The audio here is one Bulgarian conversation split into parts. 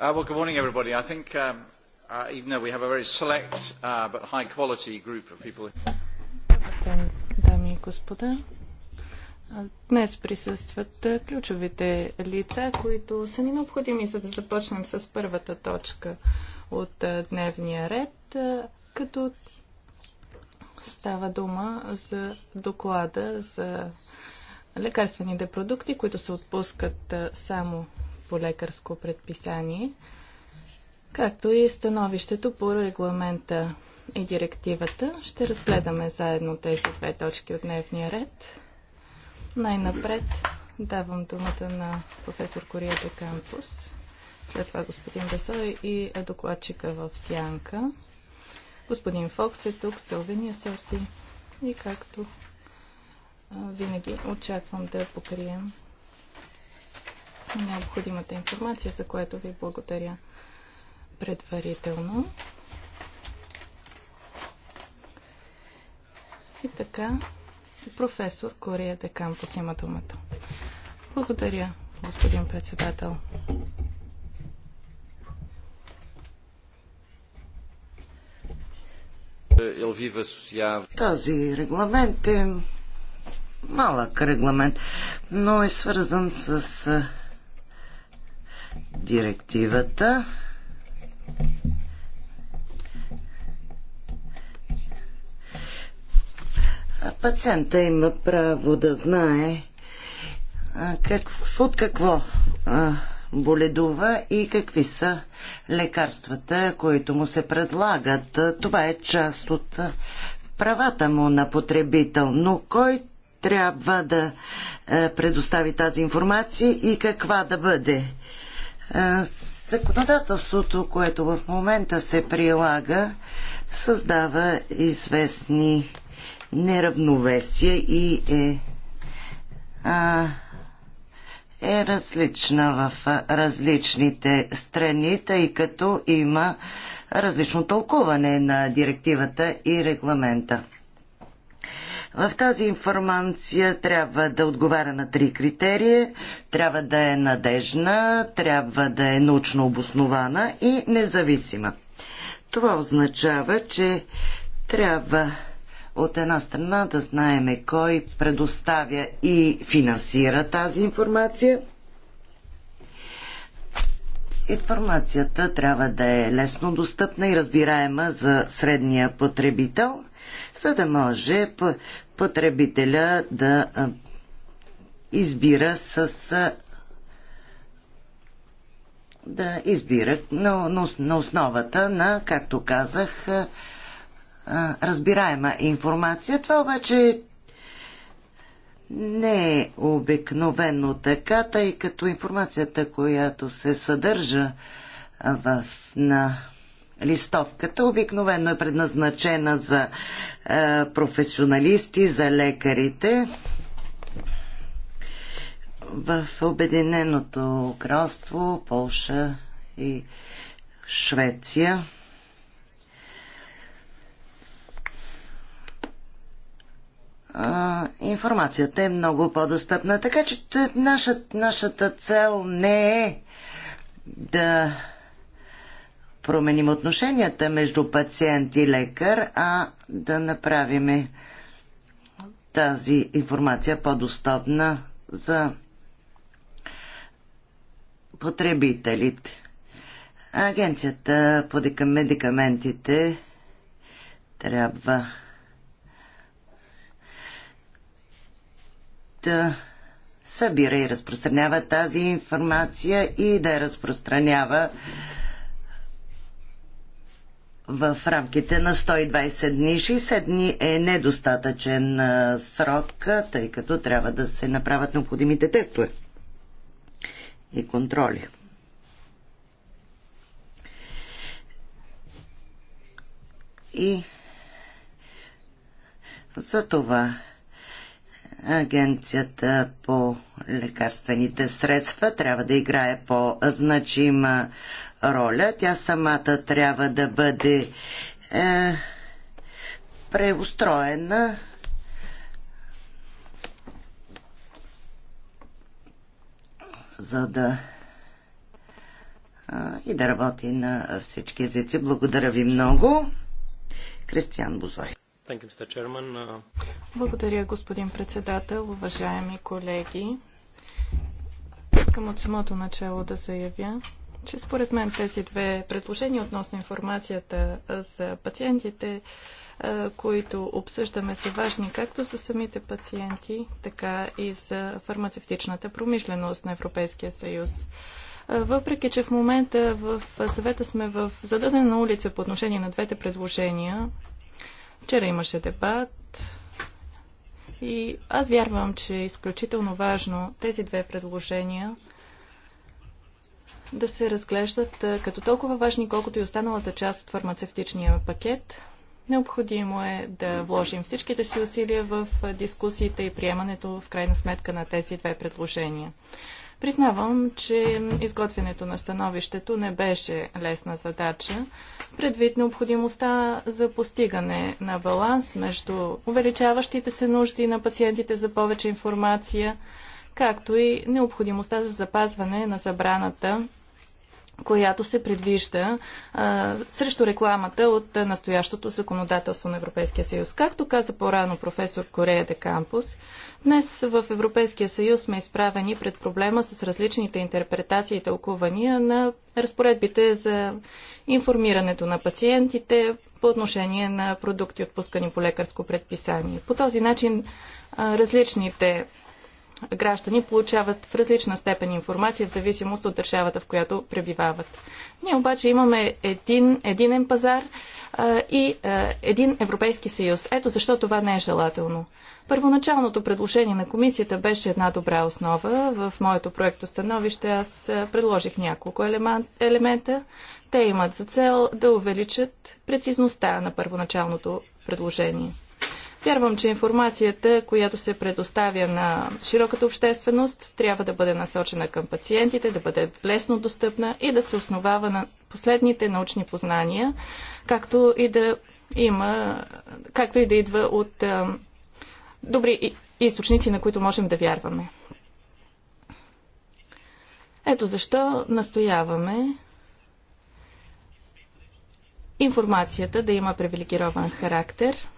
Uh, well, good morning, everybody. I think, um, uh, even though we have a very select uh, but high-quality group of people. дами и господа. Днес присъстват ключовите лица, които са ни необходими, за да започнем с първата точка от дневния ред, като става дума за доклада за лекарствените продукти, които се отпускат само по лекарско предписание, както и становището по регламента и директивата. Ще разгледаме заедно тези две точки от дневния ред. Най-напред давам думата на професор Кория де Кампус, след това господин Бесой и докладчика в Сянка. Господин Фокс е тук, Сълвения Сорти, и както винаги очаквам да покрием необходимата информация, за което ви благодаря предварително. И така, професор Кория де Кампус има думата. Благодаря, господин председател. Този регламент е малък регламент, но е свързан с директивата. Пациента има право да знае как, от какво боледува и какви са лекарствата, които му се предлагат. Това е част от правата му на потребител. Но кой трябва да е, предостави тази информация и каква да бъде? Законодателството, което в момента се прилага, създава известни неравновесия и е, а, е различна в различните страни, тъй като има различно тълкуване на директивата и регламента. В тази информация трябва да отговаря на три критерия. Трябва да е надежна, трябва да е научно обоснована и независима. Това означава, че трябва от една страна да знаеме кой предоставя и финансира тази информация. Информацията трябва да е лесно достъпна и разбираема за средния потребител за да може потребителя да избира с да избира на, на, на основата на, както казах, разбираема информация. Това обаче не е обикновено така, тъй като информацията, която се съдържа в, на листовката обикновено е предназначена за е, професионалисти, за лекарите. В Обединеното кралство, Полша и Швеция. информацията е много по-достъпна. Така че нашата, нашата цел не е да променим отношенията между пациент и лекар, а да направим тази информация по-достъпна за потребителите. Агенцията по медикаментите трябва да събира и разпространява тази информация и да я разпространява в рамките на 120 дни. 60 дни е недостатъчен срок, тъй като трябва да се направят необходимите тестове и контроли. И за това Агенцията по лекарствените средства трябва да играе по-значима роля. Тя самата трябва да бъде е, преустроена за да а, и да работи на всички езици. Благодаря ви много. Кристиан Бозой. Uh, Благодаря, господин председател, уважаеми колеги. Искам от самото начало да заявя, че според мен тези две предложения относно информацията за пациентите, които обсъждаме, са важни както за самите пациенти, така и за фармацевтичната промишленост на Европейския съюз. Въпреки, че в момента в съвета сме в зададена улица по отношение на двете предложения, Вчера имаше дебат и аз вярвам, че е изключително важно тези две предложения да се разглеждат като толкова важни, колкото и останалата част от фармацевтичния пакет. Необходимо е да вложим всичките си усилия в дискусиите и приемането в крайна сметка на тези две предложения. Признавам, че изготвянето на становището не беше лесна задача, предвид необходимостта за постигане на баланс между увеличаващите се нужди на пациентите за повече информация, както и необходимостта за запазване на забраната която се предвижда а, срещу рекламата от а, настоящото законодателство на Европейския съюз. Както каза по-рано професор Корея де Кампус, днес в Европейския съюз сме изправени пред проблема с различните интерпретации и тълкувания на разпоредбите за информирането на пациентите по отношение на продукти, отпускани по лекарско предписание. По този начин а, различните граждани получават в различна степен информация в зависимост от държавата, в която пребивават. Ние обаче имаме един единен пазар а, и а, един Европейски съюз. Ето защо това не е желателно. Първоначалното предложение на комисията беше една добра основа. В моето проекто становище аз предложих няколко елемента. Те имат за цел да увеличат прецизността на първоначалното предложение. Вярвам, че информацията, която се предоставя на широката общественост, трябва да бъде насочена към пациентите, да бъде лесно достъпна и да се основава на последните научни познания, както и да има, както и да идва от а, добри източници, на които можем да вярваме. Ето защо настояваме информацията да има привилегирован характер –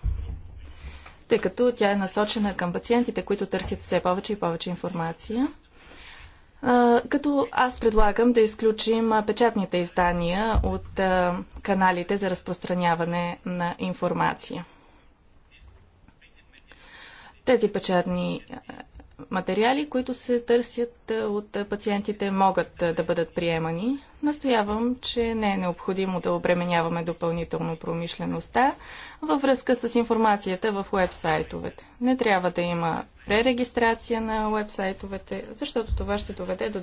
тъй като тя е насочена към пациентите, които търсят все повече и повече информация. Като аз предлагам да изключим печатните издания от каналите за разпространяване на информация. Тези печатни материали, които се търсят от пациентите, могат да бъдат приемани. Настоявам, че не е необходимо да обременяваме допълнително промишлеността във връзка с информацията в уебсайтовете. Не трябва да има пререгистрация на уебсайтовете, защото това ще доведе до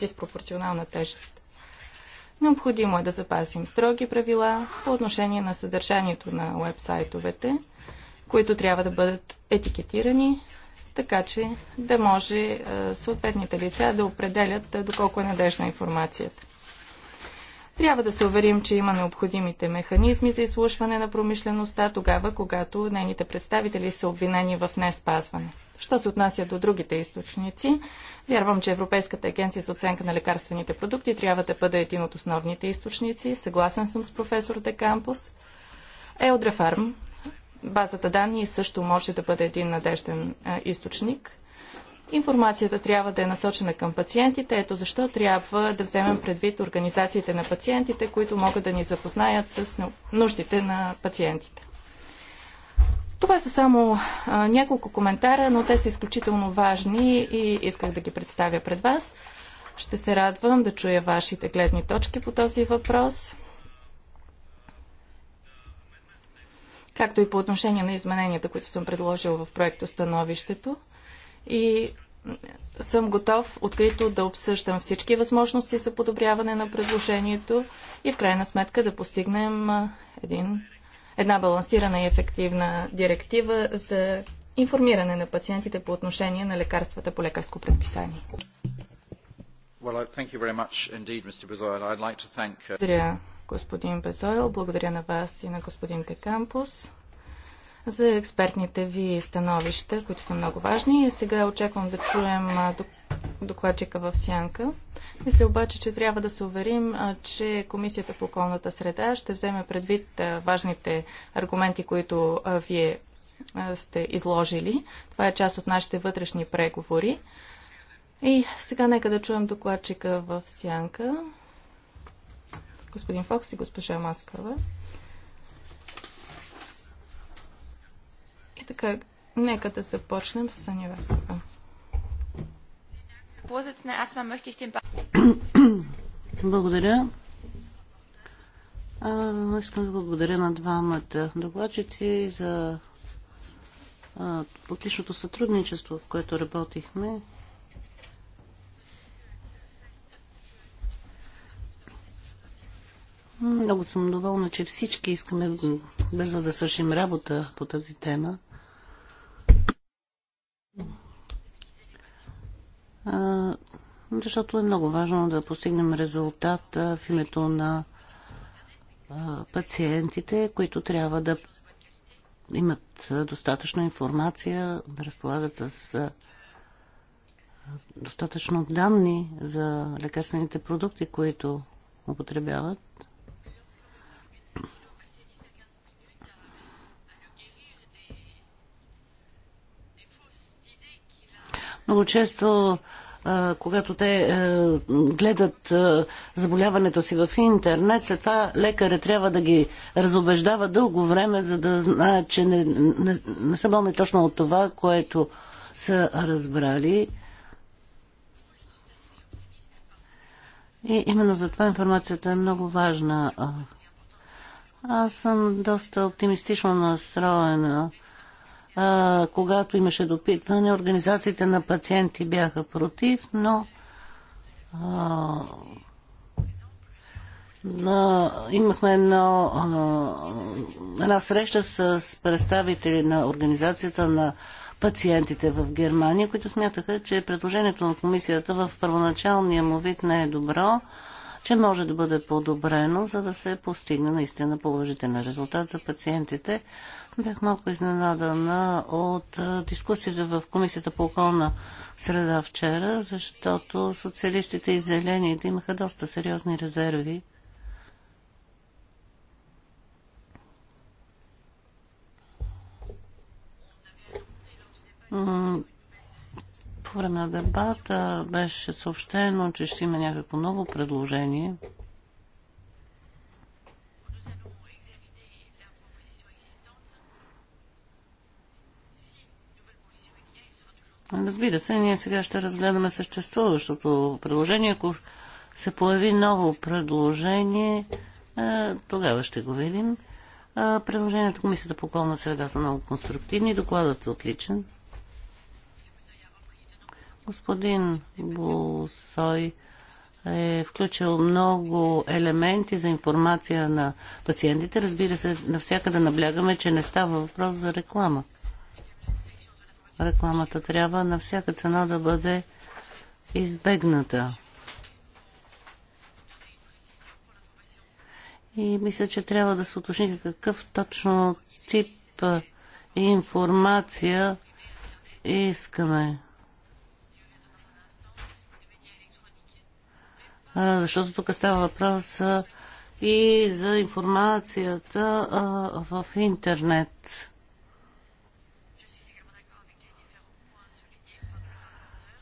диспропорционална тежест. Необходимо е да запасим строги правила по отношение на съдържанието на уебсайтовете, които трябва да бъдат етикетирани, така че да може е, съответните лица да определят е, доколко е надежна информацията. Трябва да се уверим, че има необходимите механизми за изслушване на промишлеността тогава, когато нейните представители са обвинени в неспазване. Що се отнася до другите източници, вярвам, че Европейската агенция за оценка на лекарствените продукти трябва да бъде един от основните източници. Съгласен съм с професор Декампус. Елдрафарм Базата данни също може да бъде един надежден източник. Информацията трябва да е насочена към пациентите. Ето защо трябва да вземем предвид организациите на пациентите, които могат да ни запознаят с нуждите на пациентите. Това са само а, няколко коментара, но те са изключително важни и исках да ги представя пред вас. Ще се радвам да чуя вашите гледни точки по този въпрос. както и по отношение на измененията, които съм предложил в проекто становището. И съм готов открито да обсъждам всички възможности за подобряване на предложението и в крайна сметка да постигнем един, една балансирана и ефективна директива за информиране на пациентите по отношение на лекарствата по лекарско предписание. Well, uh, Благодаря, господин Безойл, благодаря на вас и на господин Декампус за експертните ви становища, които са много важни. И сега очаквам да чуем докладчика в сянка. Мисля обаче, че трябва да се уверим, че Комисията по околната среда ще вземе предвид важните аргументи, които вие сте изложили. Това е част от нашите вътрешни преговори. И сега нека да чуем докладчика в сянка господин Фокс и госпожа Маскава. И така, нека да започнем с Аня Васкова. Благодаря. А, искам да благодаря на двамата докладчици за отличното сътрудничество, в което работихме Много съм доволна, че всички искаме бързо да свършим работа по тази тема. А, защото е много важно да постигнем резултат в името на а, пациентите, които трябва да имат достатъчно информация, да разполагат с а, достатъчно данни за лекарствените продукти, които употребяват. Много често когато те гледат заболяването си в интернет, след това лекаря трябва да ги разобеждава дълго време, за да знаят, че не, не, не са болни точно от това, което са разбрали. И именно затова информацията е много важна. Аз съм доста оптимистично настроена а, когато имаше допитване, организациите на пациенти бяха против, но а, имахме едно, а, една среща с представители на организацията на пациентите в Германия, които смятаха, че предложението на комисията в първоначалния му вид не е добро, че може да бъде подобрено, за да се постигне наистина положителен резултат за пациентите. Бях малко изненадана от дискусията в Комисията по околна среда вчера, защото социалистите и зелените имаха доста сериозни резерви. По време на дебата беше съобщено, че ще има някакво ново предложение – Разбира се, ние сега ще разгледаме съществуващото предложение. Ако се появи ново предложение, е, тогава ще го видим. Е, предложението Комисията по околна среда са много конструктивни. Докладът е отличен. Господин Бусой е включил много елементи за информация на пациентите. Разбира се, навсякъде наблягаме, че не става въпрос за реклама рекламата трябва на всяка цена да бъде избегната. И мисля, че трябва да се уточни какъв точно тип информация искаме. Защото тук става въпрос и за информацията в интернет.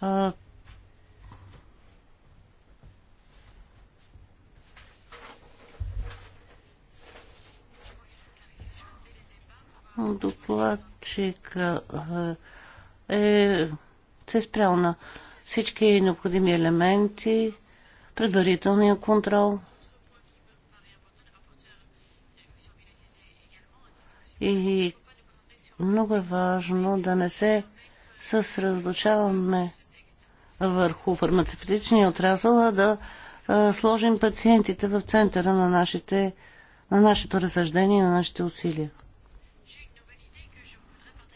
А, докладчик е, се е спрял на всички необходими елементи, предварителния контрол и много е важно да не се съсредоточаваме върху фармацевтичния отрасъл, а да сложим пациентите в центъра на, нашите, на нашето разсъждение, на нашите усилия.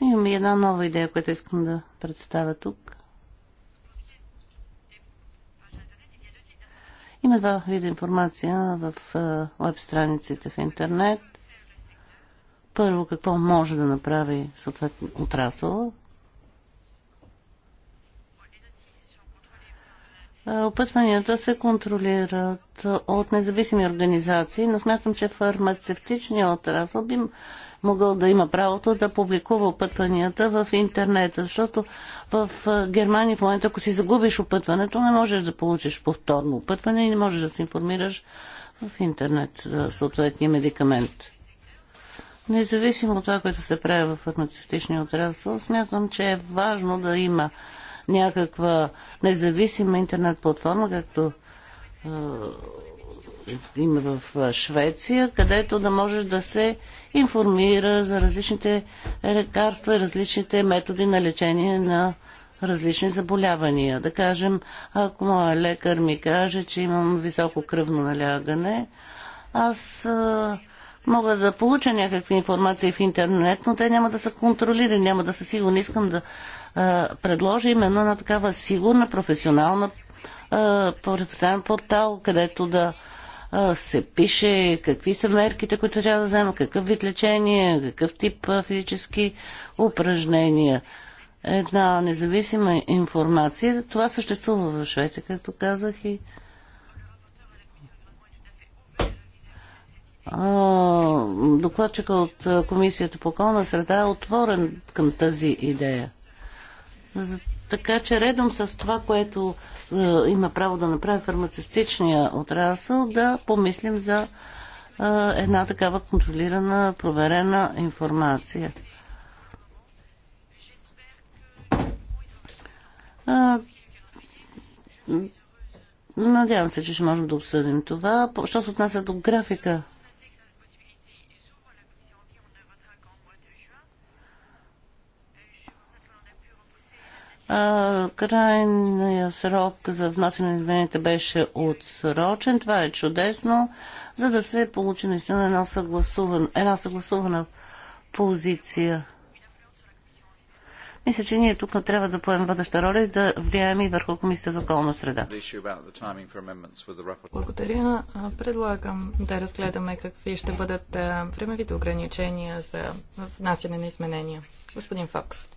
Имам и една нова идея, която искам да представя тук. Има два вида информация в веб страниците в интернет. Първо, какво може да направи съответно отрасъл Е, опътванията се контролират от независими организации, но смятам, че фармацевтичният отрасъл би могъл да има правото да публикува опътванията в интернет, защото в е, Германия в момента, ако си загубиш опътването, не можеш да получиш повторно опътване и не можеш да се информираш в интернет за съответния медикамент. Независимо от това, което се прави в фармацевтичния отрасъл, смятам, че е важно да има някаква независима интернет платформа, както има в Швеция, където да можеш да се информира за различните лекарства и различните методи на лечение на различни заболявания. Да кажем, ако моят лекар ми каже, че имам високо кръвно налягане, аз а, мога да получа някакви информации в интернет, но те няма да са контролирани, няма да са сигурни. Искам да предложим една такава сигурна професионална професионален портал, където да се пише какви са мерките, които трябва да взема, какъв вид лечение, какъв тип физически упражнения. Една независима информация. Това съществува в Швеция, както казах и докладчика от Комисията по околна среда е отворен към тази идея. Така че редом с това, което е, има право да направи фармацевтичния отрасъл, да помислим за е, една такава контролирана, проверена информация. надявам се, че ще можем да обсъдим това. Що се отнася до графика Крайният срок за внасяне на измененията беше отсрочен. Това е чудесно, за да се получи наистина една съгласувана, една съгласувана позиция. Мисля, че ние тук трябва да поемем водеща роля и да влияем и върху Комисията за околна среда. Благодаря. Предлагам да разгледаме какви ще бъдат времевите ограничения за внасяне на изменения. Господин Фокс.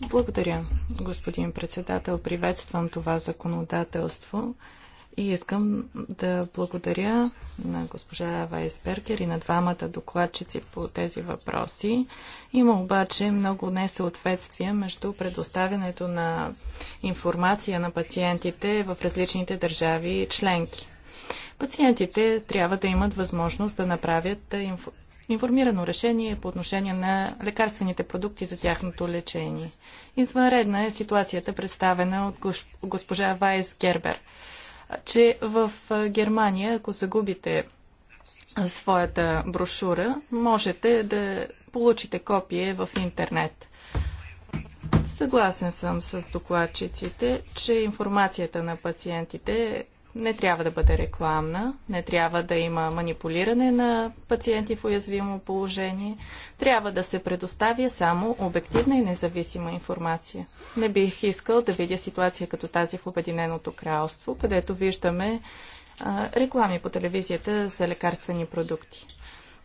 Благодаря, господин председател. Приветствам това законодателство и искам да благодаря на госпожа Вайсбергер и на двамата докладчици по тези въпроси. Има обаче много несъответствия между предоставянето на информация на пациентите в различните държави и членки. Пациентите трябва да имат възможност да направят информирано решение по отношение на лекарствените продукти за тяхното лечение. Извънредна е ситуацията, представена от госпожа Вайс Гербер, че в Германия, ако загубите своята брошура, можете да получите копие в интернет. Съгласен съм с докладчиците, че информацията на пациентите е не трябва да бъде рекламна, не трябва да има манипулиране на пациенти в уязвимо положение, трябва да се предоставя само обективна и независима информация. Не бих искал да видя ситуация като тази в Обединеното кралство, където виждаме а, реклами по телевизията за лекарствени продукти.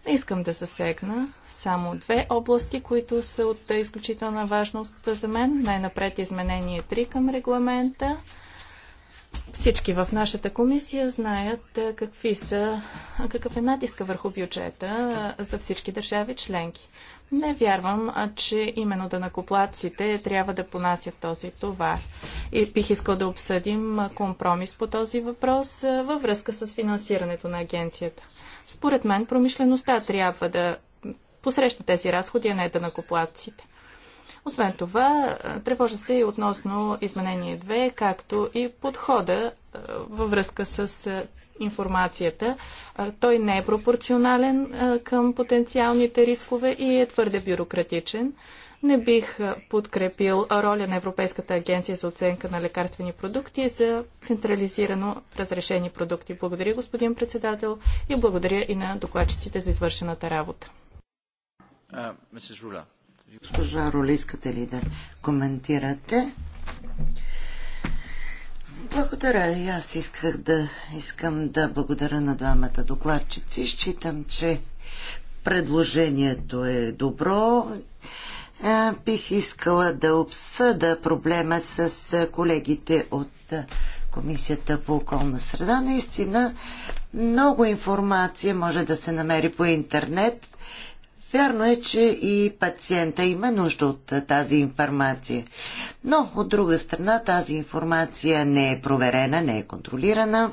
Искам да засегна само две области, които са от изключителна важност за мен. Най-напред изменение 3 към регламента всички в нашата комисия знаят е, какви са, какъв е натиска върху бюджета е, за всички държави членки. Не вярвам, е, че именно данакоплаците трябва да понасят този товар. И бих искал да обсъдим компромис по този въпрос във връзка с финансирането на агенцията. Според мен промишлеността трябва да посреща тези разходи, а не данакоплаците. Освен това, тревожа се и относно изменение 2, както и подхода във връзка с информацията. Той не е пропорционален към потенциалните рискове и е твърде бюрократичен. Не бих подкрепил роля на Европейската агенция за оценка на лекарствени продукти за централизирано разрешени продукти. Благодаря, господин председател, и благодаря и на докладчиците за извършената работа. Uh, Госпожа Роли, искате ли да коментирате? Благодаря. И аз исках да искам да благодаря на двамата докладчици. Считам, че предложението е добро. Е, бих искала да обсъда проблема с колегите от Комисията по околна среда. Наистина много информация може да се намери по интернет Вярно е, че и пациента има нужда от тази информация. Но, от друга страна, тази информация не е проверена, не е контролирана.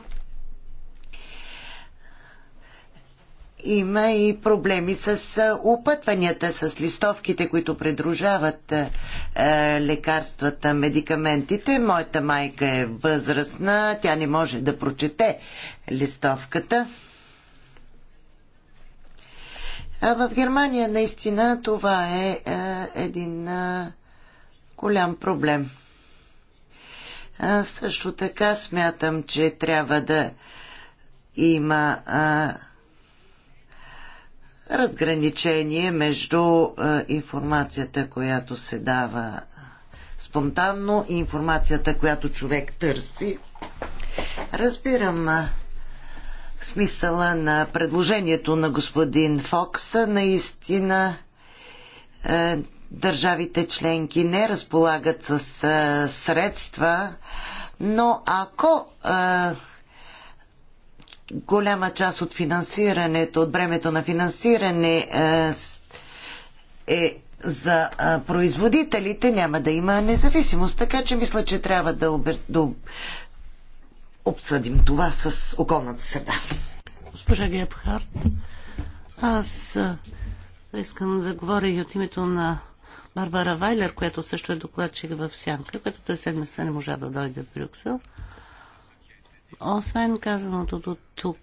Има и проблеми с опътванията, с листовките, които придружават е, лекарствата, медикаментите. Моята майка е възрастна, тя не може да прочете листовката. В Германия наистина това е, е един е, голям проблем. Също така смятам, че трябва да има разграничение между информацията, която се дава спонтанно и информацията, която човек търси. Разбирам смисъла на предложението на господин Фокс, наистина е, държавите членки не разполагат с е, средства, но ако е, голяма част от финансирането, от бремето на финансиране е за производителите няма да има независимост. Така че мисля, че трябва да, обер... да обсъдим това с околната среда. Госпожа Гебхарт, аз искам да говоря и от името на Барбара Вайлер, която също е докладчик в Сянка, която тази седмица не можа да дойде в Брюксел. Освен казаното до тук,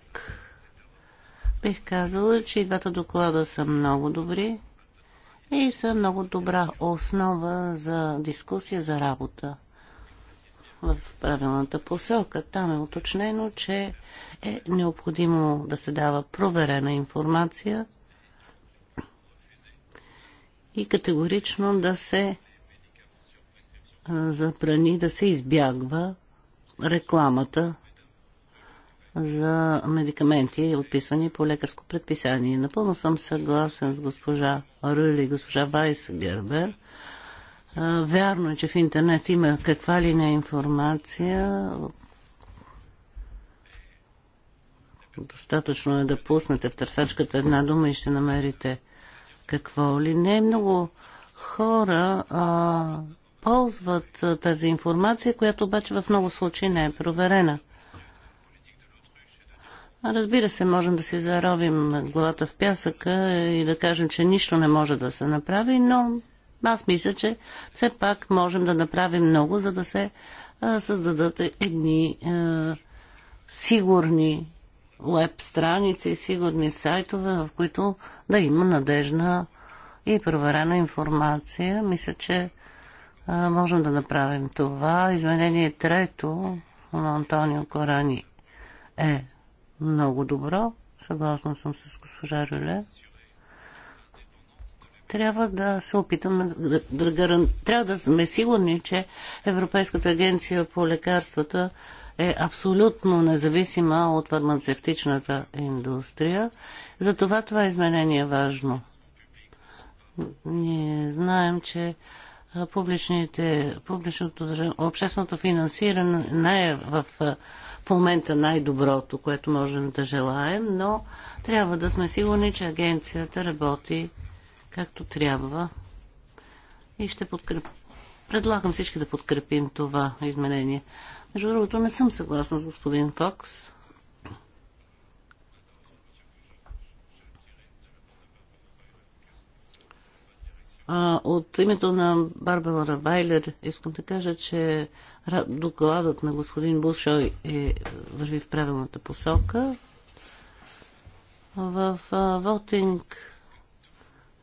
бих казала, че и двата доклада са много добри и са много добра основа за дискусия, за работа в правилната посока. Там е уточнено, че е необходимо да се дава проверена информация и категорично да се забрани, да се избягва рекламата за медикаменти, отписвани по лекарско предписание. Напълно съм съгласен с госпожа Рули и госпожа Вайс Гербер – Вярно е, че в интернет има каква ли не информация. Достатъчно е да пуснете в търсачката една дума и ще намерите какво ли не. Много хора а, ползват тази информация, която обаче в много случаи не е проверена. Разбира се, можем да си заровим главата в пясъка и да кажем, че нищо не може да се направи, но аз мисля, че все пак можем да направим много, за да се а, създадат едни а, сигурни веб страници, сигурни сайтове, в които да има надежна и проверена информация. Мисля, че а, можем да направим това. Изменение трето на Антонио Корани е много добро. Съгласна съм с госпожа Рюле трябва да се опитаме да, да гаран... трябва да сме сигурни, че Европейската агенция по лекарствата е абсолютно независима от фармацевтичната индустрия. Затова това изменение е важно. Ние знаем, че публичните, публичното, общественото финансиране не е в, в момента най-доброто, което можем да желаем, но трябва да сме сигурни, че агенцията работи както трябва и ще подкрепя. Предлагам всички да подкрепим това изменение. Между другото, не съм съгласна с господин Фокс. А, от името на Барбара Вайлер искам да кажа, че докладът на господин Бушой е, върви в правилната посока. В а, Вотинг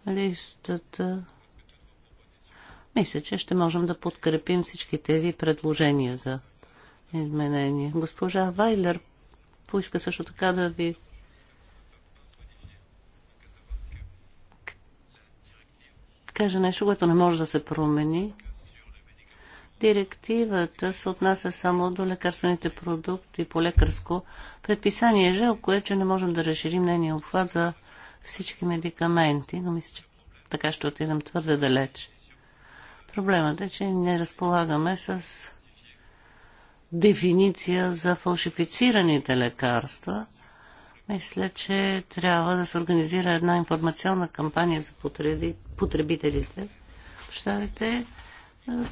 листата. Мисля, че ще можем да подкрепим всичките ви предложения за изменения. Госпожа Вайлер поиска също така да ви каже нещо, което не може да се промени. Директивата се отнася само до лекарствените продукти по лекарско предписание. Жалко е, че не можем да разширим нейния обхват за всички медикаменти, но мисля, че така ще отидем твърде далеч. Проблемът е, че не разполагаме с дефиниция за фалшифицираните лекарства. Мисля, че трябва да се организира една информационна кампания за потребителите. Пощадите,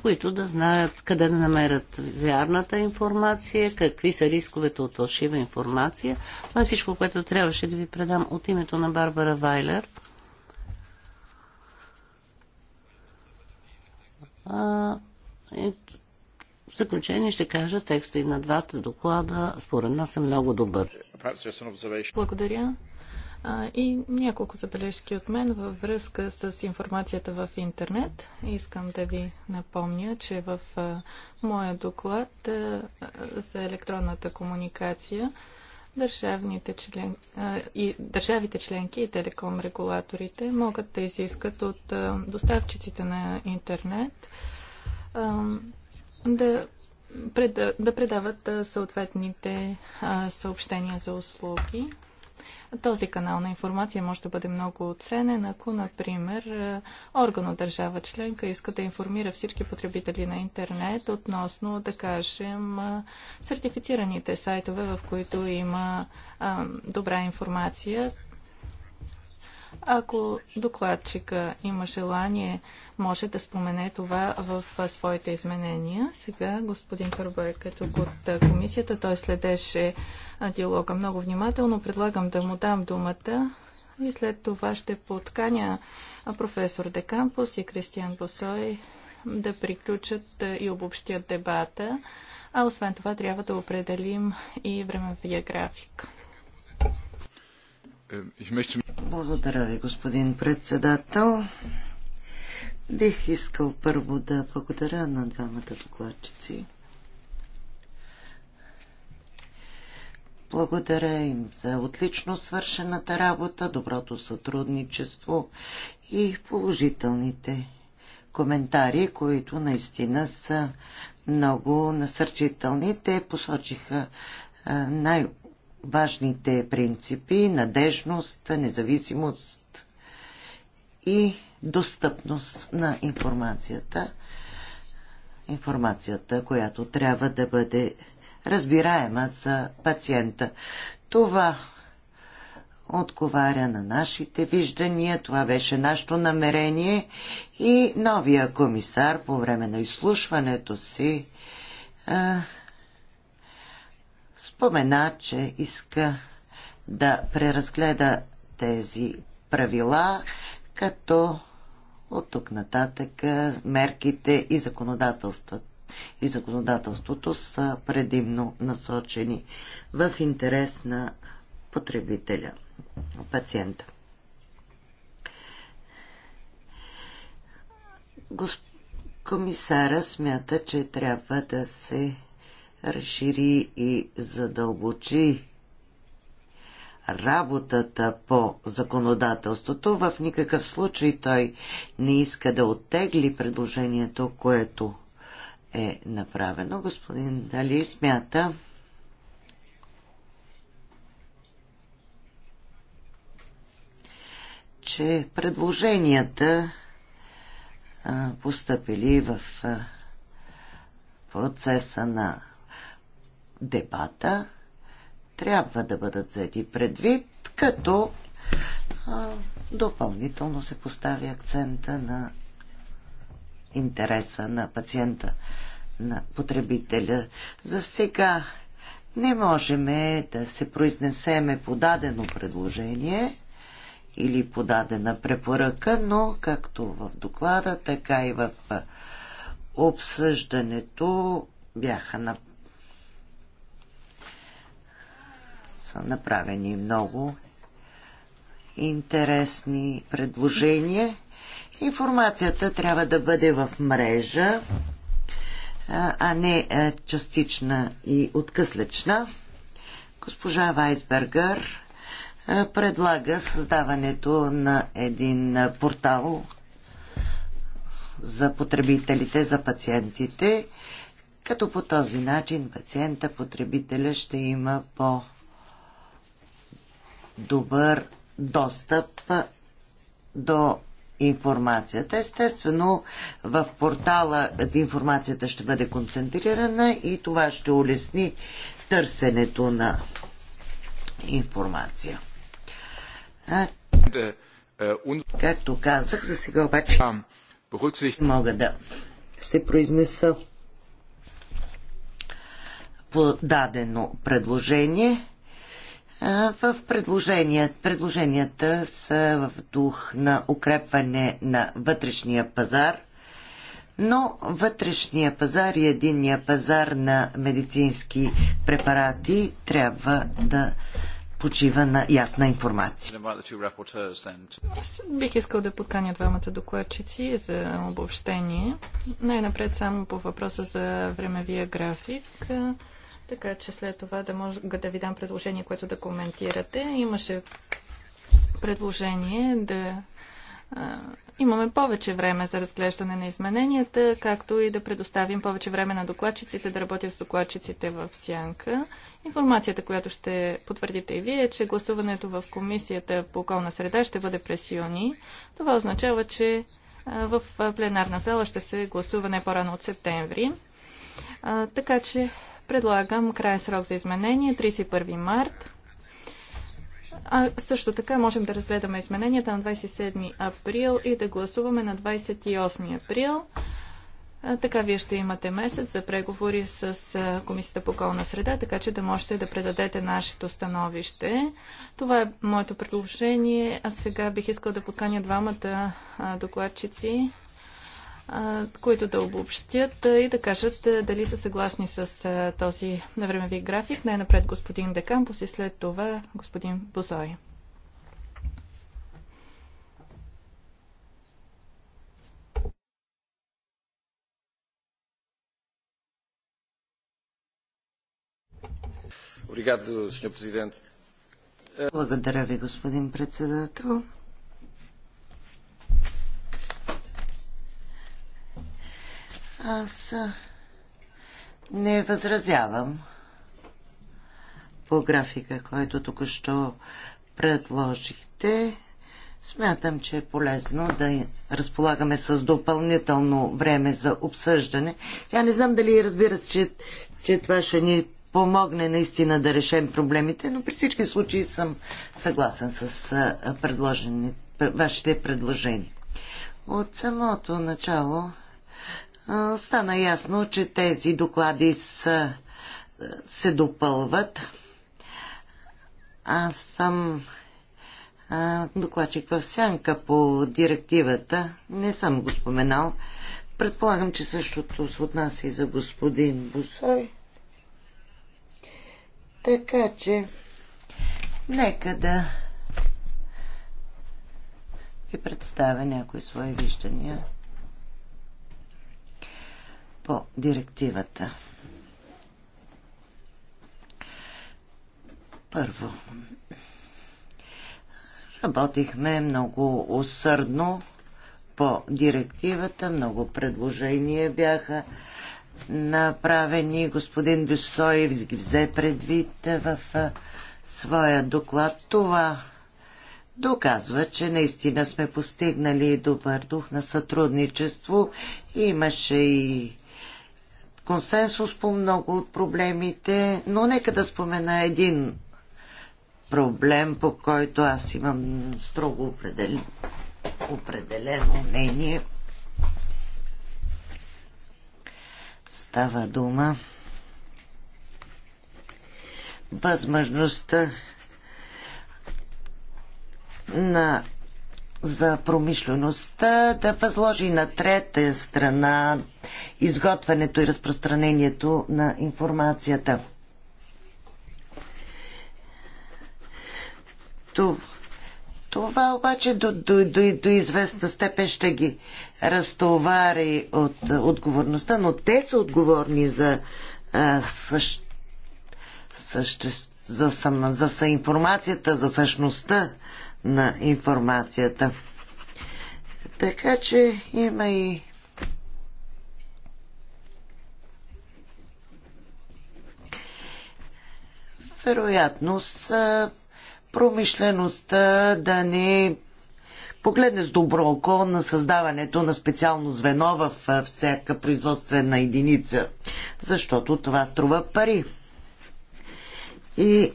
които да знаят къде да намерят вярната информация, какви са рисковете от фалшива информация. Това е всичко, което трябваше да ви предам от името на Барбара Вайлер. А, и в заключение ще кажа, текста и на двата доклада според нас е много добър. Благодаря. И няколко забележки от мен във връзка с информацията в интернет. Искам да ви напомня, че в моя доклад за електронната комуникация държавните член... и държавите членки и телеком регулаторите могат да изискат от доставчиците на интернет да, да предават съответните съобщения за услуги този канал на информация може да бъде много оценен. ако, например, е, орган от държава членка иска да информира всички потребители на интернет относно, да кажем, е, сертифицираните сайтове, в които има е, добра информация. Ако докладчика има желание, може да спомене това в своите изменения. Сега господин Кърбър, е като от комисията, той следеше диалога много внимателно. Предлагам да му дам думата и след това ще подканя професор Декампус и Кристиан Босой да приключат и обобщят дебата. А освен това трябва да определим и времевия график. Е, благодаря ви, господин председател. Бих искал първо да благодаря на двамата докладчици. Благодаря им за отлично свършената работа, доброто сътрудничество и положителните коментари, които наистина са много насърчителни. Те посочиха най- важните принципи надежност, независимост и достъпност на информацията. Информацията, която трябва да бъде разбираема за пациента. Това отговаря на нашите виждания, това беше нашето намерение и новия комисар по време на изслушването си спомена, че иска да преразгледа тези правила, като от тук нататък мерките и законодателството и законодателството са предимно насочени в интерес на потребителя, пациента. Госп... Комисара смята, че трябва да се разшири и задълбочи работата по законодателството. В никакъв случай той не иска да оттегли предложението, което е направено. Господин Дали смята, че предложенията постъпили в процеса на дебата трябва да бъдат взети предвид, като а, допълнително се постави акцента на интереса на пациента, на потребителя. За сега не можем да се произнесеме подадено предложение или подадена препоръка, но както в доклада, така и в обсъждането бяха направени са направени много интересни предложения. Информацията трябва да бъде в мрежа, а не частична и откъслечна. Госпожа Вайсбергър предлага създаването на един портал за потребителите, за пациентите, като по този начин пациента, потребителя ще има по добър достъп до информацията. Естествено, в портала информацията ще бъде концентрирана и това ще улесни търсенето на информация. както казах, за сега обаче мога да се произнеса по дадено предложение. В предложения. предложенията са в дух на укрепване на вътрешния пазар, но вътрешния пазар и единния пазар на медицински препарати трябва да почива на ясна информация. Аз бих искал да подканя двамата докладчици за обобщение. Най-напред само по въпроса за времевия график така че след това да може да ви дам предложение, което да коментирате. Имаше предложение да имаме повече време за разглеждане на измененията, както и да предоставим повече време на докладчиците, да работят с докладчиците в сянка. Информацията, която ще потвърдите и вие, е, че гласуването в Комисията по околна среда ще бъде през юни. Това означава, че в пленарна зала ще се гласува не по-рано от септември. така че Предлагам края срок за изменение 31 март. А също така можем да разгледаме измененията на 27 април и да гласуваме на 28 април. А, така вие ще имате месец за преговори с Комисията по околна среда, така че да можете да предадете нашето становище. Това е моето предложение. А сега бих искал да подканя двамата докладчици които да обобщят и да кажат дали са съгласни с този времеви график. Най-напред господин Декампус и след това господин Бозой. Благодаря ви, господин председател. Аз не възразявам по графика, който току-що предложихте. Смятам, че е полезно да разполагаме с допълнително време за обсъждане. Сега не знам дали разбира се, че, че това ще ни помогне наистина да решим проблемите, но при всички случаи съм съгласен с предложени, вашите предложения. От самото начало стана ясно, че тези доклади са, се допълват. Аз съм докладчик в сянка по директивата. Не съм го споменал. Предполагам, че същото се отнася и за господин Бусой. Така че, нека да ви представя някои свои виждания по директивата. Първо, работихме много усърдно по директивата, много предложения бяха направени. Господин Бюсоев ги взе предвид в своя доклад. Това доказва, че наистина сме постигнали добър дух на сътрудничество. Имаше и консенсус по много от проблемите, но нека да спомена един проблем, по който аз имам строго определен, определено мнение. Става дума възможността на за промишлеността да възложи на трета страна изготвянето и разпространението на информацията. Това обаче до, до, до, до известна степен ще ги разтовари от отговорността, но те са отговорни за, съществото. за, съм, за информацията, за същността на информацията. Така че има и вероятност промишлеността да не погледне с добро око на създаването на специално звено в всяка производствена единица, защото това струва пари. И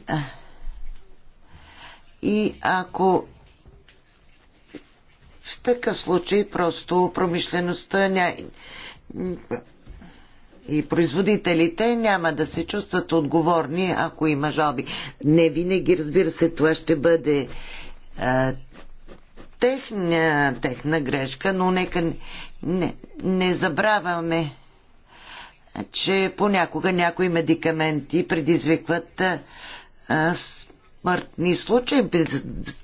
и ако в такъв случай просто промишлеността ня... и производителите няма да се чувстват отговорни, ако има жалби. Не винаги, разбира се, това ще бъде а, техна, техна грешка, но нека не, не забравяме, че понякога някои медикаменти предизвикват а, с смъртни случаи,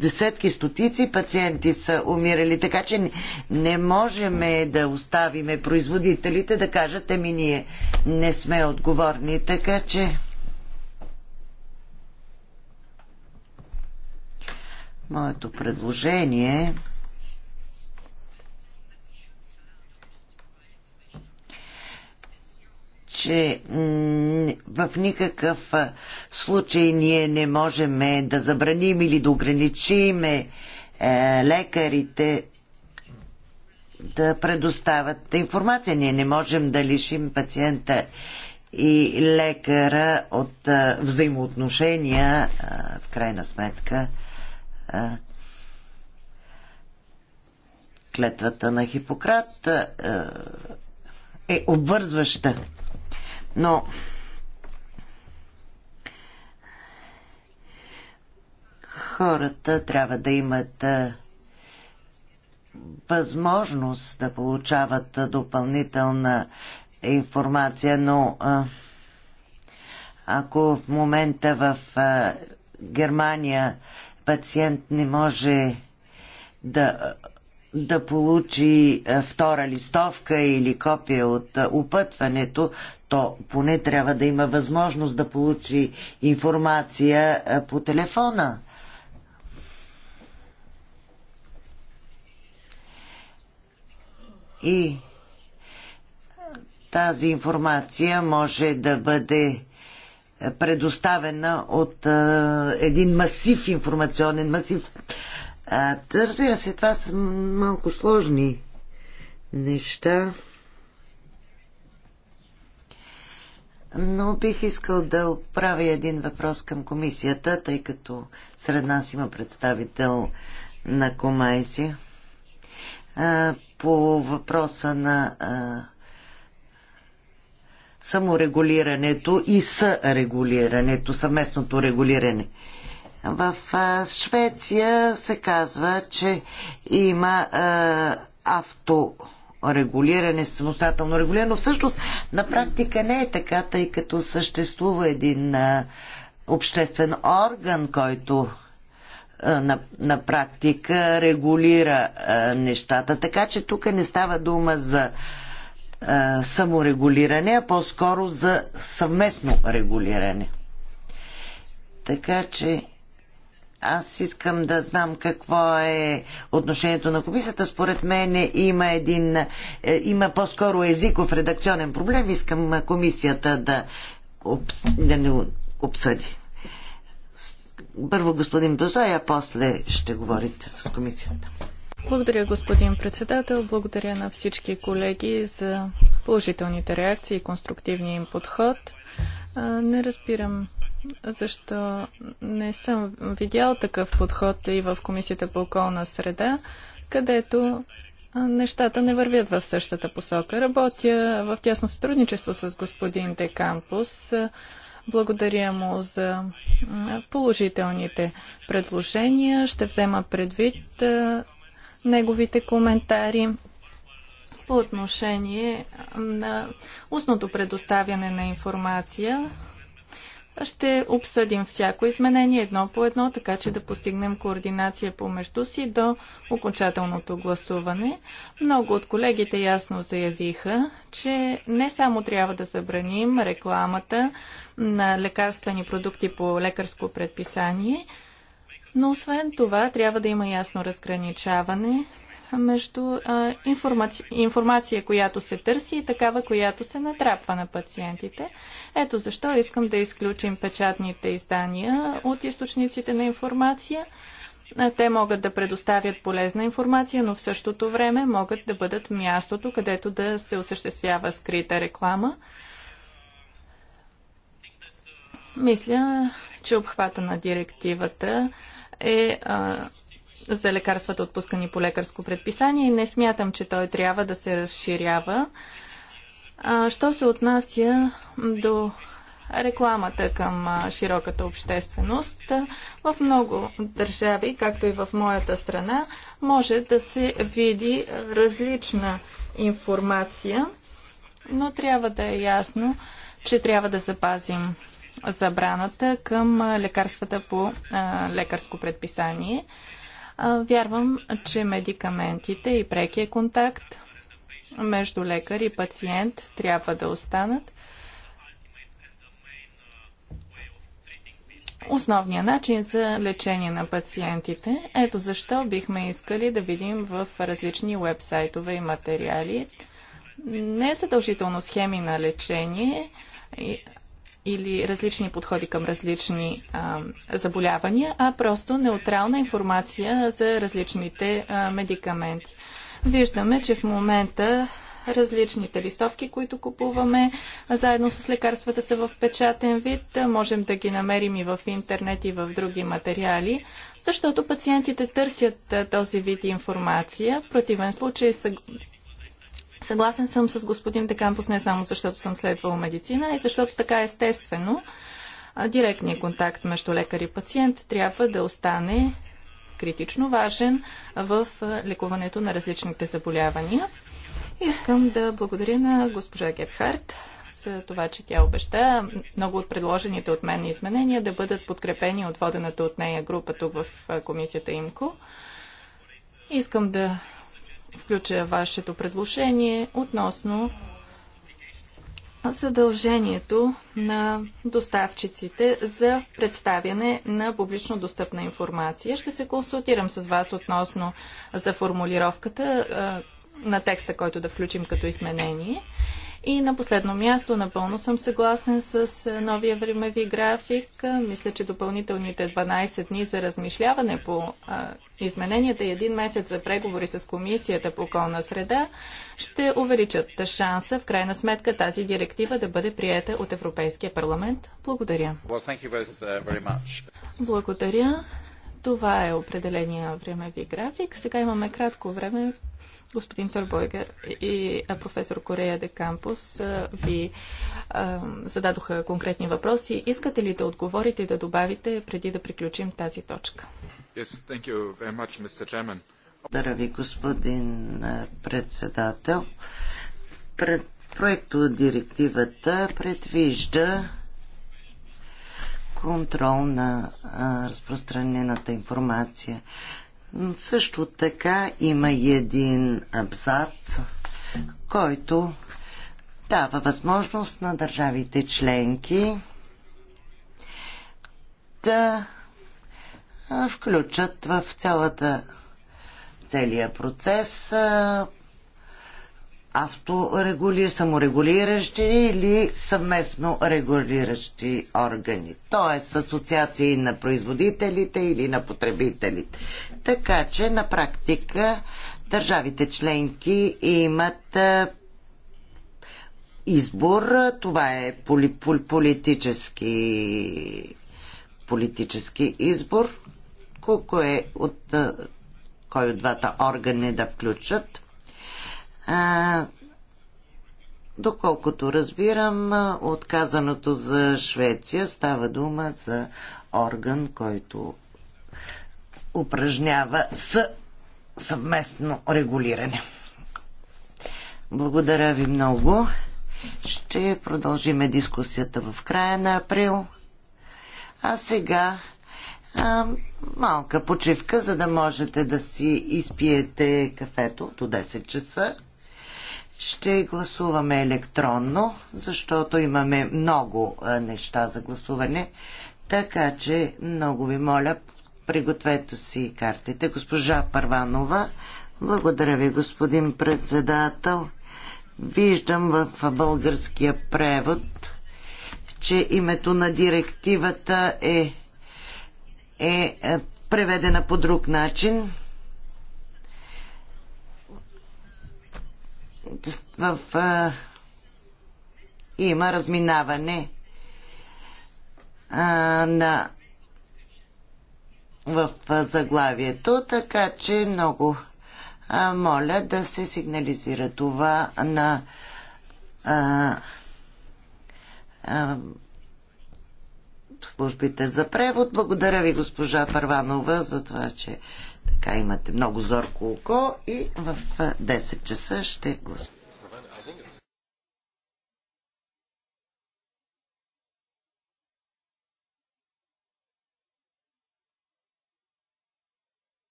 десетки, стотици пациенти са умирали, така че не можем да оставиме производителите да кажат, ами ние не сме отговорни, така че... Моето предложение е че в никакъв случай ние не можем да забраним или да ограничим е, лекарите да предоставят информация. Ние не можем да лишим пациента и лекара от взаимоотношения, в крайна сметка, клетвата на Хипократ е обвързваща но хората трябва да имат възможност да получават допълнителна информация, но ако в момента в Германия пациент не може да да получи е, втора листовка или копия от е, опътването, то поне трябва да има възможност да получи информация е, по телефона. И тази информация може да бъде предоставена от един масив информационен масив а, разбира се, това са малко сложни неща. Но бих искал да отправя един въпрос към комисията, тъй като сред нас има представител на Комайси. По въпроса на саморегулирането и сърегулирането, съвместното регулиране. В Швеция се казва, че има авто регулиране, самостоятелно регулиране, но всъщност на практика не е така, тъй като съществува един а, обществен орган, който а, на, на практика регулира а, нещата. Така че тук не става дума за а, саморегулиране, а по-скоро за съвместно регулиране. Така че аз искам да знам какво е отношението на комисията. Според мен има един, е, има по-скоро езиков редакционен проблем. Искам комисията да, обс... да не обсъди. Първо господин Бозой, а после ще говорите с комисията. Благодаря, господин председател. Благодаря на всички колеги за положителните реакции и конструктивния им подход. Не разбирам защо не съм видял такъв подход и в Комисията по околна среда, където нещата не вървят в същата посока. Работя в тясно сътрудничество с господин Де Благодаря му за положителните предложения. Ще взема предвид неговите коментари по отношение на устното предоставяне на информация ще обсъдим всяко изменение едно по едно, така че да постигнем координация помежду си до окончателното гласуване. Много от колегите ясно заявиха, че не само трябва да забраним рекламата на лекарствени продукти по лекарско предписание, но освен това трябва да има ясно разграничаване между а, информация, информация, която се търси и такава, която се натрапва на пациентите. Ето защо искам да изключим печатните издания от източниците на информация. Те могат да предоставят полезна информация, но в същото време могат да бъдат мястото, където да се осъществява скрита реклама. Мисля, че обхвата на директивата е а, за лекарствата отпускани по лекарско предписание и не смятам, че той трябва да се разширява. А, що се отнася до рекламата към широката общественост, в много държави, както и в моята страна, може да се види различна информация, но трябва да е ясно, че трябва да запазим забраната към лекарствата по лекарско предписание. Вярвам, че медикаментите и прекия контакт между лекар и пациент трябва да останат основният начин за лечение на пациентите. Ето защо бихме искали да видим в различни вебсайтове и материали не е задължително схеми на лечение, или различни подходи към различни а, заболявания, а просто неутрална информация за различните а, медикаменти. Виждаме, че в момента различните листовки, които купуваме заедно с лекарствата са в печатен вид. Можем да ги намерим и в интернет и в други материали, защото пациентите търсят този вид информация. В противен случай Съгласен съм с господин Декампус не само защото съм следвал медицина, и защото така естествено директният контакт между лекар и пациент трябва да остане критично важен в лекуването на различните заболявания. Искам да благодаря на госпожа Гебхарт за това, че тя обеща много от предложените от мен изменения да бъдат подкрепени от водената от нея група тук в комисията ИМКО. Искам да включа вашето предложение относно задължението на доставчиците за представяне на публично достъпна информация. Ще се консултирам с вас относно за формулировката на текста, който да включим като изменение. И на последно място, напълно съм съгласен с е, новия времеви график. Мисля, че допълнителните 12 дни за размишляване по а, измененията и един месец за преговори с Комисията по околна среда ще увеличат шанса в крайна сметка тази директива да бъде приета от Европейския парламент. Благодаря. Uh, Благодаря. Това е определения времеви график. Сега имаме кратко време Господин Фербойгер и професор Корея де Кампус ви зададоха конкретни въпроси. Искате ли да отговорите и да добавите преди да приключим тази точка? Yes, Благодаря ви, господин председател. Пред проекто директивата предвижда контрол на разпространената информация. Също така има и един абзац, който дава възможност на държавите членки да включат в цялата целия процес авторегули, саморегулиращи или съвместно регулиращи органи, т.е. асоциации на производителите или на потребителите така че на практика държавите членки имат избор. Това е поли, пол, политически, политически избор. Колко е от кой от двата органи да включат. А, доколкото разбирам, отказаното за Швеция става дума за орган, който упражнява с съвместно регулиране. Благодаря ви много. Ще продължиме дискусията в края на април. А сега а, малка почивка, за да можете да си изпиете кафето до 10 часа. Ще гласуваме електронно, защото имаме много неща за гласуване. Така че много ви моля, пригответе си картите. Госпожа Парванова. благодаря ви, господин председател. Виждам в българския превод, че името на директивата е, е, е преведена по друг начин. В, а, има разминаване а, на в заглавието, така че много а, моля да се сигнализира това на а, а, службите за превод. Благодаря ви, госпожа Парванова, за това, че така имате много зорко око и в 10 часа ще гласуваме.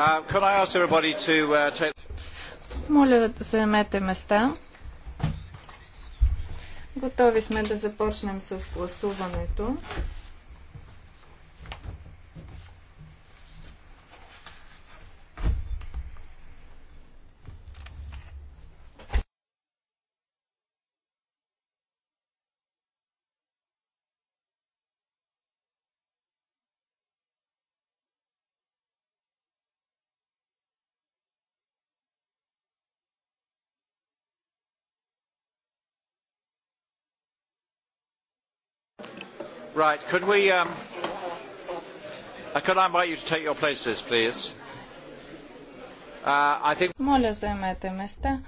Uh, uh, take... Моля да заемете места. Готови сме да започнем с гласуването. Right, could we, um, uh, could I invite you to take your places, please? Uh, I think... Моля, заемете места.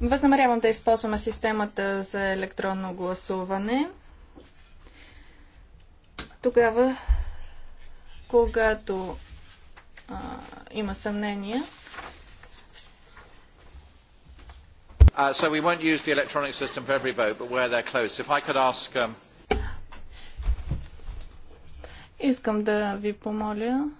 Възнамерявам да използваме системата за електронно гласуване. Тогава, когато а, има съмнения, so we won't use the electronic system for every vote, but where they're close. If I could ask... Um... Искам да ви помоля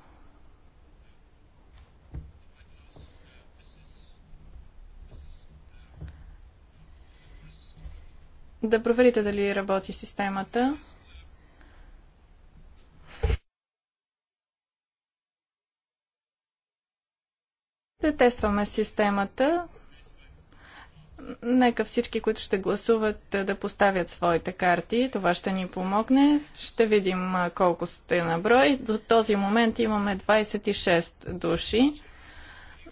да проверите дали работи системата. Да тестваме системата. Нека всички, които ще гласуват, е, да поставят своите карти. Това ще ни помогне. Ще видим е, колко сте на брой. До този момент имаме 26 души.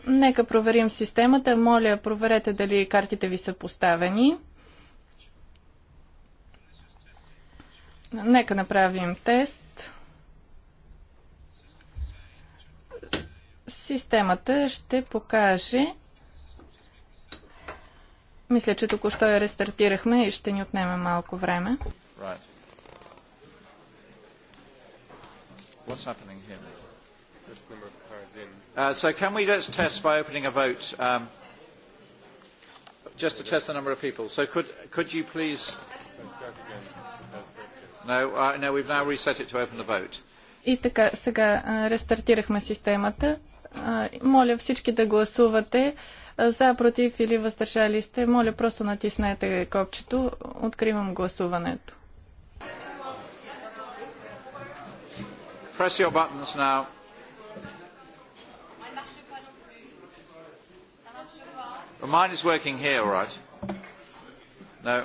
Нека проверим системата. Моля, проверете дали картите ви са поставени. Нека направим тест. Системата ще покаже мисля, че току-що я рестартирахме и ще ни отнеме малко време. Right. What's happening here? That's the number of cards in. Uh, so can we just test by opening a vote? Um, just to test the number of people. So could, could you please... No, uh, no, we've now reset it to open the vote. И така, сега рестартирахме системата. Моля всички да гласувате. Uh, за, против или въздържали сте, моля просто натиснете копчето. Откривам гласуването. Press your buttons now. Well, mine is working here, all right. No.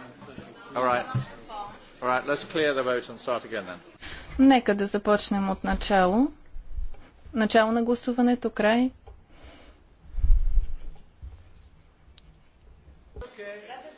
All right. All right, let's clear the vote and start again then. Нека да започнем от начало. Начало на гласуването, край.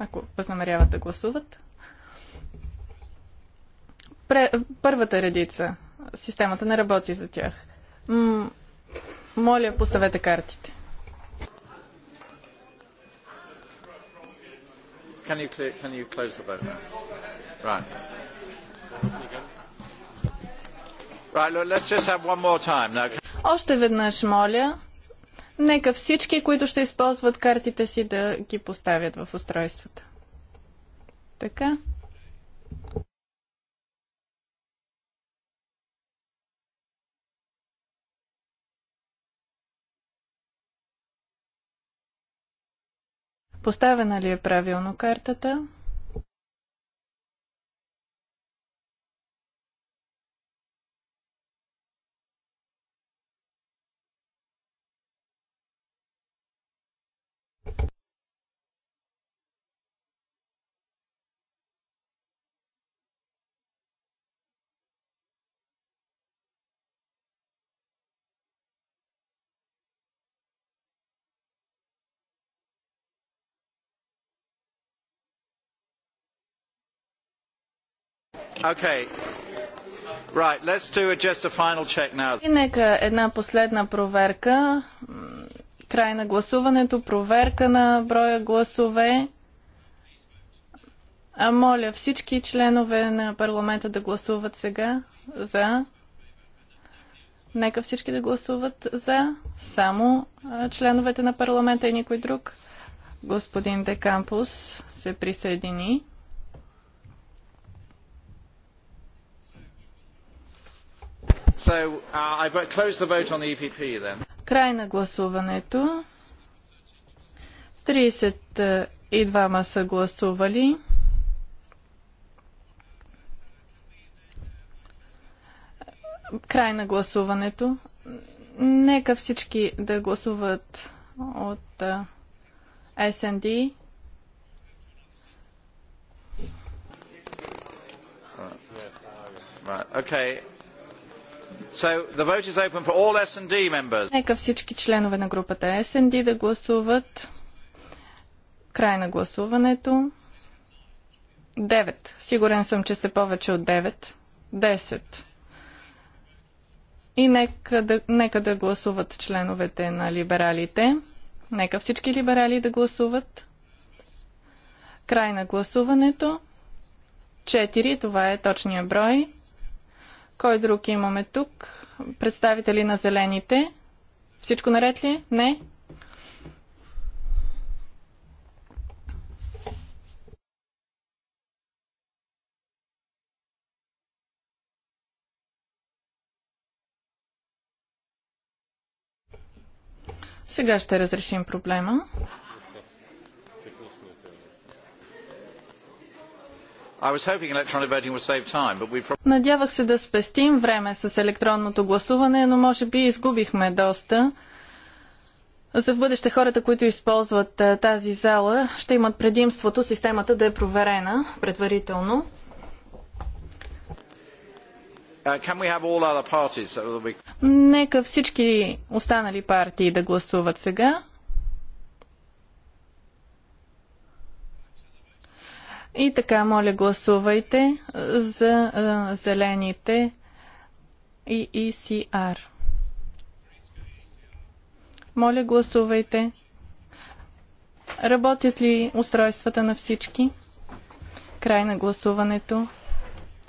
ако възнамеряват да гласуват. Пре, първата редица. Системата не работи за тях. М- моля, поставете картите. Can you, clear, can you close the vote? Right. Right, look, let's just have one more time now. Още веднъж моля Нека всички, които ще използват картите си, да ги поставят в устройствата. Така. Поставена ли е правилно картата? Okay. Right, let's do just a final check now. И нека една последна проверка. Край на гласуването, проверка на броя гласове. А моля всички членове на парламента да гласуват сега за. Нека всички да гласуват за. Само членовете на парламента и никой друг. Господин Декампус се присъедини. Uh, e Край на гласуването. 32 са гласували. Край на гласуването. Нека всички да гласуват от СНД. Uh, right. okay. Нека всички членове на групата СНД да гласуват. Край на гласуването. 9. Сигурен съм, че сте повече от 9. 10. И нека да, нека да гласуват членовете на либералите. Нека всички либерали да гласуват. Край на гласуването. 4. Това е точния брой. Кой друг имаме тук? Представители на зелените. Всичко наред ли? Не? Сега ще разрешим проблема. Надявах се да спестим време с електронното гласуване, но може би изгубихме доста. За в бъдеще хората, които използват е, тази зала, ще имат предимството системата да е проверена предварително. Uh, Нека всички останали партии да гласуват сега. И така, моля, гласувайте за а, зелените и ECR. Моля, гласувайте. Работят ли устройствата на всички? Край на гласуването.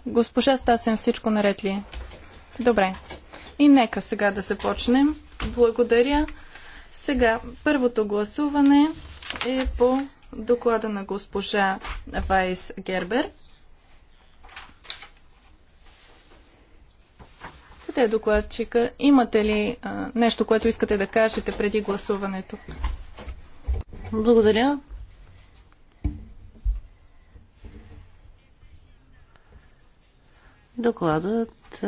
Госпожа Стасен, всичко наред ли е? Добре. И нека сега да започнем. Благодаря. Сега, първото гласуване е по доклада на госпожа Вайс Гербер. Къде е докладчика? Имате ли а, нещо, което искате да кажете преди гласуването? Благодаря. Докладът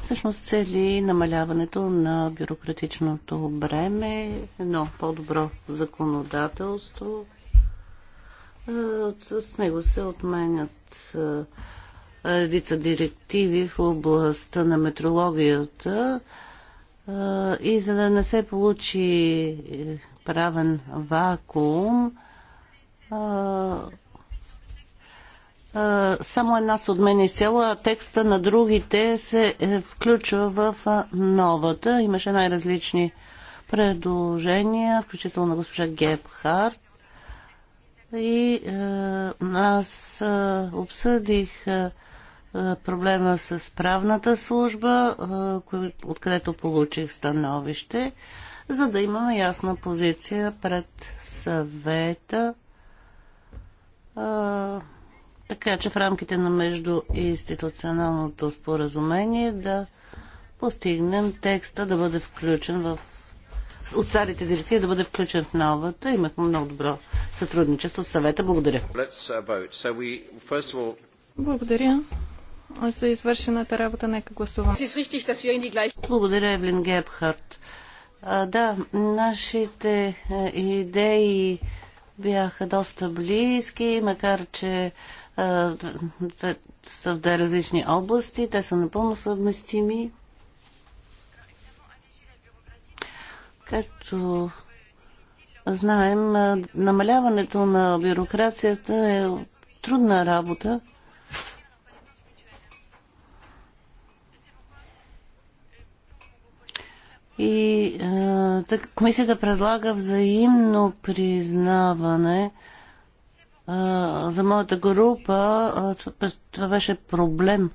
всъщност цели намаляването на бюрократичното бреме, едно по-добро законодателство. Е, с него се отменят е, редица директиви в областта на метрологията е, и за да не се получи правен вакуум, само една се отменя изцяло, а текста на другите се е, включва в новата. Имаше най-различни предложения, включително на госпожа Гебхарт. И е, аз е, обсъдих проблема с правната служба, откъдето получих становище, за да имаме ясна позиция пред съвета. Е, така че в рамките на междуинституционалното споразумение да постигнем текста да бъде включен в от старите директиви да бъде включен в новата. Имахме много добро сътрудничество с съвета. Благодаря. Uh, Благодаря за извършената работа. Нека гласувам. Благодаря, Евлин Гебхарт. А, да, нашите е, идеи бяха доста близки, макар че са в две различни области, те са напълно съвместими. Както знаем, намаляването на бюрокрацията е трудна работа. И е, комисията предлага взаимно признаване е, за моята група това беше проблем.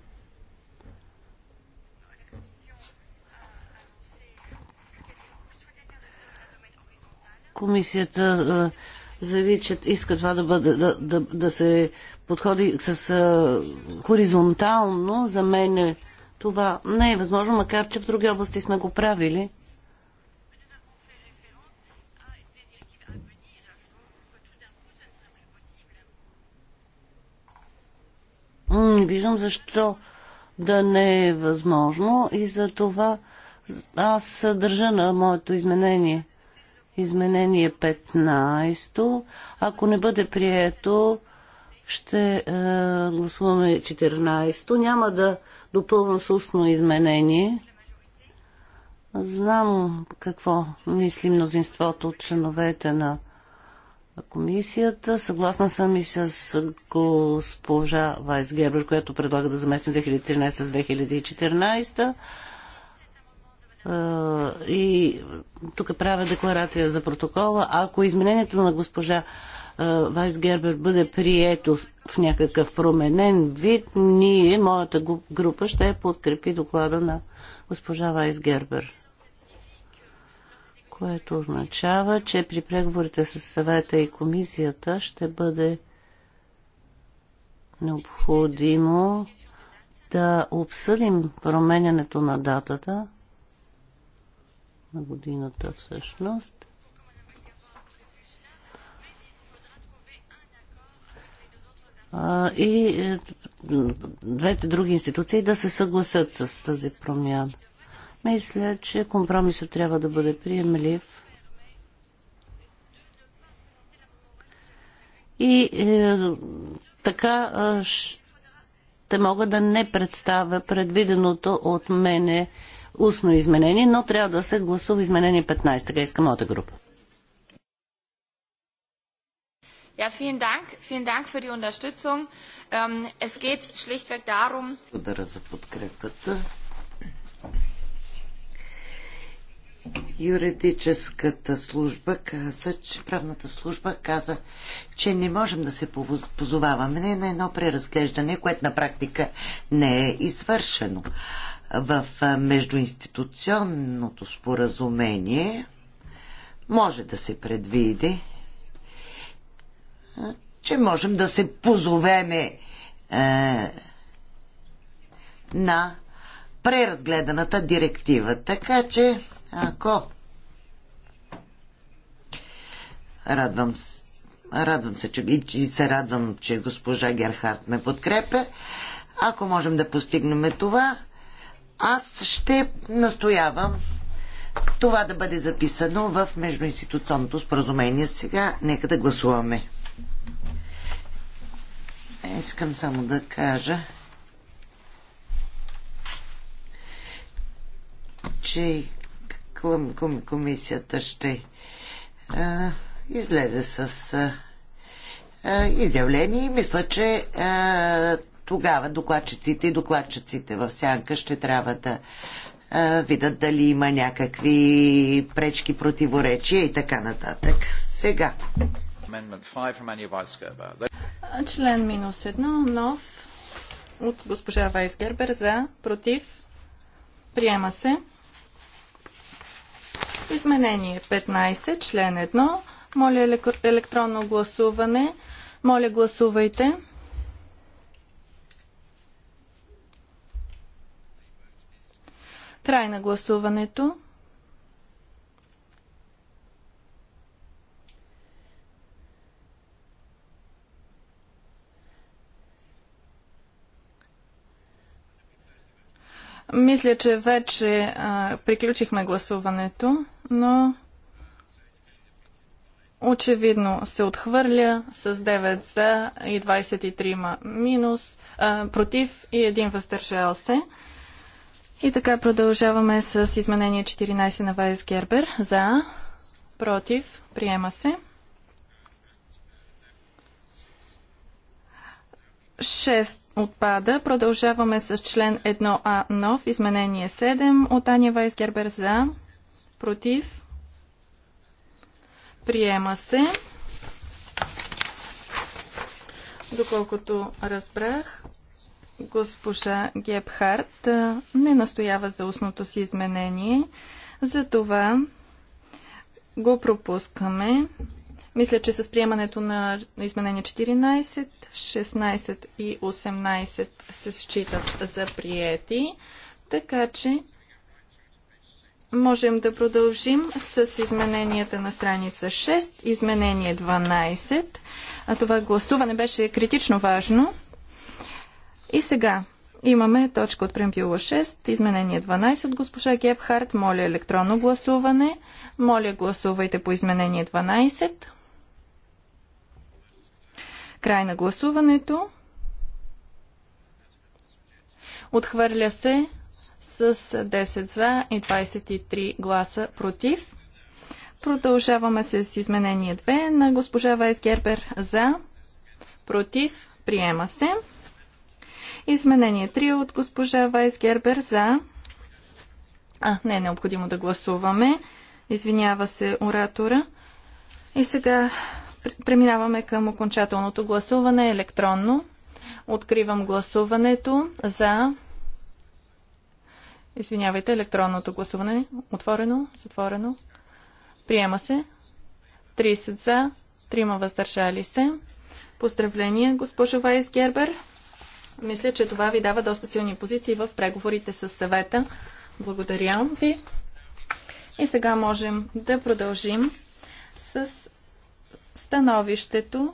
Комисията заяви, че иска това да, бъде, да, да, да се подходи с а, хоризонтално. За мен това не е възможно, макар че в други области сме го правили. Не виждам защо да не е възможно и за това аз държа на моето изменение. Изменение 15. Ако не бъде прието, ще е, гласуваме 14. Няма да допълвам с устно изменение. Знам какво мисли мнозинството от членовете на комисията. Съгласна съм и с госпожа Вайс Гебер, която предлага да замесне 2013 с 2014. Е, и тук правя декларация за протокола. Ако изменението на госпожа е, Вайс Гербер бъде прието в някакъв променен вид, ние, моята група, ще подкрепи доклада на госпожа Вайс Гербер което означава, че при преговорите с съвета и комисията ще бъде необходимо да обсъдим променянето на датата на годината всъщност. И е, двете други институции да се съгласят с тази промяна. Мисля, че компромисът трябва да бъде приемлив. И е, така ще мога да не представя предвиденото от мене устно изменение, но трябва да се гласува изменение 15. Така иска моята група. Ja, vielen Dank. Vielen Dank für die Unterstützung. Ähm, es geht schlichtweg darum. Благодаря за подкрепата. Юридическата служба каза, че правната служба каза, че не можем да се позоваваме на едно преразглеждане, което на практика не е извършено. В междуинституционното споразумение може да се предвиди, че можем да се позовеме е, на преразгледаната директива. Така че ако радвам се, радвам се, че и се радвам, че госпожа Герхард ме подкрепя, ако можем да постигнем това, аз ще настоявам това да бъде записано в междуинституционното споразумение. Сега нека да гласуваме. Искам само да кажа, че комисията ще а, излезе с а, изявление и мисля, че а, тогава докладчиците и докладчиците в сянка ще трябва да а, видят дали има някакви пречки, противоречия и така нататък. Сега. Член минус едно, нов от госпожа Вайсгербер за, против, приема се. Изменение 15, член 1. Моля електронно гласуване. Моля гласувайте. Край на гласуването. Мисля, че вече а, приключихме гласуването, но очевидно се отхвърля с 9 за и 23 минус, а, против и един въздържал се. И така продължаваме с изменение 14 на Вайс Гербер. За, против, приема се. 6 отпада. Продължаваме с член 1А нов. Изменение 7 от Аня Вайсгербер за. Против. Приема се. Доколкото разбрах, госпожа Гебхарт не настоява за устното си изменение. Затова го пропускаме. Мисля, че с приемането на изменение 14, 16 и 18 се считат за приети, така че можем да продължим с измененията на страница 6, изменение 12. А това гласуване беше критично важно. И сега имаме точка от премпила 6, изменение 12 от госпожа Гебхарт. Моля електронно гласуване. Моля гласувайте по изменение 12. Край на гласуването. Отхвърля се с 10 за и 23 гласа против. Продължаваме се с изменение 2 на госпожа Вайс Гербер за, против, приема се. Изменение 3 от госпожа Вайс Гербер за. А, не е необходимо да гласуваме. Извинява се оратора. И сега Преминаваме към окончателното гласуване електронно. Откривам гласуването за. Извинявайте, електронното гласуване. Отворено, затворено. Приема се. 30 за, 3 въздържали се. Поздравления, госпожо Вайс Гербер. Мисля, че това ви дава доста силни позиции в преговорите с съвета. Благодаря ви. И сега можем да продължим с становището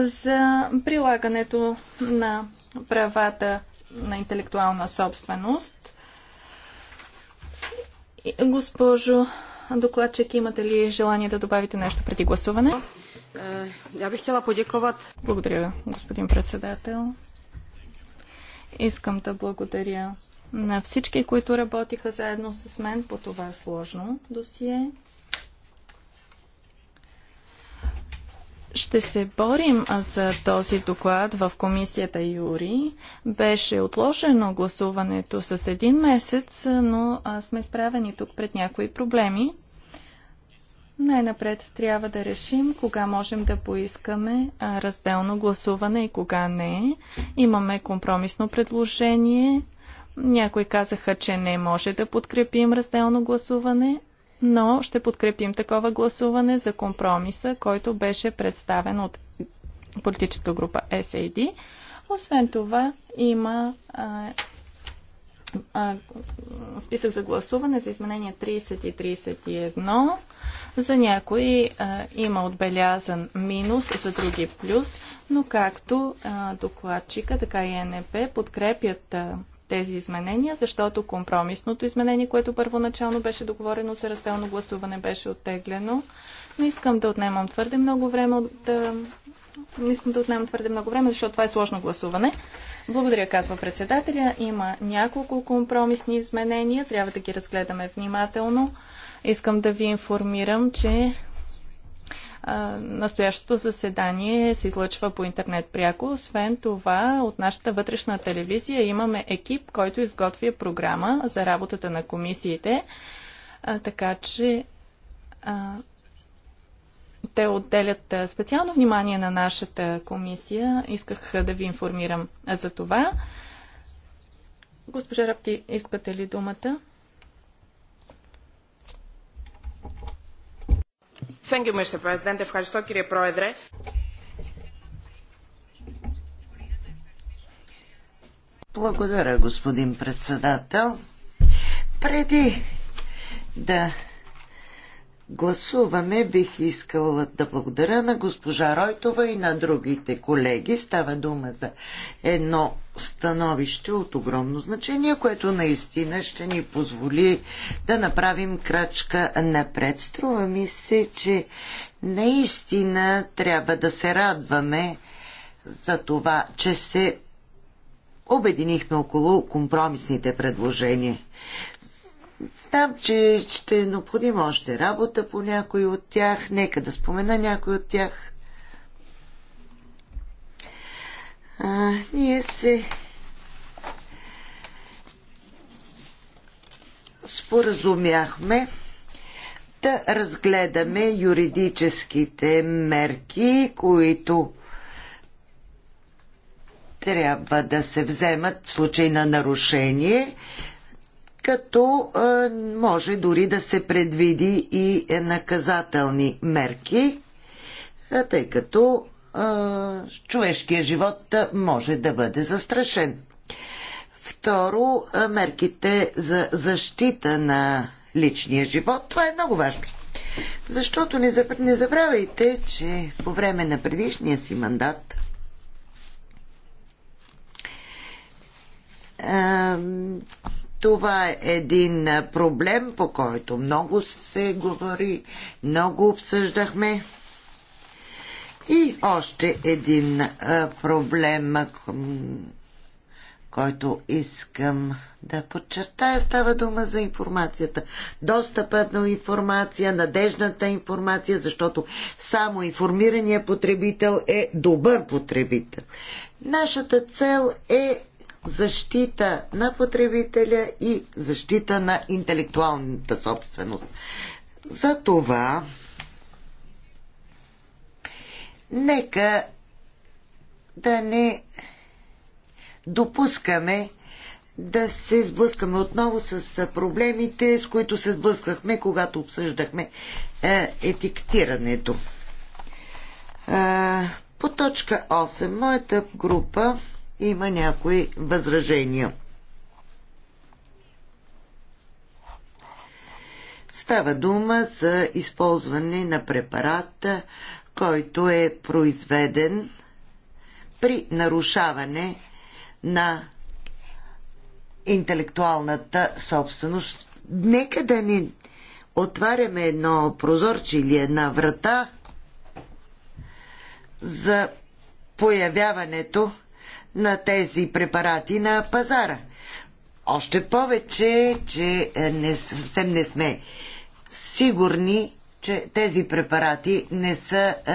за прилагането на правата на интелектуална собственост. Госпожо докладчик, имате ли желание да добавите нещо преди гласуване? Е, я бих хотела подяковат. Благодаря, господин председател. Искам да благодаря на всички, които работиха заедно с мен по това сложно досие. Ще се борим за този доклад в комисията Юри. Беше отложено гласуването с един месец, но сме изправени тук пред някои проблеми. Най-напред трябва да решим кога можем да поискаме разделно гласуване и кога не. Имаме компромисно предложение. Някои казаха, че не може да подкрепим разделно гласуване, но ще подкрепим такова гласуване за компромиса, който беше представен от политическа група SAD. Освен това, има а, а, списък за гласуване за изменения 30 и 31. За някои а, има отбелязан минус, за други плюс, но както а, докладчика, така и НП подкрепят а, тези изменения, защото компромисното изменение, което първоначално беше договорено за разделно гласуване, беше оттеглено. Не искам да отнемам твърде много време от не искам да отнемам твърде много време, защото това е сложно гласуване. Благодаря, казва председателя. Има няколко компромисни изменения. Трябва да ги разгледаме внимателно. Искам да ви информирам, че настоящото заседание се излъчва по интернет пряко. Освен това, от нашата вътрешна телевизия имаме екип, който изготвя програма за работата на комисиите, така че те отделят специално внимание на нашата комисия. Исках да ви информирам за това. Госпожа Рапти, искате ли думата? Thank you, Mr. President. Ευχαριστώ, κύριε Πρόεδρε. Благодаря, господин председател. Преди да гласуваме, бих искала да благодаря на госпожа Ройтова и на другите колеги. Става дума за едно становище от огромно значение, което наистина ще ни позволи да направим крачка напред. Струва ми се, че наистина трябва да се радваме за това, че се обединихме около компромисните предложения. Знам, че ще е необходимо още работа по някой от тях. Нека да спомена някой от тях. А, ние се споразумяхме да разгледаме юридическите мерки, които трябва да се вземат в случай на нарушение, като може дори да се предвиди и наказателни мерки, тъй като човешкия живот може да бъде застрашен. Второ, мерките за защита на личния живот. Това е много важно. Защото не, не забравяйте, че по време на предишния си мандат това е един проблем, по който много се говори, много обсъждахме. И още един проблем, който искам да подчертая, става дума за информацията. Достъпът на информация, надежната информация, защото само информираният потребител е добър потребител. Нашата цел е защита на потребителя и защита на интелектуалната собственост. За това нека да не допускаме да се сблъскаме отново с проблемите, с които се сблъсквахме, когато обсъждахме етиктирането. По точка 8 моята група има някои възражения. Става дума за използване на препарата който е произведен при нарушаване на интелектуалната собственост. Нека да ни отваряме едно прозорче или една врата за появяването на тези препарати на пазара. Още повече, че не, съвсем не сме сигурни че тези препарати не са е,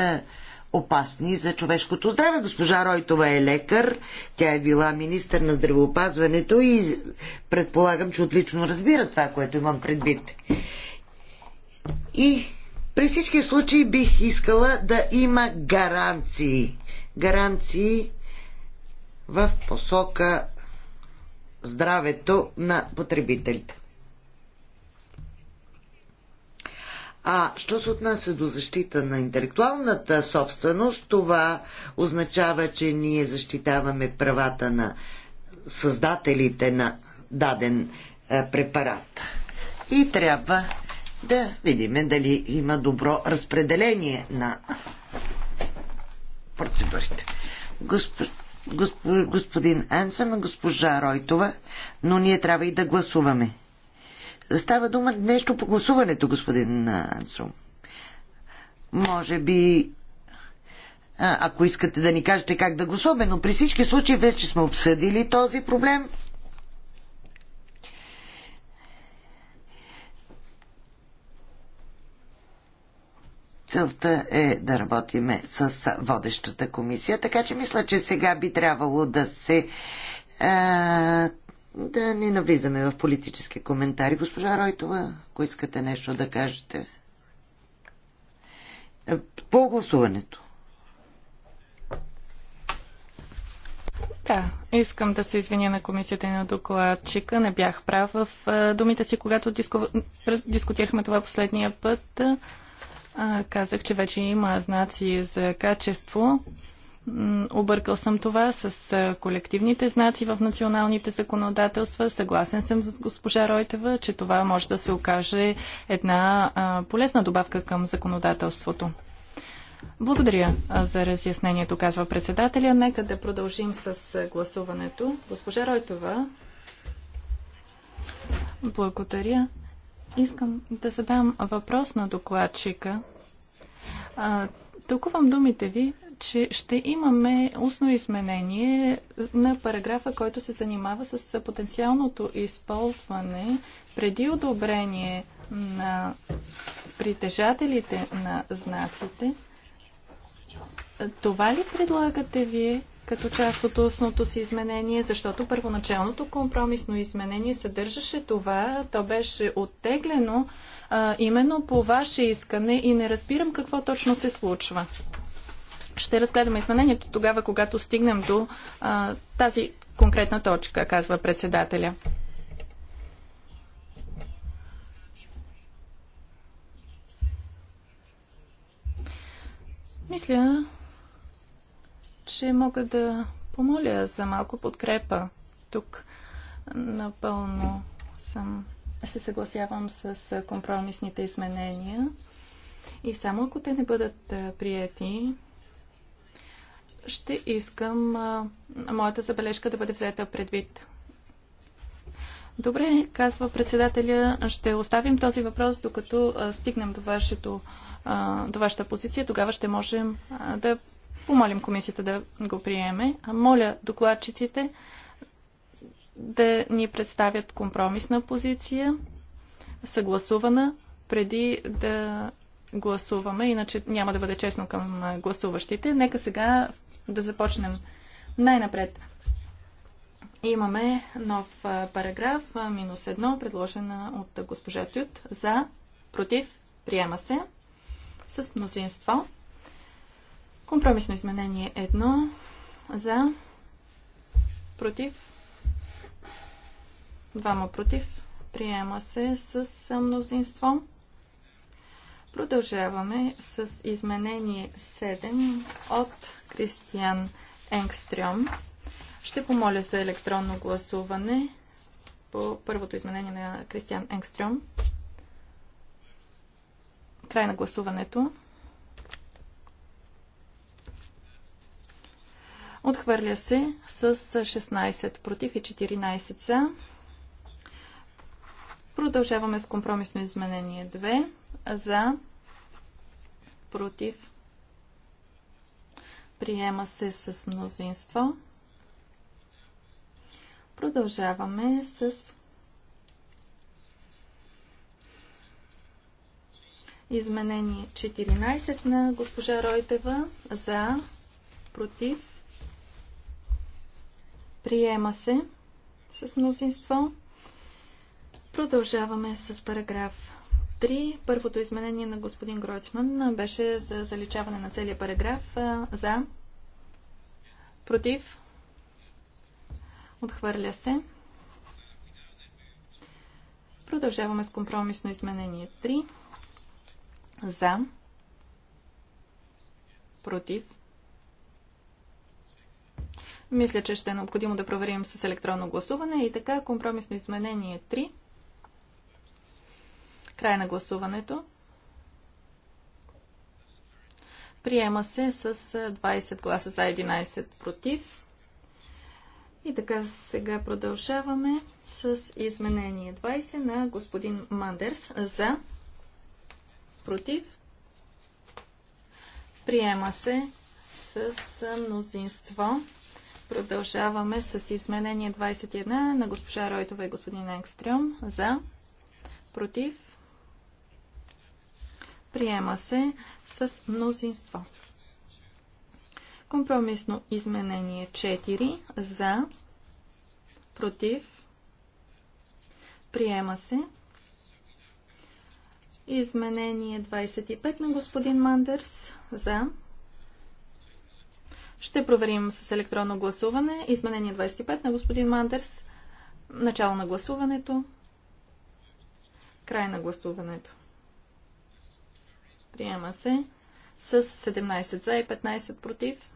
опасни за човешкото здраве. Госпожа Ройтова е лекар, тя е била министър на здравеопазването и предполагам, че отлично разбира това, което имам предвид. И при всички случаи бих искала да има гаранции. Гаранции в посока здравето на потребителите. А що се отнася до защита на интелектуалната собственост, това означава, че ние защитаваме правата на създателите на даден е, препарат. И трябва да видим дали има добро разпределение на процедурите. Госп... Господин Ансъм, госпожа Ройтова, но ние трябва и да гласуваме. Става дума нещо по гласуването, господин Ансум. Може би ако искате да ни кажете как да гласуваме, но при всички случаи вече сме обсъдили този проблем. Целта е да работиме с водещата комисия, така че мисля, че сега би трябвало да се да не навлизаме в политически коментари. Госпожа Ройтова, ако искате нещо да кажете. Е, по гласуването. Да, искам да се извиня на комисията и на докладчика. Не бях прав в е, думите си, когато диску... дискутирахме това последния път. Казах, че вече има знаци за качество. Объркал съм това с колективните знаци в националните законодателства. Съгласен съм с госпожа Ройтева, че това може да се окаже една полезна добавка към законодателството. Благодаря за разяснението, казва председателя. Нека да продължим с гласуването. Госпожа Ройтова. Благодаря. Искам да задам въпрос на докладчика. тълкувам думите ви че ще имаме устно изменение на параграфа, който се занимава с потенциалното използване преди одобрение на притежателите на знаците. Това ли предлагате вие като част от устното си изменение, защото първоначалното компромисно изменение съдържаше това, то беше оттеглено а, именно по ваше искане и не разбирам какво точно се случва. Ще разгледаме изменението тогава, когато стигнем до а, тази конкретна точка, казва председателя. Мисля, че мога да помоля за малко подкрепа. Тук напълно съм, се съгласявам с компромисните изменения. И само ако те не бъдат прияти, ще искам а, моята забележка да бъде взета предвид. Добре, казва председателя, ще оставим този въпрос, докато а, стигнем до, вашето, а, до вашата позиция. Тогава ще можем а, да помолим комисията да го приеме. А моля докладчиците да ни представят компромисна позиция, съгласувана, преди да гласуваме, иначе няма да бъде честно към гласуващите. Нека сега да започнем най-напред. Имаме нов параграф, минус едно, предложена от госпожа Тют. За, против, приема се с мнозинство. Компромисно изменение едно. За, против, двама против, приема се с мнозинство. Продължаваме с изменение 7 от Кристиан Енгстрем. Ще помоля за електронно гласуване по първото изменение на Кристиан Енгстрем. Край на гласуването. Отхвърля се с 16 против и 14 за. Продължаваме с компромисно изменение 2 за против Приема се с мнозинство. Продължаваме с изменение 14 на госпожа Ройтева за против. Приема се с мнозинство. Продължаваме с параграф 3. Първото изменение на господин Гройцман беше за заличаване на целия параграф. За. Против. Отхвърля се. Продължаваме с компромисно изменение 3. За. Против. Мисля, че ще е необходимо да проверим с електронно гласуване. И така, компромисно изменение 3. Край на гласуването. Приема се с 20 гласа за 11 против. И така сега продължаваме с изменение 20 на господин Мандерс за против. Приема се с мнозинство. Продължаваме с изменение 21 на госпожа Ройтова и господин Екстрюм за против. Приема се с мнозинство. Компромисно изменение 4 за, против, приема се. Изменение 25 на господин Мандерс за. Ще проверим с електронно гласуване. Изменение 25 на господин Мандерс. Начало на гласуването. Край на гласуването. Приема се с 17 за и 15 против.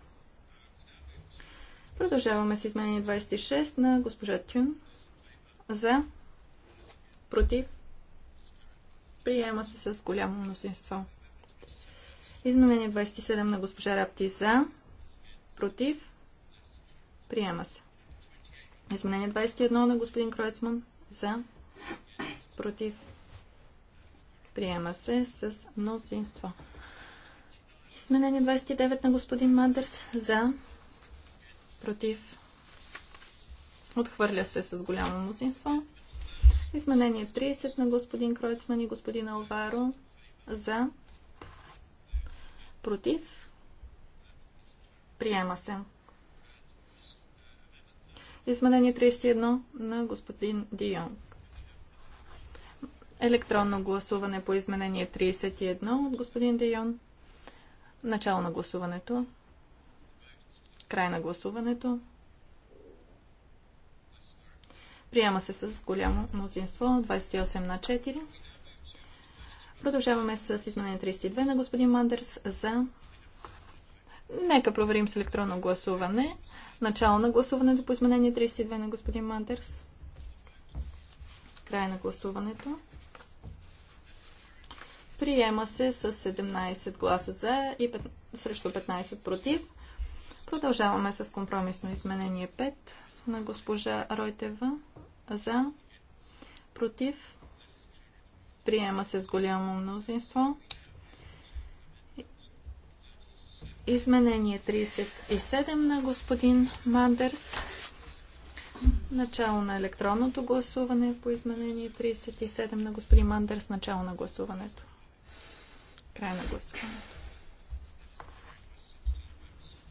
Продължаваме с изменение 26 на госпожа Тюн. За. Против. Приема се с голямо мнозинство. Изменение 27 на госпожа Рапти. За. Против. Приема се. Изменение 21 на господин Кройцман. За. Против. Приема се с мнозинство. Изменение 29 на господин Мандърс за, против, отхвърля се с голямо мнозинство. Изменение 30 на господин Кройцман и господин Алваро за, против, приема се. Изменение 31 на господин Дионг Електронно гласуване по изменение 31 от господин Дейон. Начало на гласуването. Край на гласуването. Приема се с голямо мнозинство 28 на 4. Продължаваме с изменение 32 на господин Мандерс за. Нека проверим с електронно гласуване. Начало на гласуването по изменение 32 на господин Мандерс. Край на гласуването. Приема се с 17 гласа за и 5, срещу 15 против. Продължаваме с компромисно изменение 5 на госпожа Ройтева за против. Приема се с голямо мнозинство. Изменение 37 на господин Мандерс. Начало на електронното гласуване по изменение 37 на господин Мандерс. Начало на гласуването. Край на гласуването.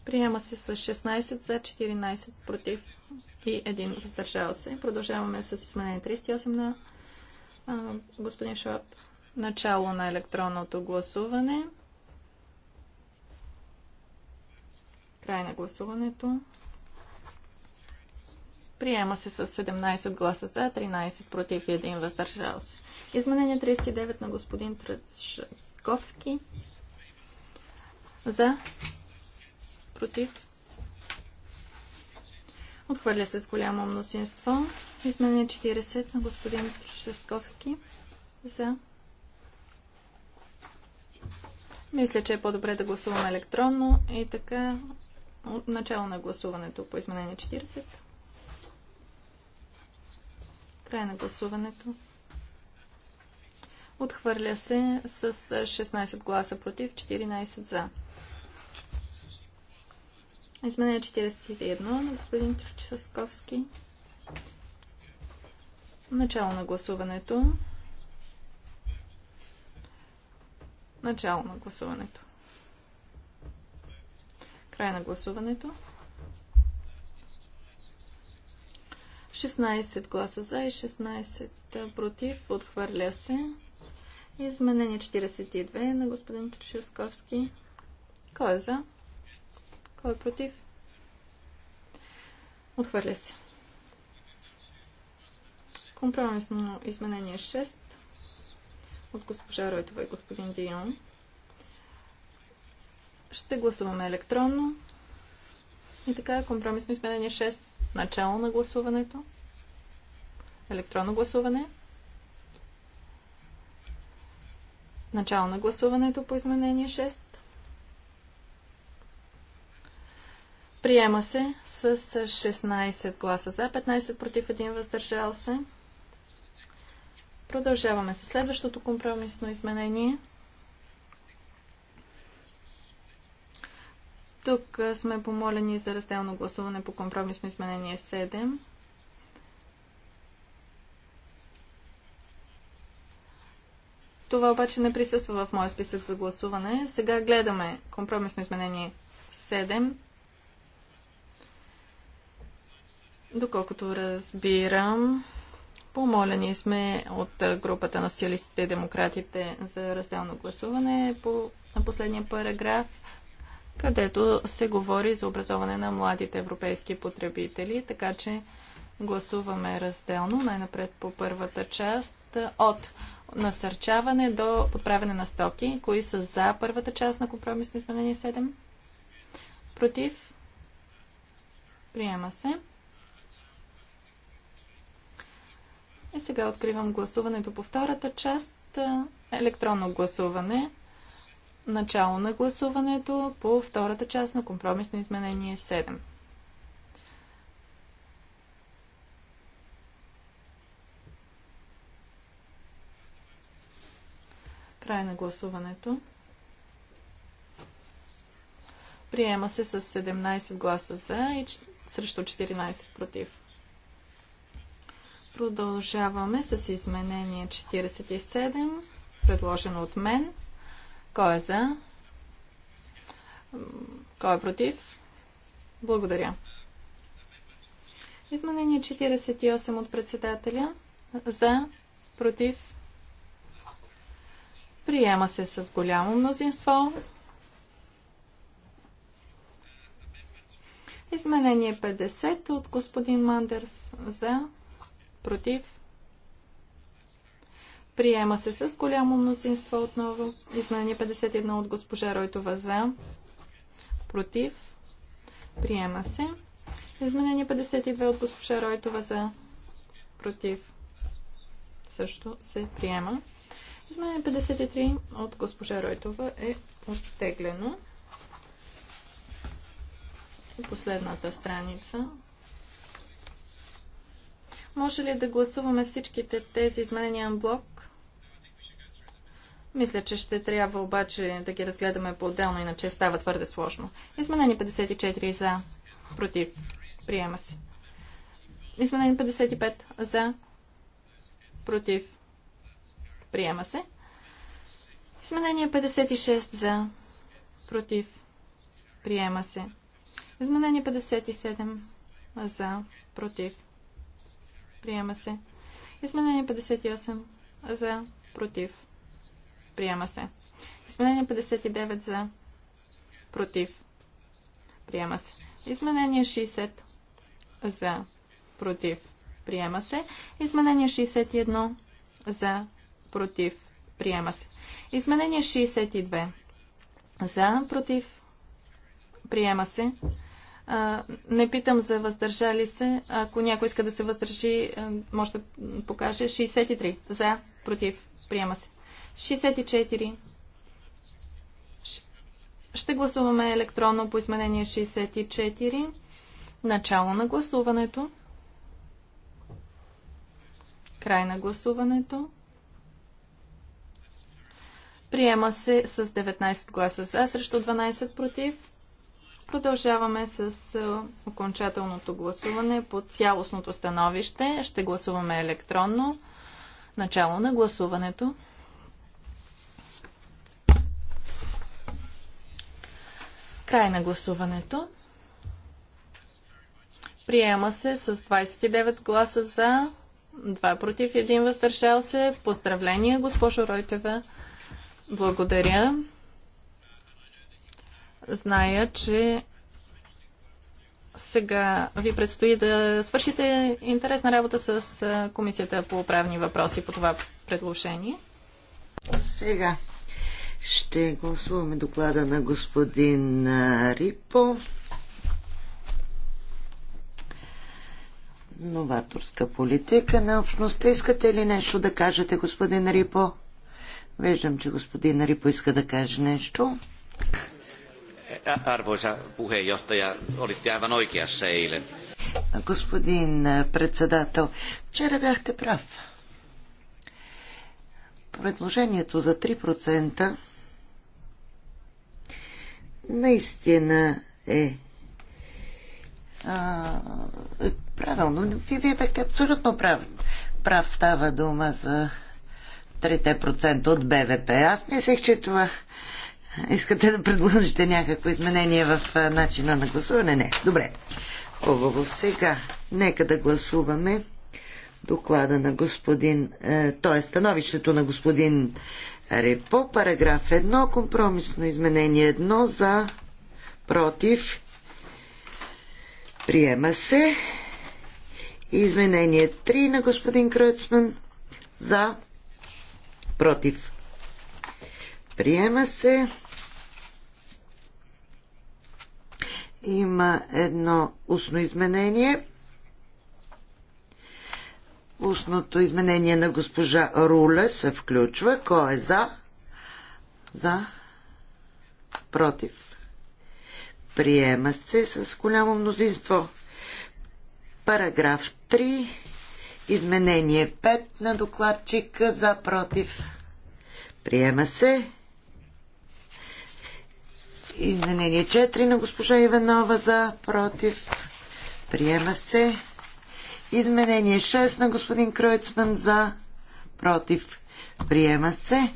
Приема се с 16 за 14 против и 1 въздържал се. Продължаваме с изменение 38 на а, господин Шваб. Начало на електронното гласуване. Край на гласуването. Приема се с 17 гласа за, 13 против и 1 въздържал се. Изменение 39 на господин Тръчев. Петковски. За. Против. Отхвърля се с голямо мнозинство. Изменение 40 на господин Шестковски. За. Мисля, че е по-добре да гласуваме електронно и така от начало на гласуването по изменение 40. Край на гласуването. Отхвърля се с 16 гласа против, 14 за. Изменение 41 на господин Троческовски. Начало на гласуването. Начало на гласуването. Край на гласуването. 16 гласа за и 16 против. Отхвърля се. Изменение 42 на господин Трешевски. Кой е за? Кой е против? Отхвърля се. Компромисно изменение 6 от госпожа Ройтова и господин Дион. Ще гласуваме електронно. И така, компромисно изменение 6. Начало на гласуването. Електронно гласуване. Начало на гласуването по изменение 6. Приема се с 16 гласа за, 15 против 1 въздържал се. Продължаваме с следващото компромисно изменение. Тук сме помолени за разделно гласуване по компромисно изменение 7. Това обаче не присъства в моя списък за гласуване. Сега гледаме компромисно изменение 7. Доколкото разбирам, помолени сме от групата на социалистите и демократите за разделно гласуване по, на последния параграф, където се говори за образование на младите европейски потребители, така че гласуваме разделно, най-напред по първата част от насърчаване до подправяне на стоки. Кои са за първата част на компромисно изменение 7? Против? Приема се. И сега откривам гласуването по втората част. Електронно гласуване. Начало на гласуването по втората част на компромисно изменение 7. Край на гласуването. Приема се с 17 гласа за и срещу 14 против. Продължаваме с изменение 47, предложено от мен. Кой е за? Кой е против? Благодаря. Изменение 48 от председателя. За, против, Приема се с голямо мнозинство. Изменение 50 от господин Мандерс за, против. Приема се с голямо мнозинство отново. Изменение 51 от госпожа Ройтова за, против. Приема се. Изменение 52 от госпожа Ройтова за, против. Също се приема. Изменение 53 от госпожа Ройтова е оттеглено. И последната страница. Може ли да гласуваме всичките тези изменения на блок? Мисля, че ще трябва обаче да ги разгледаме по-отделно, иначе става твърде сложно. Изменени 54 за, против, приема се. Изменени 55 за, против, Приема се. Изменение 56 за. Против. Приема се. Изменение 57 за. Против. Приема се. Изменение 58 за. Против. Приема се. Изменение 59 за. Против. Приема се. Изменение 60 за. Против. Приема се. Изменение 61 за против, приема се. Изменение 62. За, против, приема се. А, не питам за въздържали се. Ако някой иска да се въздържи, може да покаже. 63. За, против, приема се. 64. Ще гласуваме електронно по изменение 64. Начало на гласуването. Край на гласуването. Приема се с 19 гласа за, срещу 12 против. Продължаваме с окончателното гласуване по цялостното становище. Ще гласуваме електронно. Начало на гласуването. Край на гласуването. Приема се с 29 гласа за, 2 против, 1 въздържал се. Поздравления, госпожо Ройтева. Благодаря. Зная, че сега ви предстои да свършите интересна работа с Комисията по правни въпроси по това предложение. Сега ще гласуваме доклада на господин Рипо. Новаторска политика на общността. Искате ли нещо да кажете, господин Рипо? Виждам, че господин Рипо иска да каже нещо. Arvoisa puheenjohtaja, olitte aivan oikeassa eilen. Господин председател, вчера бяхте прав. Предложението за 3% наистина е, а, е правилно. Вие, вие бяхте абсолютно прав. Прав става дума за 3% от БВП. Аз мислех, че това искате да предложите някакво изменение в начина на гласуване. Не, добре. Хубаво. Сега нека да гласуваме доклада на господин, т.е. Е становището на господин Репо, параграф 1, компромисно изменение 1 за против. Приема се. Изменение 3 на господин Кръцман за против. Приема се. Има едно устно изменение. Устното изменение на госпожа Руле се включва. Кой е за? За. Против. Приема се с голямо мнозинство. Параграф 3. Изменение 5 на докладчика за против. Приема се. Изменение 4 на госпожа Иванова за против. Приема се. Изменение 6 на господин Кройцман за против. Приема се.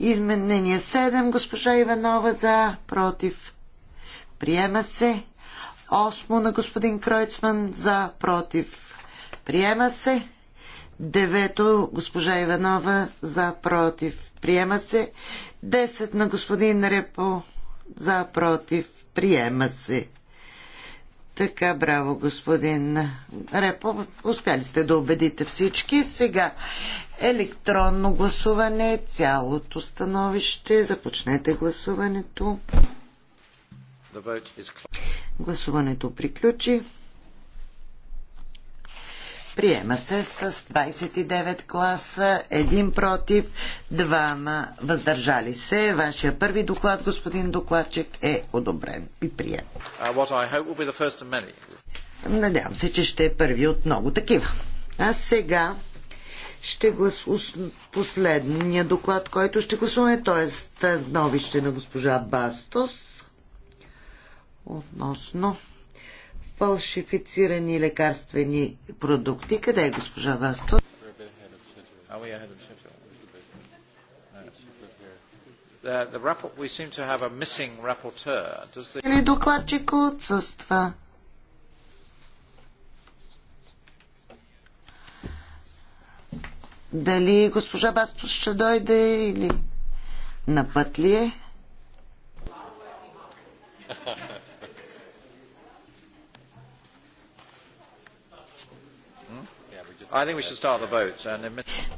Изменение 7 госпожа Иванова за против. Приема се. Осмо на господин Кройцман за против. Приема се. Девето, госпожа Иванова, за, против. Приема се. Десет на господин Репо, за, против. Приема се. Така, браво, господин Репо. Успяли сте да убедите всички. Сега електронно гласуване, цялото становище. Започнете гласуването. Гласуването приключи. Приема се с 29 класа, един против, двама въздържали се. Вашия първи доклад, господин докладчик, е одобрен и прием. Uh, Надявам се, че ще е първи от много такива. А сега ще глас... последния доклад, който ще гласуваме, т.е. новище на госпожа Бастос относно фалшифицирани лекарствени продукти. Къде е госпожа Васто? Или е докладчик отсъства? Дали госпожа Бастос ще дойде или на път ли е?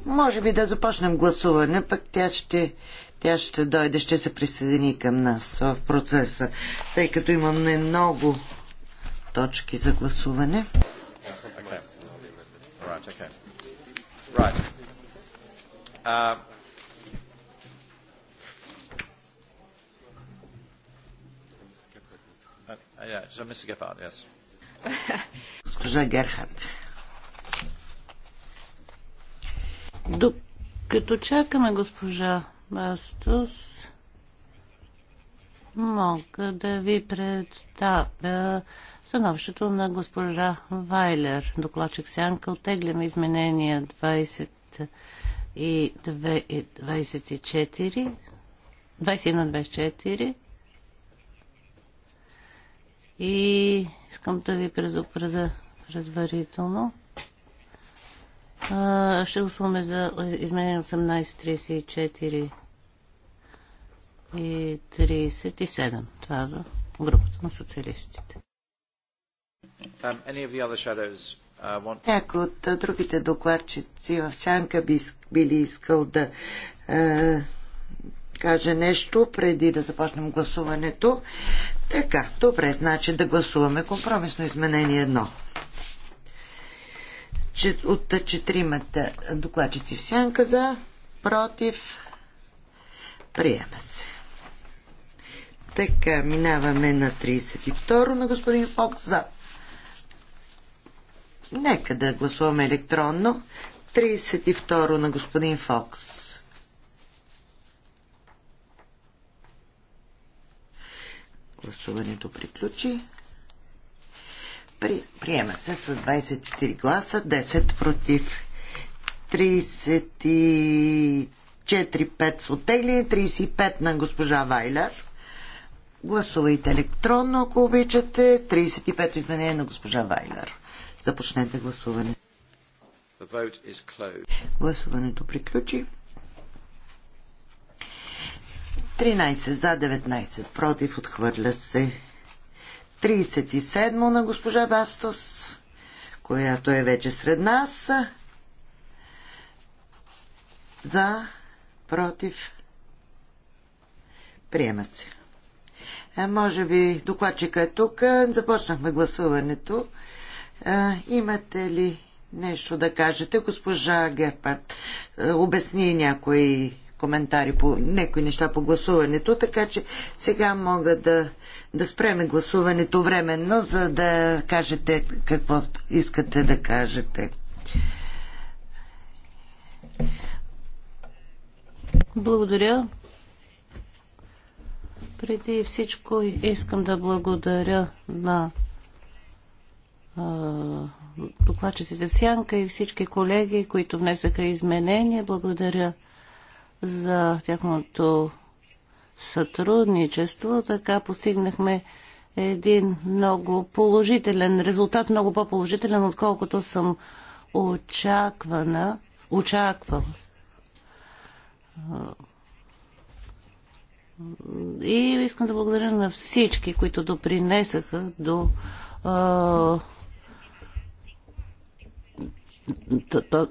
Може би да започнем гласуване, пък тя ще, тя ще дойде, ще се присъедини към нас в процеса, тъй като имаме много точки за гласуване. Okay. Right, okay. Right. Uh... uh Госпожа Герхард. Докато чакаме госпожа Бастус, мога да ви представя становището на госпожа Вайлер. Докладчик Сянка оттегляме изменения 20 и 24, 21-24 и искам да ви предупредя предварително, ще гласуваме за изменение 1834 и 37. Това е за групата на социалистите. Um, uh, от другите докладчици в Сянка би, били искал да е, каже нещо преди да започнем гласуването. Така, добре, значи да гласуваме компромисно изменение едно от четиримата докладчици в сянка за, против, приема се. Така, минаваме на 32 на господин Фокс за. Нека да гласуваме електронно. 32 на господин Фокс. Гласуването приключи. При, приема се с 24 гласа, 10 против 34-5 с отегли, 35 на госпожа Вайлер. Гласувайте електронно, ако обичате. 35 изменение на госпожа Вайлер. Започнете гласуване. Гласуването приключи. 13 за 19 против отхвърля се. 37 на госпожа Бастос, която е вече сред нас. За, против, приема се. Е, може би докладчика е тук. Започнахме гласуването. Е, имате ли нещо да кажете? Госпожа Герпарт? е, обясни някои коментари по някои неща по гласуването, така че сега мога да, да спреме гласуването временно, за да кажете какво искате да кажете. Благодаря. Преди всичко искам да благодаря на докладчиците в Сянка и всички колеги, които внесаха изменения. Благодаря за тяхното сътрудничество. Така постигнахме един много положителен резултат, много по-положителен, отколкото съм очаквана, очаквам. И искам да благодаря на всички, които допринесаха до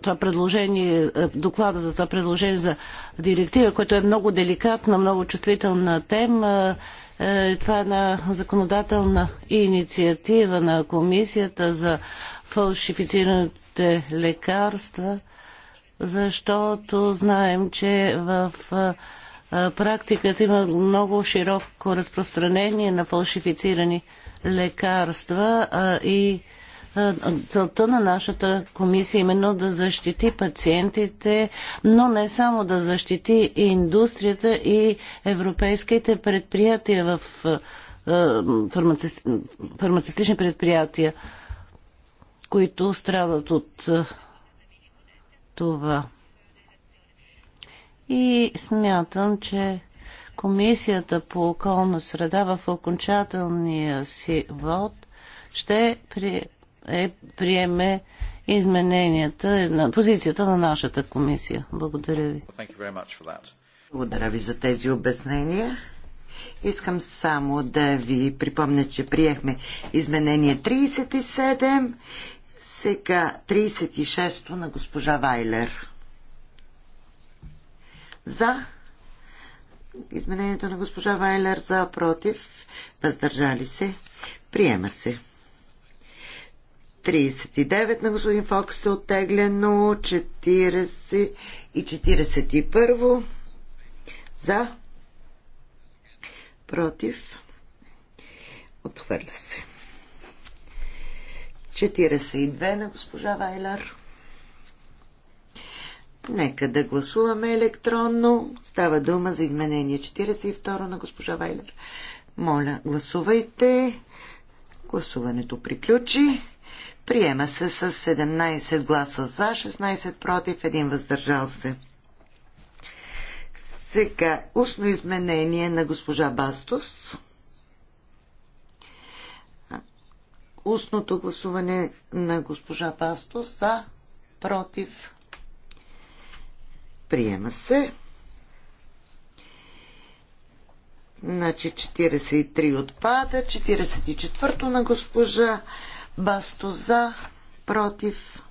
това предложение, е, доклада за това предложение за директива, което е много деликатна, много чувствителна тема. Е, е, това е една законодателна инициатива на Комисията за фалшифицираните лекарства, защото знаем, че в практиката има много широко разпространение на фалшифицирани лекарства и целта на нашата комисия е именно да защити пациентите, но не само да защити и индустрията и европейските предприятия в е, фармаци... фармацистични предприятия, които страдат от е, това. И смятам, че Комисията по околна среда в окончателния си вод ще при, е приеме измененията на позицията на нашата комисия. Благодаря ви. Благодаря ви за тези обяснения. Искам само да ви припомня, че приехме изменение 37, сега 36-то на госпожа Вайлер. За изменението на госпожа Вайлер за против, въздържали се, приема се. 39 на господин Фокс е оттеглено, 40 и 41 за, против, отхвърля се. 42 на госпожа Вайлар. Нека да гласуваме електронно. Става дума за изменение 42 на госпожа Вайлер. Моля, гласувайте. Гласуването приключи. Приема се с 17 гласа за, 16 против, 1 въздържал се. Сега, устно изменение на госпожа Бастос. Устното гласуване на госпожа Бастос за, против. Приема се. Значи 43 отпада, 44-то на госпожа Басто за, против.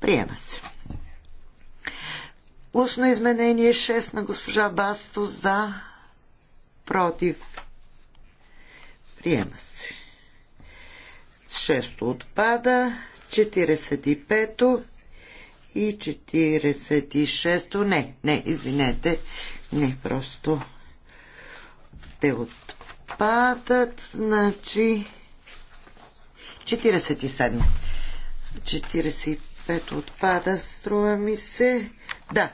Приема се. Устно изменение 6 на госпожа Басто за, против. Приема се. Шесто отпада. 45-то и 46-то. Не, не, извинете. Не, просто те отпадат. Значи 47. 45 отпада, струва ми се. Да.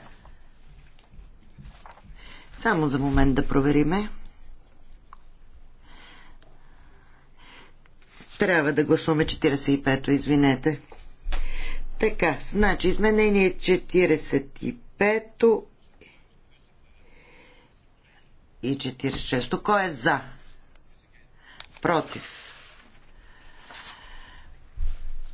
Само за момент да провериме. Трябва да гласуваме 45-то, извинете. Така, значи изменение 45-то и 46-то. Кой е за? Против.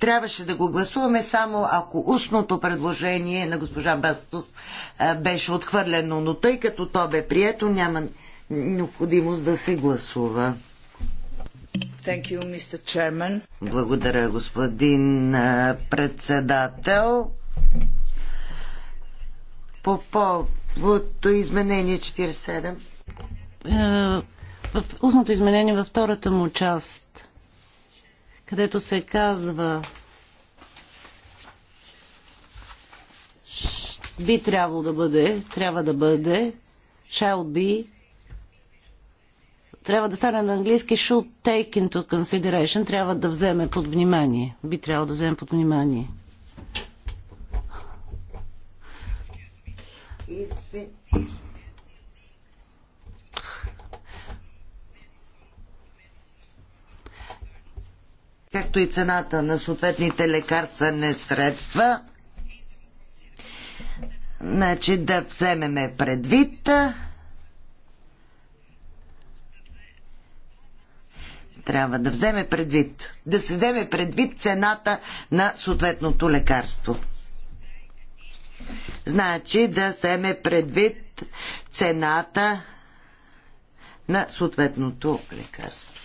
трябваше да го гласуваме само ако устното предложение на госпожа Бастус беше отхвърлено, но тъй като то бе прието, няма необходимост да се гласува. You, Благодаря, господин председател. По повод изменение 47. Е, в устното изменение във втората му част където се казва би трябвало да бъде, трябва да бъде, shall be, трябва да стане на английски should take into consideration, трябва да вземе под внимание. Би трябвало да вземе под внимание. fit както и цената на съответните лекарствени средства. Значи да вземеме предвид трябва да вземе предвид, да се вземе предвид цената на съответното лекарство. Значи да вземе предвид цената на съответното лекарство.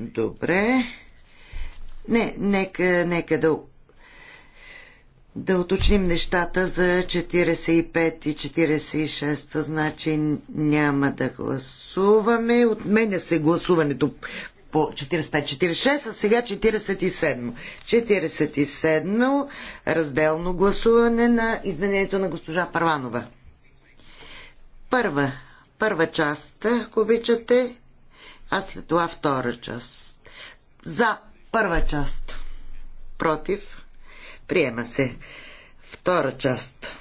Добре. Не, нека, нека да, да уточним нещата за 45 и 46. Значи няма да гласуваме. Отменя се гласуването по 45-46, а сега 47. 47 разделно гласуване на изменението на госпожа Парванова. Първа, първа част, ако обичате, а след това втора част. За първа част. Против. Приема се. Втора част.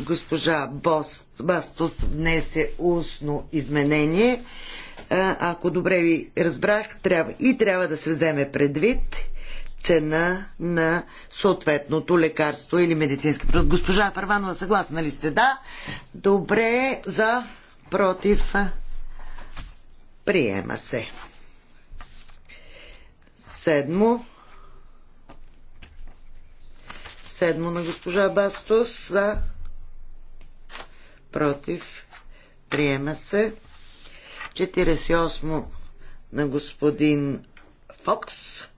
Госпожа Бост, Бастос внесе устно изменение. Ако добре ви разбрах, трябва, и трябва да се вземе предвид цена на съответното лекарство или медицински продукт. Госпожа Първанова, съгласна ли сте? Да. Добре, за против Приема се. Седмо. Седмо на госпожа Бастос за против. Приема се. 48 на господин Фокс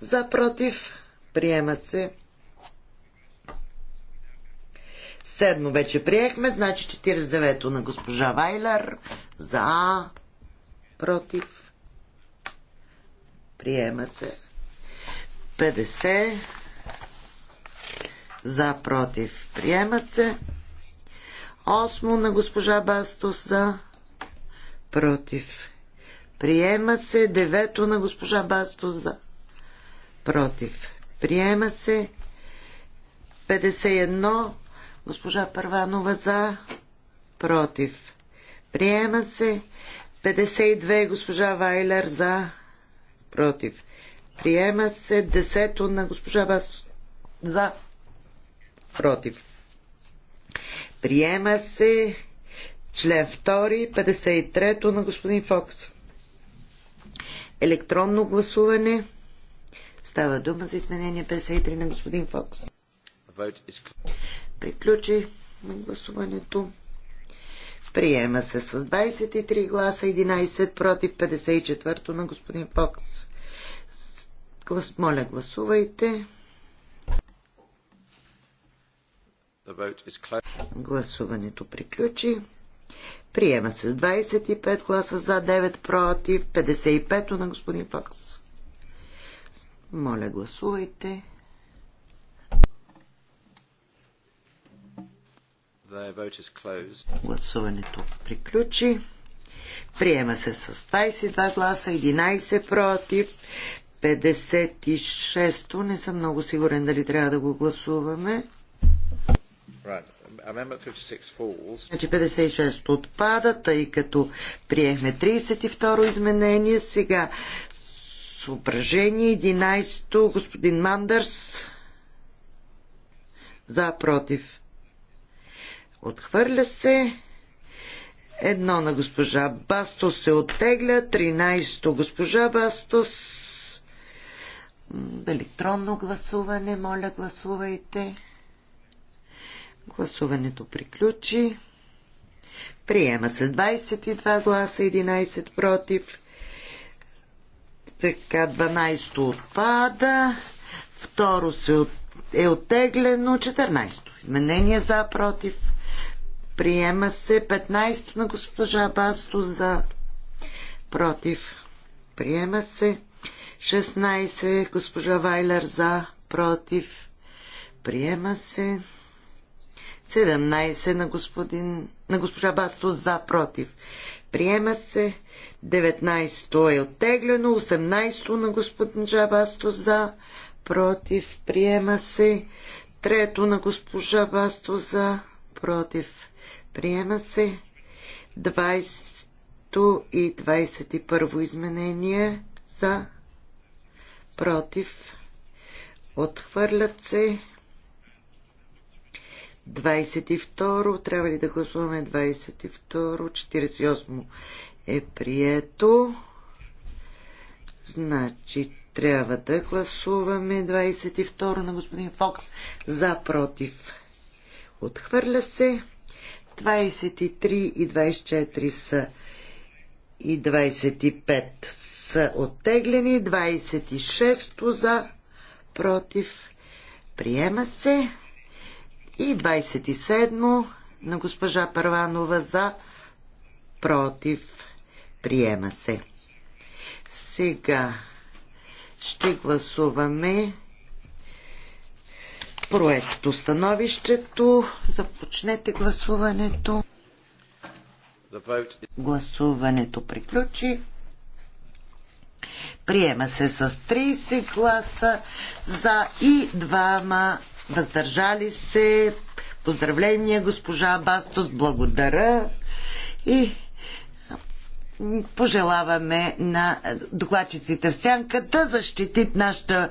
за против. Приема се. Седмо вече приехме, значи 49-то на госпожа Вайлер за против, приема се 50, за, против, приема се. Осмо на госпожа Бастос за, против, приема се. Девето на госпожа Бастос за, против, приема се. 51, госпожа Първанова за, против, приема се. 52 госпожа Вайлер за против. Приема се 10 на госпожа Басос за против. Приема се член 2, 53 на господин Фокс. Електронно гласуване. Става дума за изменение 53 на господин Фокс. Приключи гласуването. Приема се с 23 гласа, 11 против, 54 на господин Фокс. Глас, моля, гласувайте. Гласуването приключи. Приема се с 25 гласа за 9 против, 55 на господин Фокс. Моля, гласувайте. Гласуването приключи. Приема се с 22 гласа, 11 против, 56-то. Не съм много сигурен дали трябва да го гласуваме. Значи 56 отпада, тъй като приехме 32 изменение. Сега съображение 11 господин Мандърс за против. Отхвърля се. Едно на госпожа Бастос се оттегля. 13-то госпожа Бастос. Електронно гласуване. Моля, гласувайте. Гласуването приключи. Приема се 22 гласа, 11 против. Така, 12 отпада. Второ се от... е оттеглено. 14 то изменение за, против. Приема се 15 на госпожа Басто за против. Приема се 16 е госпожа Вайлер за против. Приема се 17 е на, господин, на госпожа Басто за против. Приема се 19 е оттеглено, 18 на господин Басто за против. Приема се трето на госпожа Басто за против, приема се. 20 и 21 изменение за, против, отхвърлят се. 22 трябва ли да гласуваме 22 48 е прието. Значи трябва да гласуваме 22 на господин Фокс за против. Отхвърля се. 23 и 24 са и 25 са оттеглени. 26 за против. Приема се. И 27 на госпожа Първанова за против. Приема се. Сега ще гласуваме проекто становището. Започнете гласуването. Гласуването приключи. Приема се с 30 гласа за и двама въздържали се. Поздравление, госпожа Бастос, благодаря. И пожелаваме на докладчиците в сянка да защитит нашата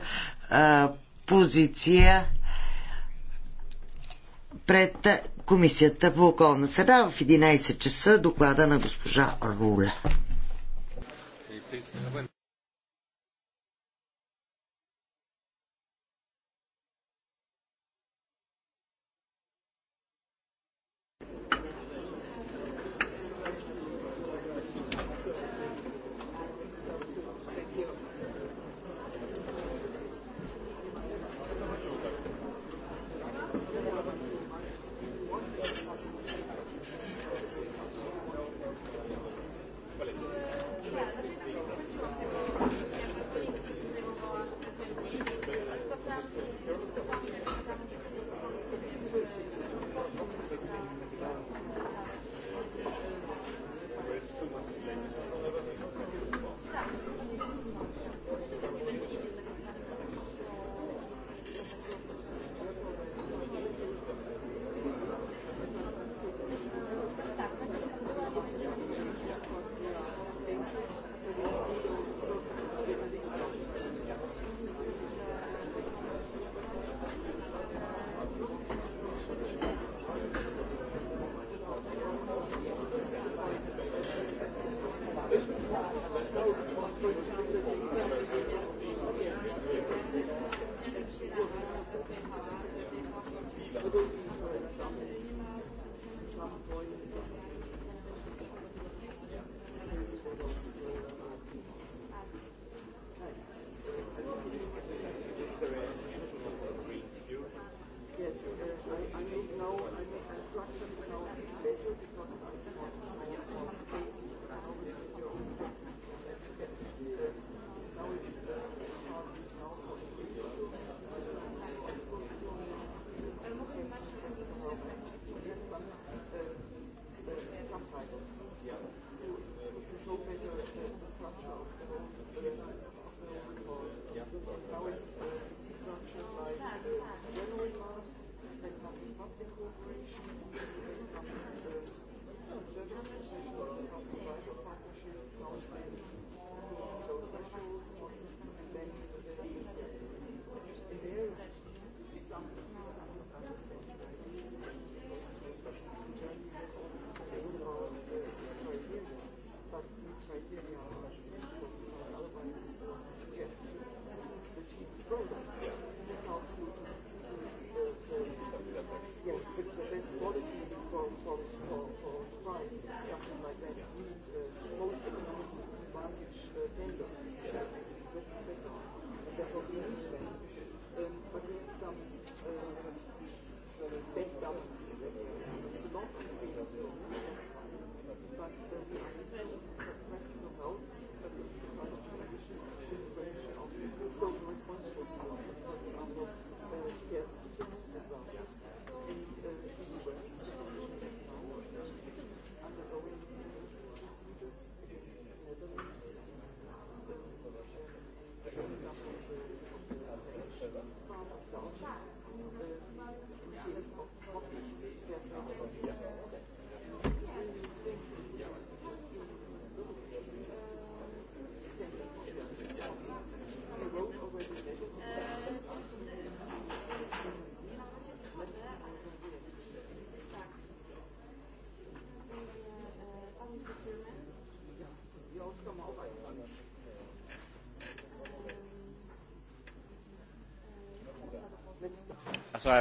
позиция пред Комисията по околна среда в 11 часа доклада на госпожа Руля.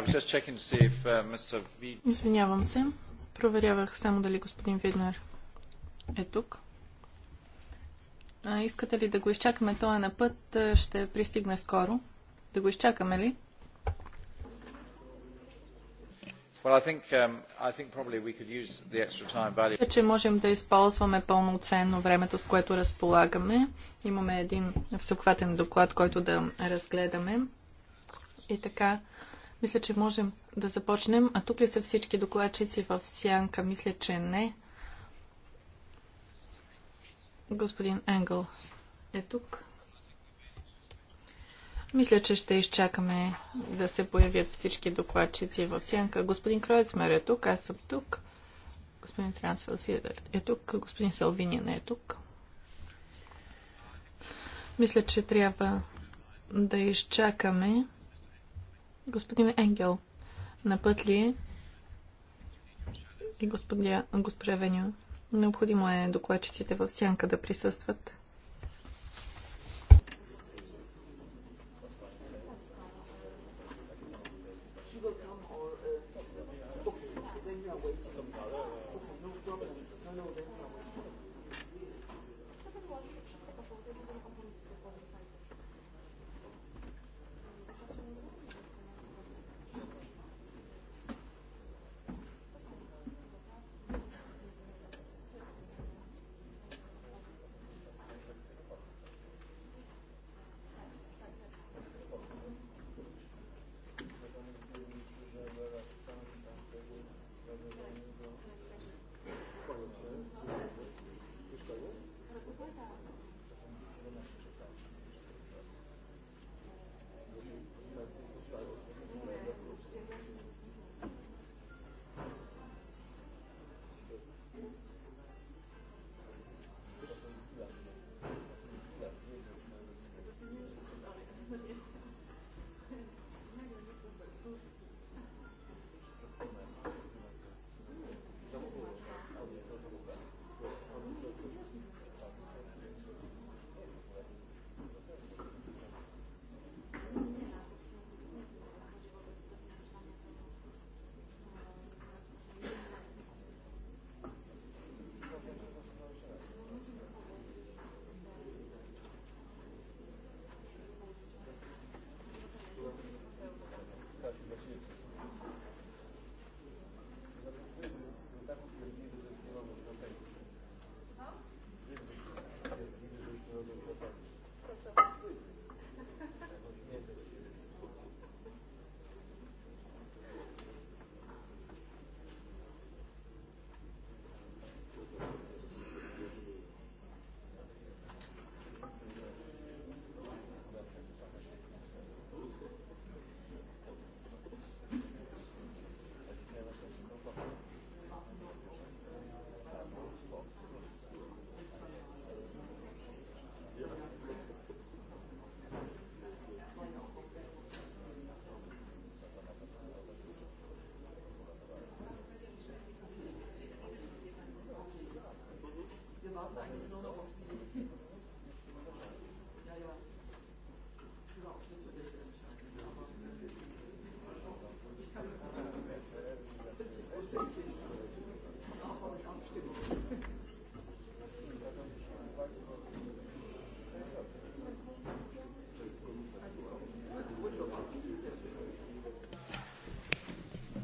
Uh, Извинявам се. Проверявах само дали господин Виднер е тук. А, искате ли да го изчакаме? Той е на път. Ще пристигне скоро. Да го изчакаме ли? Um, Че можем да използваме пълноценно времето, с което разполагаме. Имаме един всеобхватен доклад, който да разгледаме. И така, мисля, че можем да започнем. А тук ли са всички докладчици в сянка? Мисля, че не. Господин Енгъл е тук. Мисля, че ще изчакаме да се появят всички докладчици в сянка. Господин Кройцмер е тук, аз съм тук. Господин Трансфел Фидер е тук, господин Салвини не е тук. Мисля, че трябва да изчакаме Господин Енгел, на път ли е? И господя, госпожа Веню, необходимо е докладчиците в сянка да присъстват.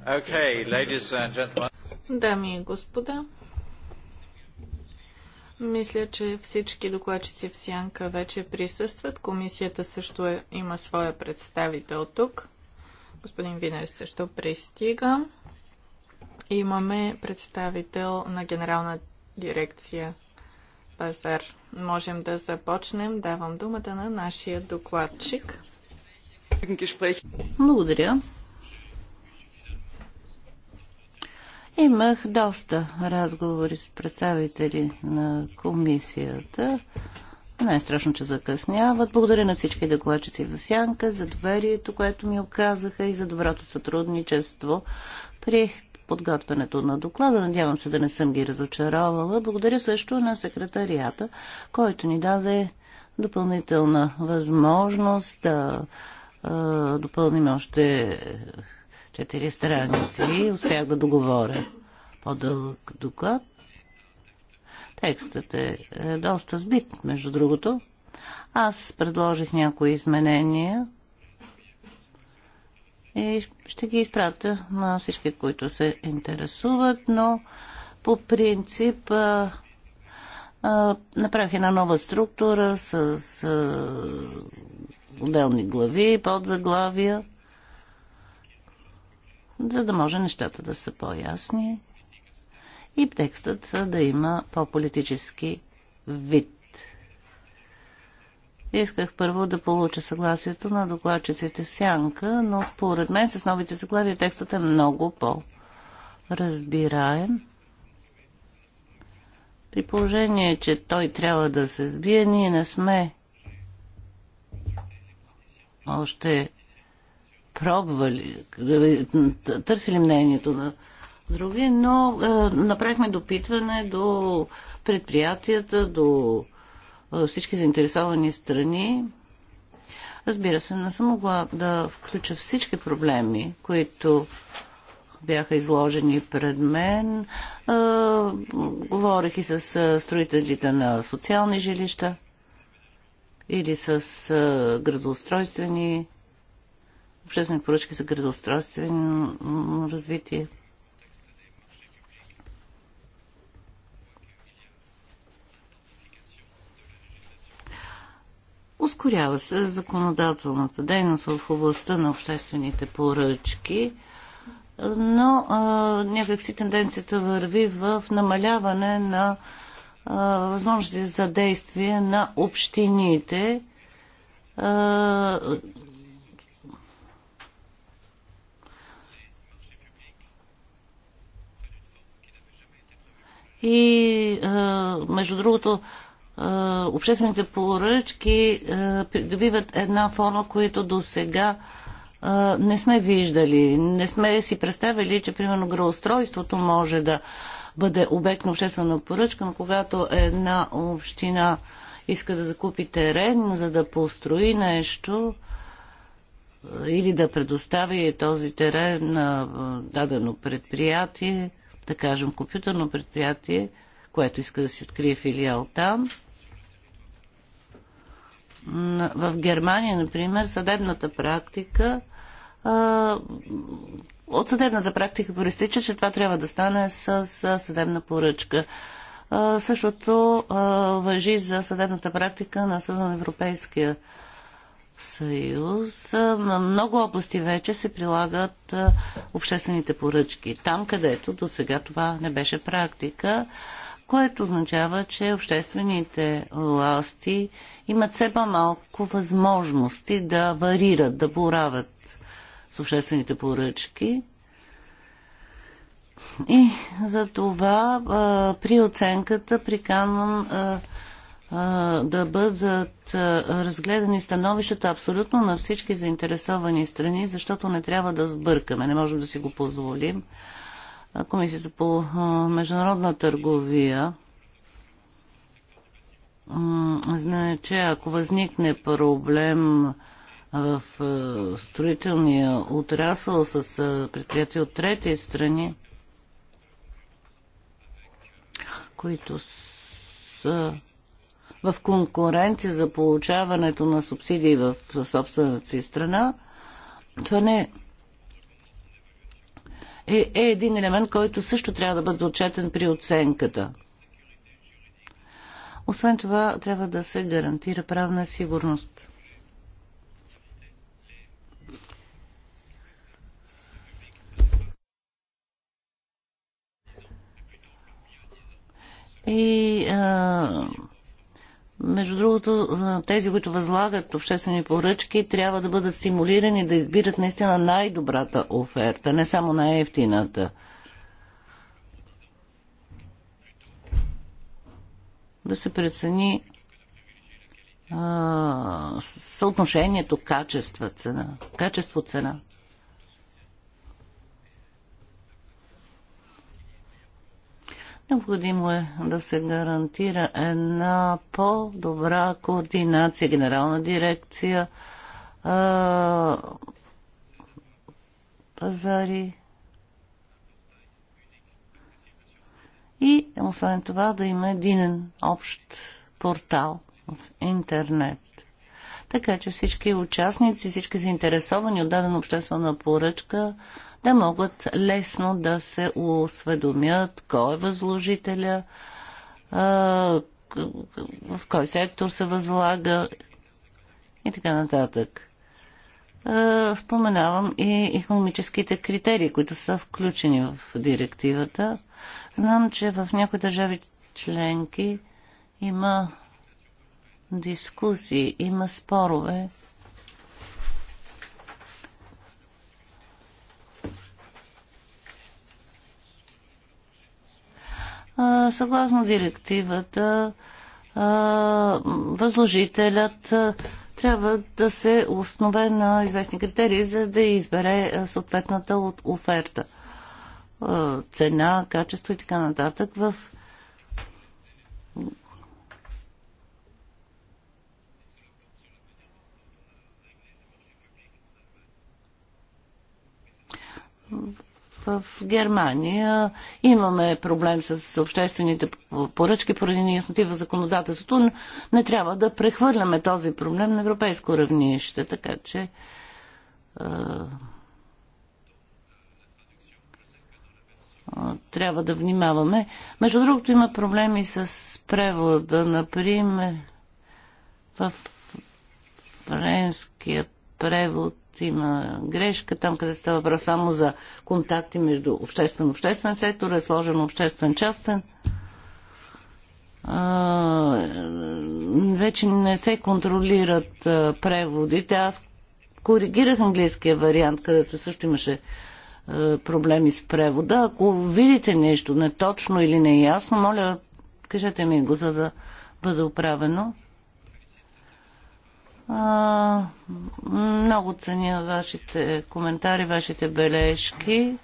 Okay, ladies and gentlemen. Дами и господа, мисля, че всички докладчици в Сянка вече присъстват. Комисията също е, има своя представител тук. Господин Винер също пристига. Имаме представител на генерална дирекция пазар. Можем да започнем. Давам думата на нашия докладчик. Благодаря. Имах доста разговори с представители на комисията. Не е страшно, че закъсняват. Благодаря на всички докладчици в Сянка за доверието, което ми оказаха и за доброто сътрудничество при подготвянето на доклада. Надявам се да не съм ги разочаровала. Благодаря също на секретарията, който ни даде допълнителна възможност да допълним още четири страници. Успях да договоря по-дълъг доклад. Текстът е, е доста сбит, между другото. Аз предложих някои изменения и ще ги изпратя на всички, които се интересуват, но по принцип а, а, направих една нова структура с а, отделни глави, подзаглавия за да може нещата да са по-ясни и текстът да има по-политически вид. Исках първо да получа съгласието на докладчиците в сянка, но според мен с новите заглавия текстът е много по-разбираем. При положение, че той трябва да се сбие, ние не сме още пробвали, търсили мнението на други, но е, направихме допитване до предприятията, до е, всички заинтересовани страни. Разбира се, не съм могла да включа всички проблеми, които бяха изложени пред мен. Е, говорих и с е, строителите на социални жилища или с е, градоустройствени обществени поръчки за градоустройствено развитие. Ускорява се законодателната дейност в областта на обществените поръчки, но а, някакси тенденцията върви в намаляване на а, възможности за действие на общините. А, И между другото, обществените поръчки придобиват една форма, която до сега не сме виждали. Не сме си представили, че примерно градоустройството може да бъде обект на обществена поръчка, но когато една община иска да закупи терен, за да построи нещо или да предостави този терен на дадено предприятие, да кажем, компютърно предприятие, което иска да си открие филиал там. В Германия, например, съдебната практика от съдебната практика проистича, че това трябва да стане с, съдебна поръчка. Същото въжи за съдебната практика на Съдна Европейския съюз на много области вече се прилагат обществените поръчки. Там, където до сега това не беше практика, което означава, че обществените власти имат все по-малко възможности да варират, да боравят с обществените поръчки. И за това при оценката приканвам да бъдат разгледани становищата абсолютно на всички заинтересовани страни, защото не трябва да сбъркаме, не можем да си го позволим. Комисията по международна търговия знае, че ако възникне проблем в строителния отрасъл с предприятия от трети страни, които са в конкуренция за получаването на субсидии в собствената си страна, това не е, е един елемент, който също трябва да бъде отчетен при оценката. Освен това, трябва да се гарантира правна сигурност. И а, между другото, тези, които възлагат обществени поръчки, трябва да бъдат стимулирани да избират наистина най-добрата оферта, не само най-ефтината. Да се прецени а, съотношението качество-цена. Качество-цена. Необходимо е да се гарантира една по-добра координация, генерална дирекция, пазари. И освен това да има един общ портал в интернет. Така че всички участници, всички заинтересовани от дадена обществена поръчка да могат лесно да се осведомят кой е възложителя, в кой сектор се възлага и така нататък. Споменавам и економическите критерии, които са включени в директивата. Знам, че в някои държави членки има дискусии, има спорове съгласно директивата, възложителят трябва да се основе на известни критерии, за да избере съответната от оферта. Цена, качество и така нататък в в Германия имаме проблем с обществените поръчки поради неясноти в законодателството. но Не трябва да прехвърляме този проблем на европейско равнище, така че е, трябва да внимаваме. Между другото има проблеми с превода, например в френския превод, има грешка там, къде става въпрос само за контакти между обществен-обществен сектор, е сложен обществен-частен. Вече не се контролират преводите. Аз коригирах английския вариант, където също имаше проблеми с превода. Ако видите нещо неточно или неясно, моля, кажете ми го, за да бъде оправено. А, много ценя вашите коментари, вашите бележки,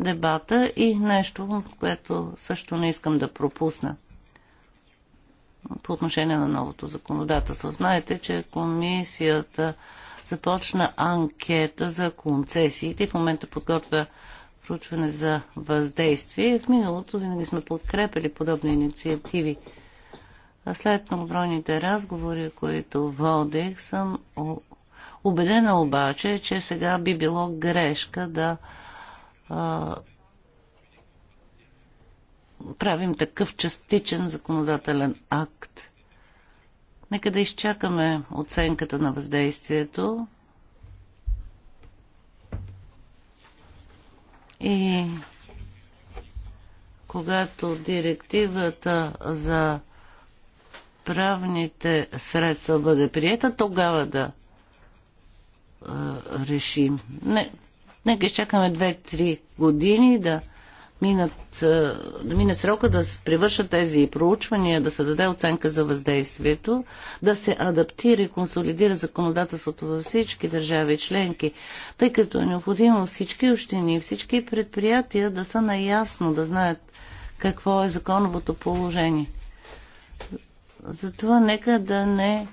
дебата и нещо, което също не искам да пропусна по отношение на новото законодателство. Знаете, че комисията започна анкета за концесиите и в момента подготвя проучване за въздействие. В миналото винаги сме подкрепили подобни инициативи след многобройните разговори, които водих, съм убедена обаче, че сега би било грешка да а, правим такъв частичен законодателен акт. Нека да изчакаме оценката на въздействието и когато директивата за правните средства бъде приета, тогава да а, решим. Не, нека изчакаме 2-3 години да минат, а, да мине срока да превършат тези проучвания, да се даде оценка за въздействието, да се адаптира и консолидира законодателството във всички държави и членки, тъй като е необходимо всички общини, всички предприятия да са наясно, да знаят какво е законовото положение. Затова нека да не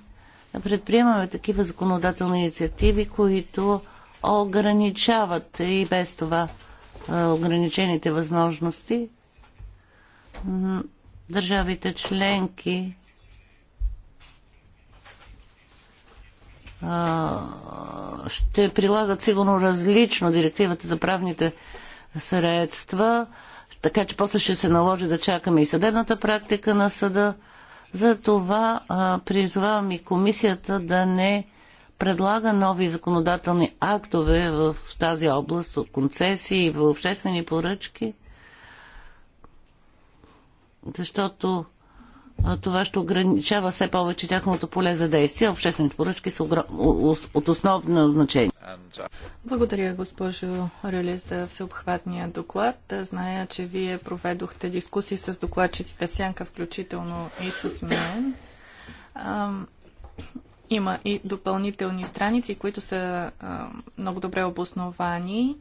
предприемаме такива законодателни инициативи, които ограничават и без това е, ограничените възможности. Държавите членки ще прилагат сигурно различно директивата за правните средства, така че после ще се наложи да чакаме и съдебната практика на съда. За това призовавам и комисията да не предлага нови законодателни актове в тази област, от концесии, в обществени поръчки, защото това ще ограничава все повече тяхното поле за действие. Обществените поръчки са от основно значение. Uh, Благодаря, госпожо Реле, за всеобхватния доклад. Зная, че вие проведохте дискусии с докладчиците в Сянка, включително и с мен. Има и допълнителни страници, които са много добре обосновани.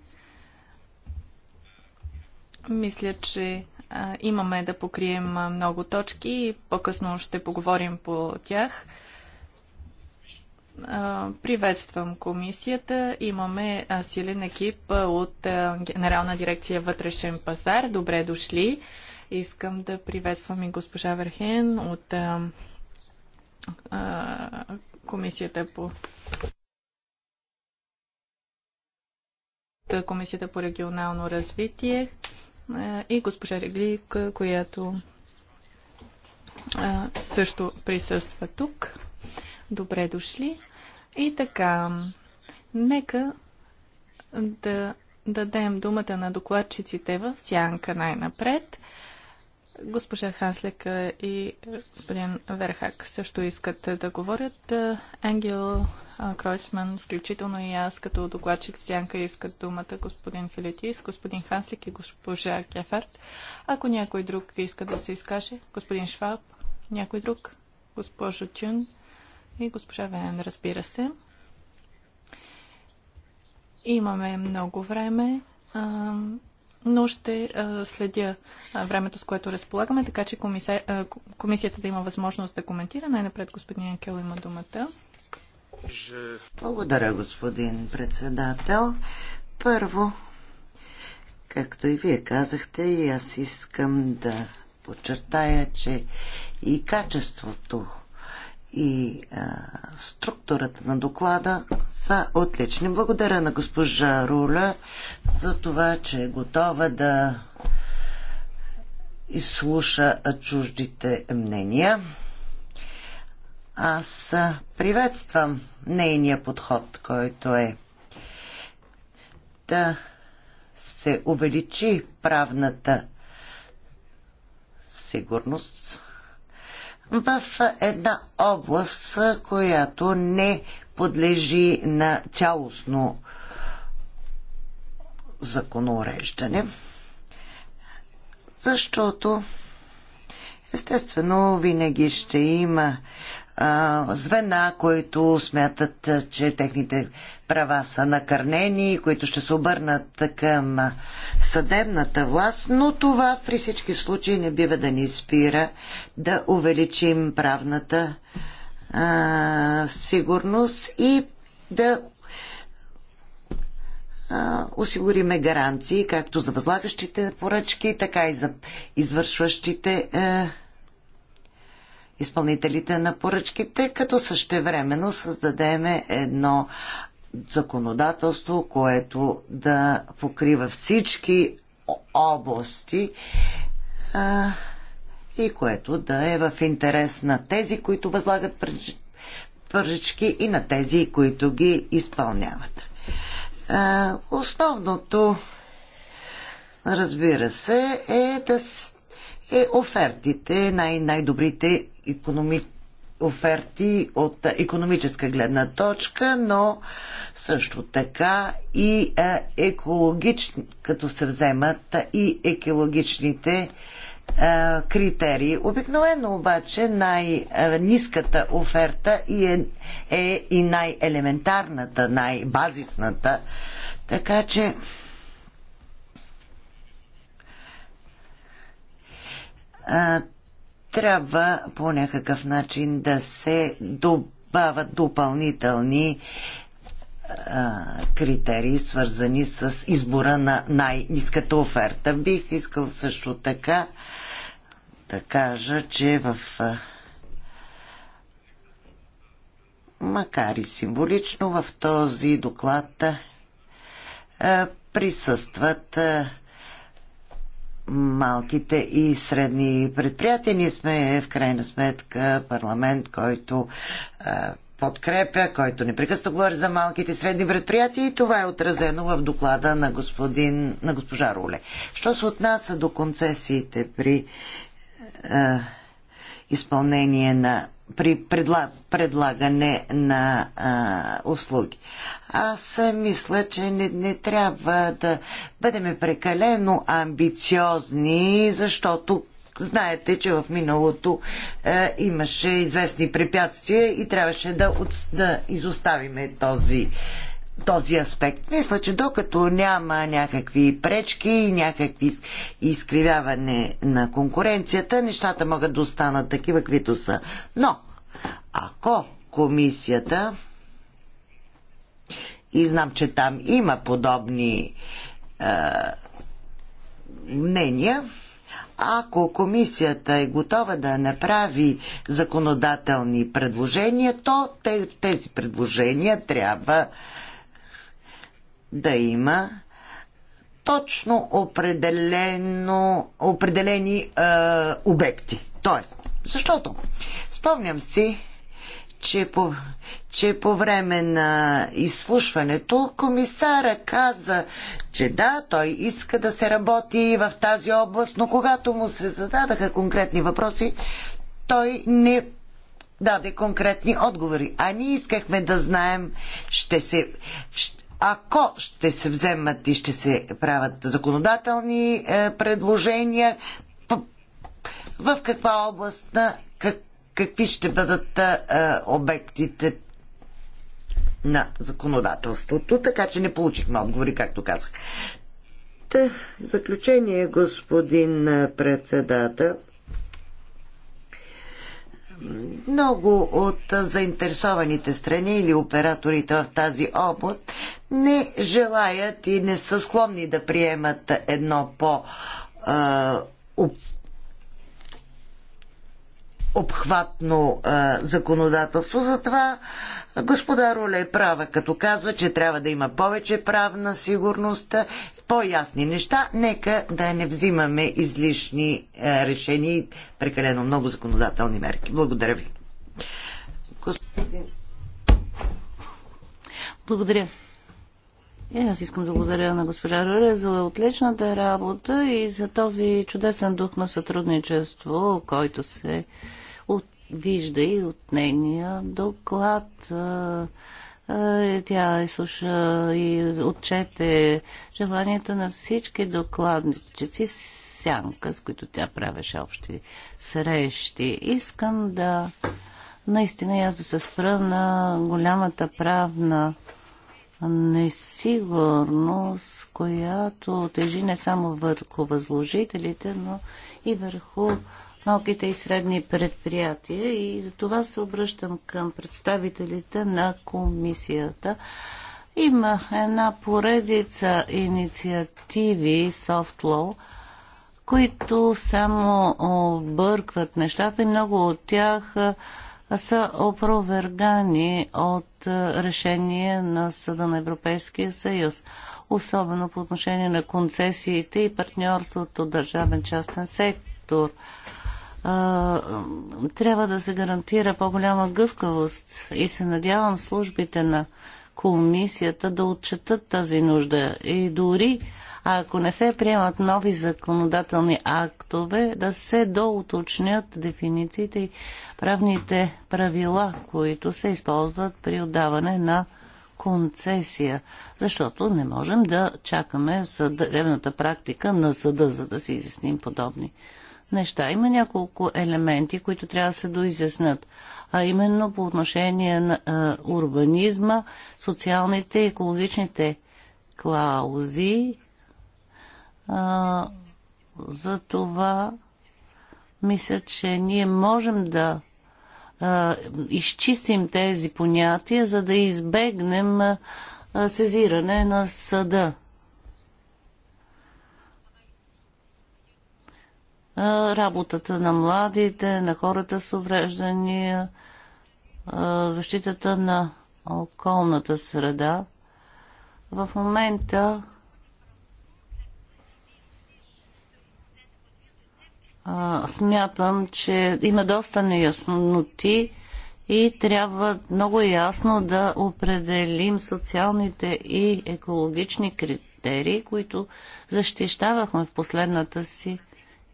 Мисля, че имаме да покрием много точки и по-късно ще поговорим по тях. Приветствам комисията. Имаме силен екип от Генерална дирекция Вътрешен пазар. Добре дошли. Искам да приветствам и госпожа Верхен от комисията по Комисията по регионално развитие и госпожа Реглик, която също присъства тук. Добре дошли. И така, нека да дадем думата на докладчиците в сянка най-напред. Госпожа Ханслека и господин Верхак също искат да говорят. Ангел Кройсман, включително и аз като докладчик в сянка искат думата господин Филетис, господин Ханслик и госпожа Кефарт. Ако някой друг иска да се изкаже, господин Шваб, някой друг, госпожо Тюн, и госпожа Венен, разбира се. Имаме много време, но ще следя времето, с което разполагаме, така че комисията да има възможност да коментира. Най-напред господин Анкел има думата. Благодаря, господин председател. Първо, както и вие казахте, и аз искам да подчертая, че и качеството и а, структурата на доклада са отлични. Благодаря на госпожа Руля за това, че е готова да изслуша чуждите мнения. Аз приветствам нейния подход, който е да се увеличи правната сигурност в една област, която не подлежи на цялостно законоуреждане, защото естествено винаги ще има звена, които смятат, че техните права са накърнени, които ще се обърнат към съдебната власт, но това при всички случаи не бива да ни спира да увеличим правната а, сигурност и да осигуриме гаранции както за възлагащите поръчки, така и за извършващите изпълнителите на поръчките, като същевременно създадеме едно законодателство, което да покрива всички области а, и което да е в интерес на тези, които възлагат поръчки и на тези, които ги изпълняват. А, основното, разбира се, е да, е офертите, най- най-добрите економи... оферти от економическа гледна точка, но също така и е, екологични, като се вземат и екологичните е, критерии. Обикновено обаче най-низката оферта и е, е и най-елементарната, най-базисната. Така че трябва по някакъв начин да се добавят допълнителни критерии, свързани с избора на най-низката оферта. Бих искал също така да кажа, че в макар и символично в този доклад присъстват малките и средни предприятия. Ние сме в крайна сметка парламент, който подкрепя, който непрекъснато говори за малките и средни предприятия и това е отразено в доклада на, господин, на госпожа Руле. Що се отнася до концесиите при изпълнение на при предла, предлагане на а, услуги. Аз мисля, че не, не трябва да бъдем прекалено амбициозни, защото знаете, че в миналото а, имаше известни препятствия и трябваше да, от, да изоставиме този този аспект. Мисля, че докато няма някакви пречки и някакви изкривяване на конкуренцията, нещата могат да останат такива, каквито са. Но, ако комисията и знам, че там има подобни е, мнения, ако комисията е готова да направи законодателни предложения, то тези предложения трябва да има точно определено, определени е, обекти. Тоест, защото спомням си, че по, че по време на изслушването комисара каза, че да, той иска да се работи в тази област, но когато му се зададаха конкретни въпроси, той не даде конкретни отговори. А ние искахме да знаем, ще се, ще, ако ще се вземат и ще се правят законодателни е, предложения, в каква област, на как, какви ще бъдат е, е, обектите на законодателството, така че не получихме отговори, както казах. Та, заключение, господин председател много от заинтересованите страни или операторите в тази област не желаят и не са склонни да приемат едно по обхватно а, законодателство. Затова господа Роля е права, като казва, че трябва да има повече правна сигурност, по-ясни неща. Нека да не взимаме излишни а, решения и прекалено много законодателни мерки. Благодаря ви. Господин... Благодаря. И аз искам да благодаря на госпожа Руре за отличната работа и за този чудесен дух на сътрудничество, който се вижда и от нейния доклад. Е, тя слуша и отчете желанията на всички докладчици сянка, с които тя правеше общи срещи. Искам да наистина аз да се спра на голямата правна несигурност, която тежи не само върху възложителите, но и върху малките и средни предприятия и за това се обръщам към представителите на комисията. Има една поредица инициативи Soft Law, които само объркват нещата и много от тях са опровергани от решение на Съда на Европейския съюз, особено по отношение на концесиите и партньорството държавен частен сектор а, трябва да се гарантира по-голяма гъвкавост и се надявам службите на комисията да отчетат тази нужда и дори ако не се приемат нови законодателни актове, да се доуточнят дефинициите и правните правила, които се използват при отдаване на концесия, защото не можем да чакаме съдебната практика на съда, за да си изясним подобни неща. Има няколко елементи, които трябва да се доизяснат, а именно по отношение на а, урбанизма, социалните и екологичните клаузи. А, за това мисля, че ние можем да а, изчистим тези понятия, за да избегнем а, сезиране на съда. работата на младите, на хората с увреждания, защитата на околната среда. В момента смятам, че има доста неясноти и трябва много ясно да определим социалните и екологични критерии, които защищавахме в последната си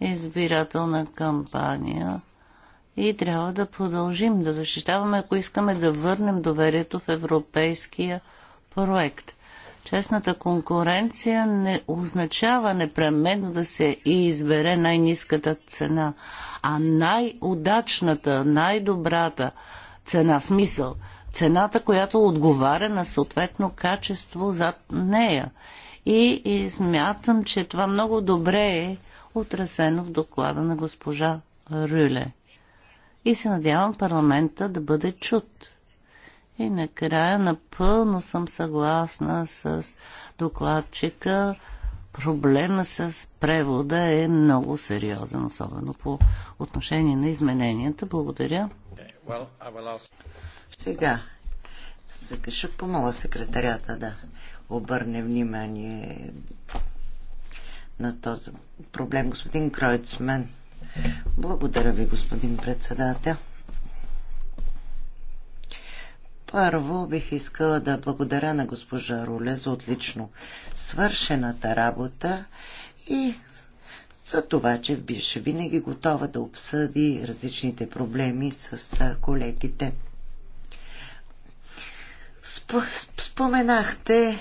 избирателна кампания и трябва да продължим да защитаваме, ако искаме да върнем доверието в европейския проект. Честната конкуренция не означава непременно да се и избере най-низката цена, а най-удачната, най-добрата цена, в смисъл, цената, която отговаря на съответно качество зад нея. И, и смятам, че това много добре е отразено в доклада на госпожа Рюле. И се надявам парламента да бъде чут. И накрая напълно съм съгласна с докладчика. Проблема с превода е много сериозен, особено по отношение на измененията. Благодаря. Сега, сега ще помоля секретарята да обърне внимание на този проблем. Господин Кройцмен. Благодаря ви, господин председател. Първо бих искала да благодаря на госпожа Руле за отлично свършената работа и за това, че беше винаги готова да обсъди различните проблеми с колегите. Споменахте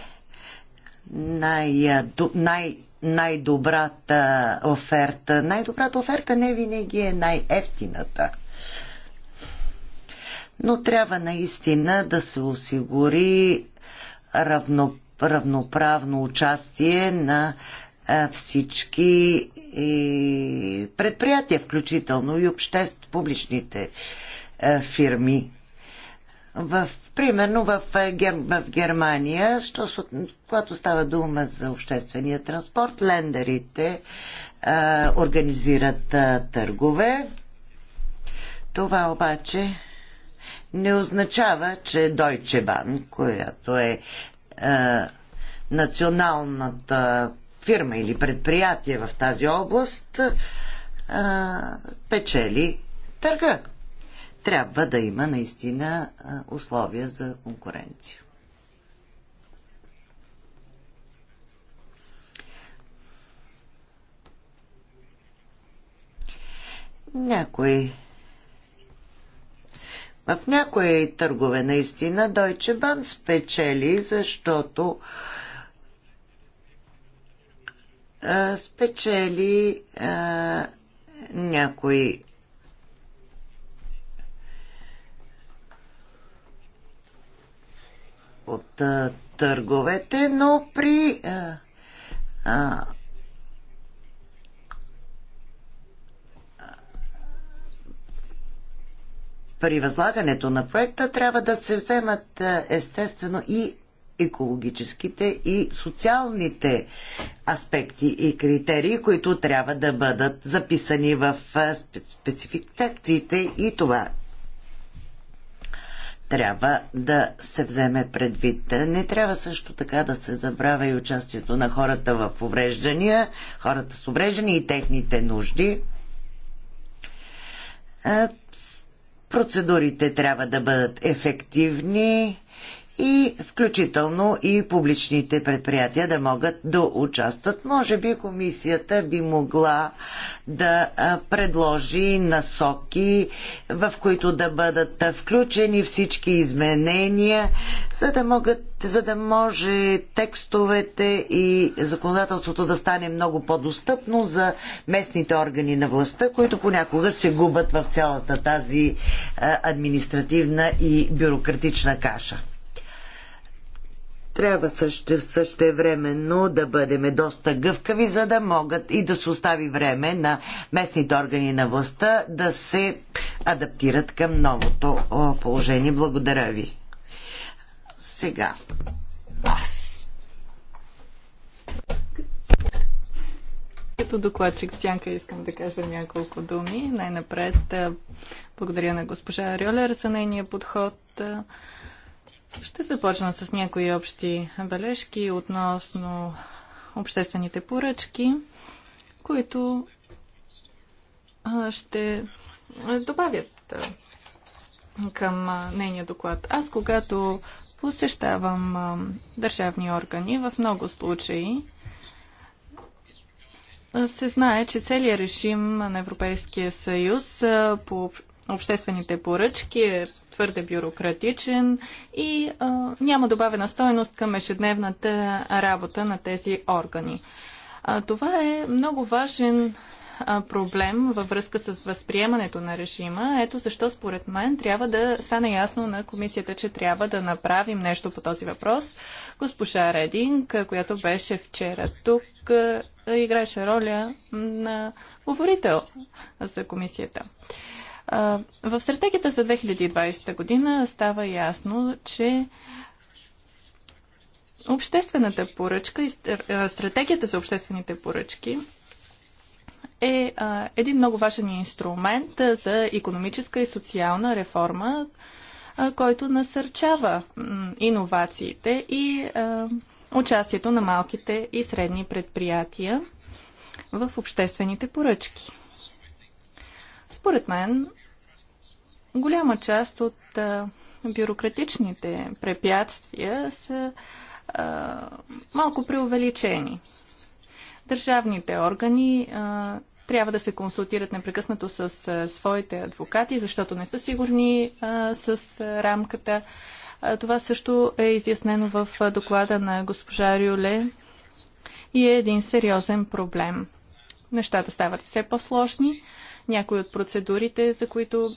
най- най- най-добрата оферта. Най-добрата оферта не винаги е най-ефтината. Но трябва наистина да се осигури равно, равноправно участие на всички предприятия, включително и обществ, публичните фирми в, примерно в, е, Гер, в Германия, що, когато става дума за обществения транспорт, лендерите а, е, организират а, е, търгове. Това обаче не означава, че Deutsche Bahn, която е а, националната фирма или предприятие в тази област, а, печели търга трябва да има наистина условия за конкуренция. Някои в някои търгове наистина Deutsche Bank спечели, защото а, спечели а, някои от а, търговете, но при а, а, при възлагането на проекта трябва да се вземат естествено и екологическите и социалните аспекти и критерии, които трябва да бъдат записани в спецификациите и това трябва да се вземе предвид. Не трябва също така да се забравя и участието на хората в увреждания, хората с увреждания и техните нужди. Процедурите трябва да бъдат ефективни и включително и публичните предприятия да могат да участват. Може би комисията би могла да предложи насоки, в които да бъдат включени всички изменения, за да могат за да може текстовете и законодателството да стане много по-достъпно за местните органи на властта, които понякога се губят в цялата тази административна и бюрократична каша. Трябва също, същевременно да бъдем доста гъвкави, за да могат и да се остави време на местните органи на властта да се адаптират към новото положение. Благодаря ви. Сега. Аз. Като докладчик в Сянка искам да кажа няколко думи. Най-напред благодаря на госпожа Рьолер за нейния подход ще започна с някои общи бележки относно обществените поръчки, които ще добавят към нейния доклад. Аз, когато посещавам държавни органи, в много случаи се знае, че целият режим на Европейския съюз по обществените поръчки е твърде бюрократичен и а, няма добавена стоеност към ежедневната работа на тези органи. А, това е много важен проблем във връзка с възприемането на режима. Ето защо според мен трябва да стане ясно на комисията, че трябва да направим нещо по този въпрос. Госпожа Рединг, която беше вчера тук, играеше роля на говорител за комисията. В стратегията за 2020 година става ясно, че обществената поръчка и стратегията за обществените поръчки е един много важен инструмент за економическа и социална реформа, който насърчава иновациите и участието на малките и средни предприятия в обществените поръчки. Според мен, Голяма част от бюрократичните препятствия са малко преувеличени. Държавните органи трябва да се консултират непрекъснато с своите адвокати, защото не са сигурни с рамката. Това също е изяснено в доклада на госпожа Рюле и е един сериозен проблем. Нещата стават все по-сложни. Някои от процедурите, за които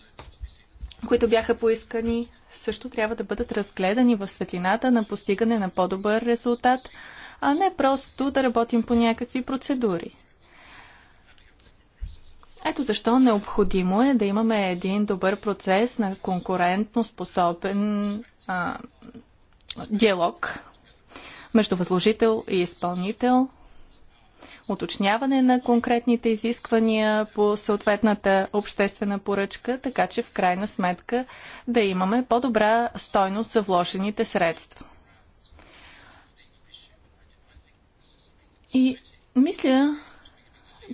които бяха поискани, също трябва да бъдат разгледани в светлината на постигане на по-добър резултат, а не просто да работим по някакви процедури. Ето защо необходимо е да имаме един добър процес на конкурентно способен а, диалог между възложител и изпълнител – уточняване на конкретните изисквания по съответната обществена поръчка, така че в крайна сметка да имаме по-добра стойност за вложените средства. И мисля,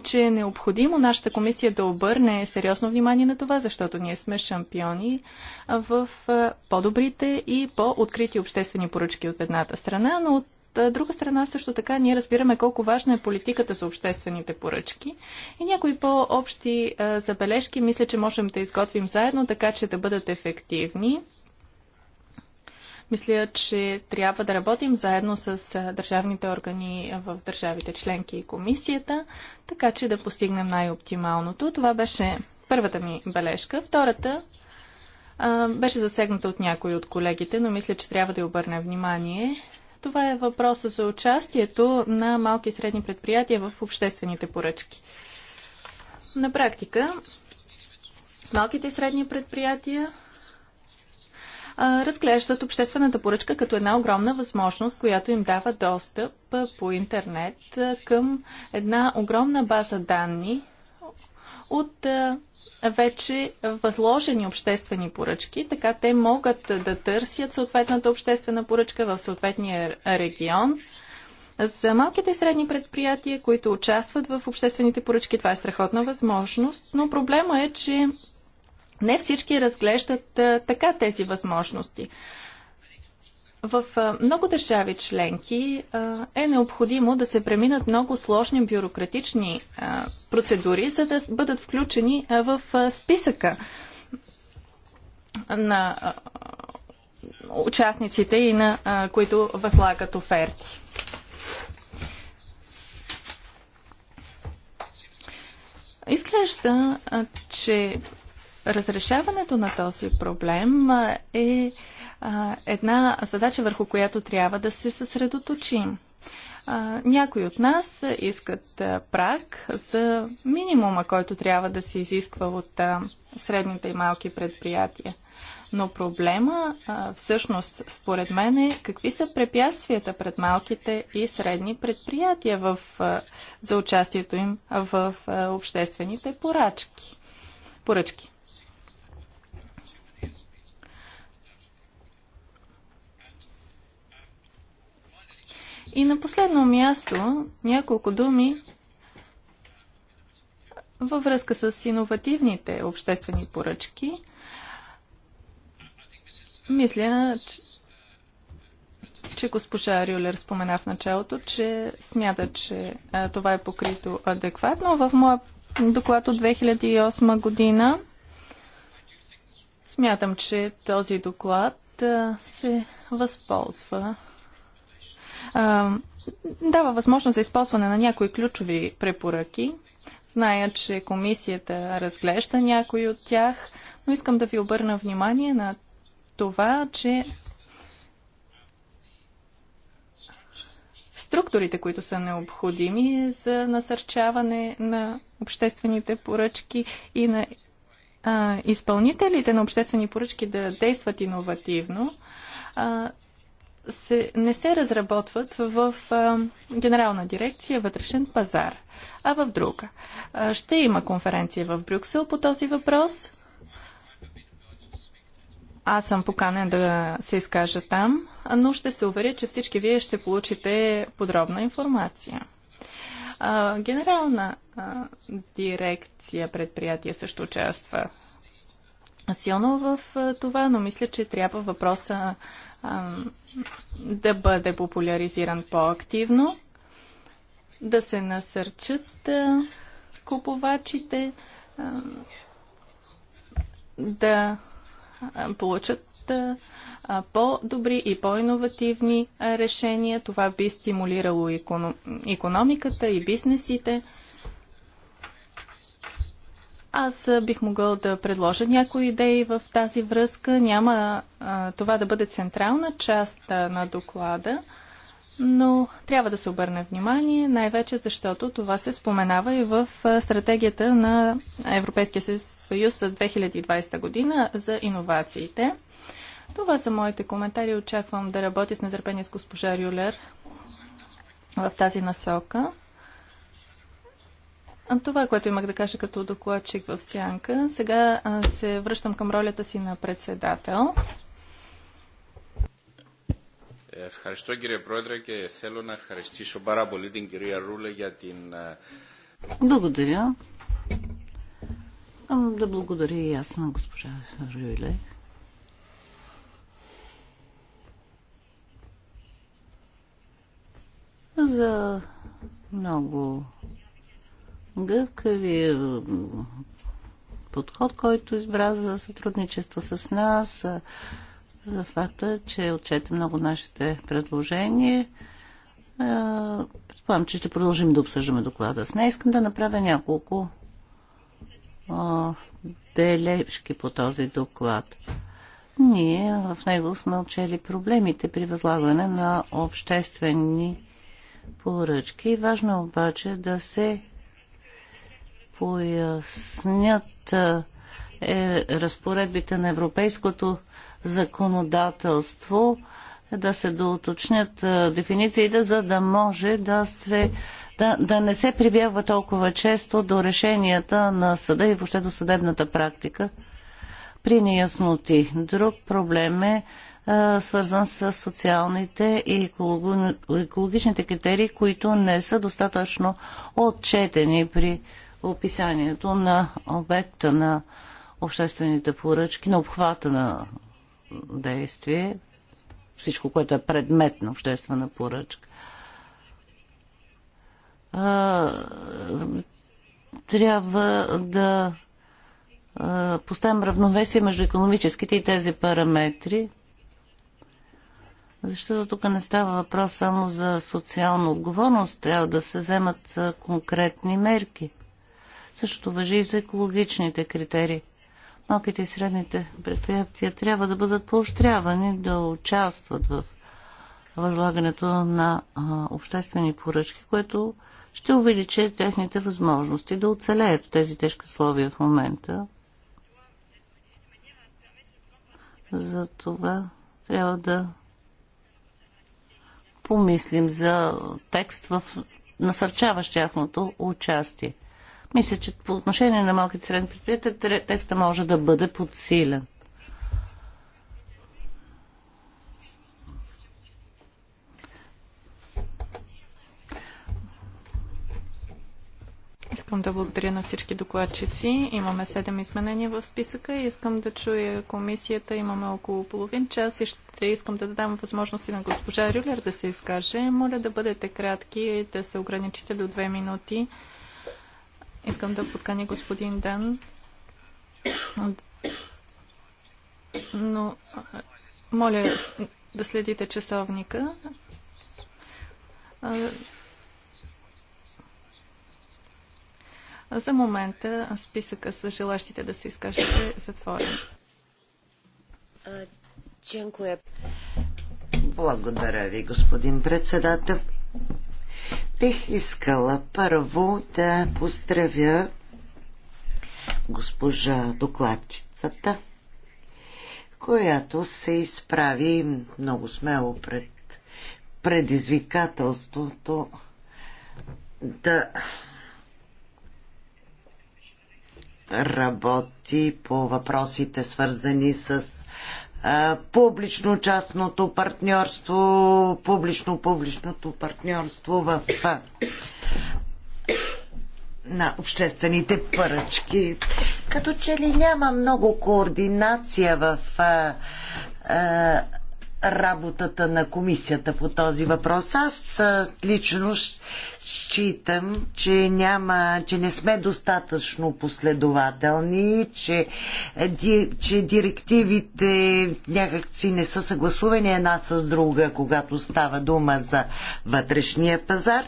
че е необходимо нашата комисия да обърне сериозно внимание на това, защото ние сме шампиони в по-добрите и по-открити обществени поръчки от едната страна, но от от друга страна, също така, ние разбираме колко важна е политиката за обществените поръчки и някои по-общи забележки мисля, че можем да изготвим заедно, така че да бъдат ефективни. Мисля, че трябва да работим заедно с държавните органи в държавите членки и комисията, така че да постигнем най-оптималното. Това беше първата ми бележка. Втората беше засегната от някои от колегите, но мисля, че трябва да обърнем внимание. Това е въпроса за участието на малки и средни предприятия в обществените поръчки. На практика, малките и средни предприятия разглеждат обществената поръчка като една огромна възможност, която им дава достъп по интернет към една огромна база данни, от вече възложени обществени поръчки, така те могат да търсят съответната обществена поръчка в съответния регион. За малките и средни предприятия, които участват в обществените поръчки, това е страхотна възможност, но проблема е, че не всички разглеждат така тези възможности. В много държави членки е необходимо да се преминат много сложни бюрократични процедури, за да бъдат включени в списъка на участниците и на които възлагат оферти. Изглежда, че разрешаването на този проблем е а, една задача, върху която трябва да се съсредоточим. А, някои от нас искат а, прак за минимума, който трябва да се изисква от а, средните и малки предприятия. Но проблема а, всъщност, според мен, е какви са препятствията пред малките и средни предприятия в, а, за участието им в а, обществените поръчки. И на последно място няколко думи във връзка с иновативните обществени поръчки. Мисля, че, госпожа Рюлер спомена в началото, че смята, че това е покрито адекватно. В моя доклад от 2008 година смятам, че този доклад се възползва дава възможност за използване на някои ключови препоръки. Зная, че комисията разглежда някои от тях, но искам да ви обърна внимание на това, че структурите, които са необходими за насърчаване на обществените поръчки и на а, изпълнителите на обществени поръчки да действат иновативно, а, се, не се разработват в а, Генерална дирекция вътрешен пазар, а в друга. А, ще има конференция в Брюксел по този въпрос. Аз съм поканен да се изкажа там, но ще се уверя, че всички вие ще получите подробна информация. А, генерална а, дирекция предприятия също участва силно в това, но мисля, че трябва въпроса да бъде популяризиран по-активно, да се насърчат купувачите, да получат по-добри и по-инновативни решения. Това би стимулирало икономиката економиката и бизнесите. Аз бих могъл да предложа някои идеи в тази връзка. Няма а, това да бъде централна част а, на доклада, но трябва да се обърне внимание, най-вече защото това се споменава и в а, стратегията на Европейския съюз за 2020 година за иновациите. Това са моите коментари. Очаквам да работя с нетърпение с госпожа Рюлер в тази насока. Това, е което имах да кажа като докладчик в Сянка, сега се връщам към ролята си на председател. Ευχαριστώ κύριε Πρόεδρε και θέλω να ευχαριστήσω πάρα πολύ την κυρία Ρούλε για την... Благодаря. Да благодаря и аз на госпожа Рюйле. За много гъвкавия подход, който избра за сътрудничество с нас, за факта, че отчете много нашите предложения. Предполагам, че ще продължим да обсъждаме доклада с нея. Искам да направя няколко бележки по този доклад. Ние в него сме отчели проблемите при възлагане на обществени поръчки. Важно е обаче да се пояснят е, е, разпоредбите на европейското законодателство, да се доуточнят е, дефинициите, за да може да, се, да, да не се прибягва толкова често до решенията на съда и въобще до съдебната практика при неясноти. Друг проблем е, е свързан с социалните и екологичните критерии, които не са достатъчно отчетени при описанието на обекта на обществените поръчки, на обхвата на действие, всичко, което е предмет на обществена поръчка. трябва да поставим равновесие между економическите и тези параметри, защото тук не става въпрос само за социална отговорност, трябва да се вземат конкретни мерки. Същото въжи и за екологичните критерии. Малките и средните предприятия трябва да бъдат поощрявани да участват в възлагането на обществени поръчки, което ще увеличи техните възможности да оцелеят в тези тежки условия в момента. За това трябва да помислим за текст в насърчаващ тяхното участие. Мисля, че по отношение на малките и средни предприятия текста може да бъде подсилен. Искам да благодаря на всички докладчици. Имаме 7 изменения в списъка и искам да чуя комисията. Имаме около половин час и ще искам да дадам и на госпожа Рюлер да се изкаже. Моля да бъдете кратки и да се ограничите до 2 минути, Искам да подканя господин Дан. Но моля да следите часовника. За момента списъка с желащите да се изкажат е затворен. Благодаря ви, господин председател. Бих искала първо да поздравя госпожа докладчицата, която се изправи много смело пред предизвикателството да работи по въпросите свързани с публично-частното партньорство, публично-публичното партньорство в на обществените поръчки. Като че ли няма много координация в а, а, работата на комисията по този въпрос. Аз лично считам, че няма, че не сме достатъчно последователни, че, е, че директивите някакси не са съгласувани една с друга, когато става дума за вътрешния пазар.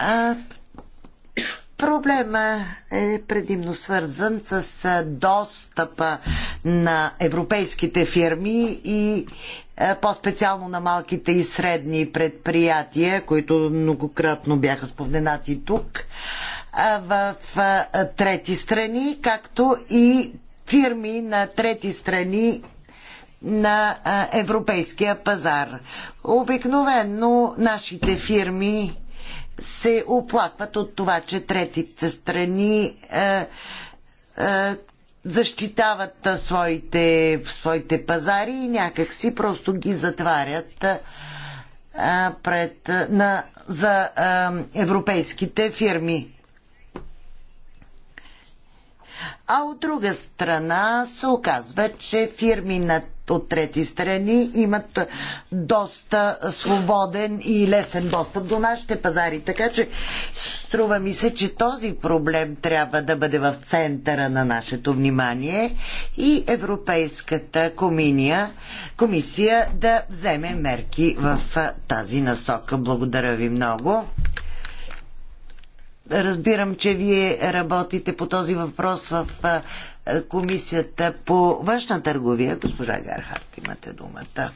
А, Проблема е предимно свързан с достъпа на европейските фирми и по-специално на малките и средни предприятия, които многократно бяха споменати тук, в трети страни, както и фирми на трети страни на европейския пазар. Обикновено нашите фирми се оплакват от това, че третите страни е, е, защитават е, своите, своите пазари и някакси просто ги затварят пред, на, за европейските фирми. А от друга страна се оказва, че фирми на от трети страни имат доста свободен и лесен достъп до нашите пазари. Така че струва ми се, че този проблем трябва да бъде в центъра на нашето внимание и Европейската комисия, комисия да вземе мерки в тази насока. Благодаря ви много. Разбирам, че вие работите по този въпрос в Комисията по външна търговия. Госпожа Гархарт, имате думата.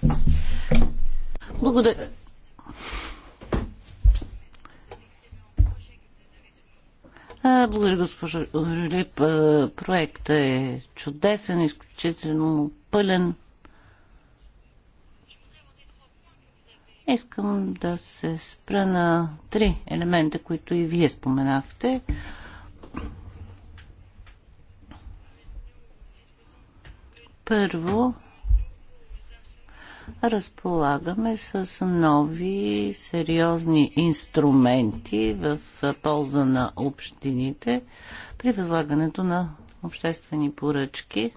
Благодаря. Благодаря, госпожо Рилип. Проектът е чудесен, изключително пълен. Искам да се спра на три елемента, които и вие споменахте. Първо, разполагаме с нови сериозни инструменти в полза на общините при възлагането на обществени поръчки.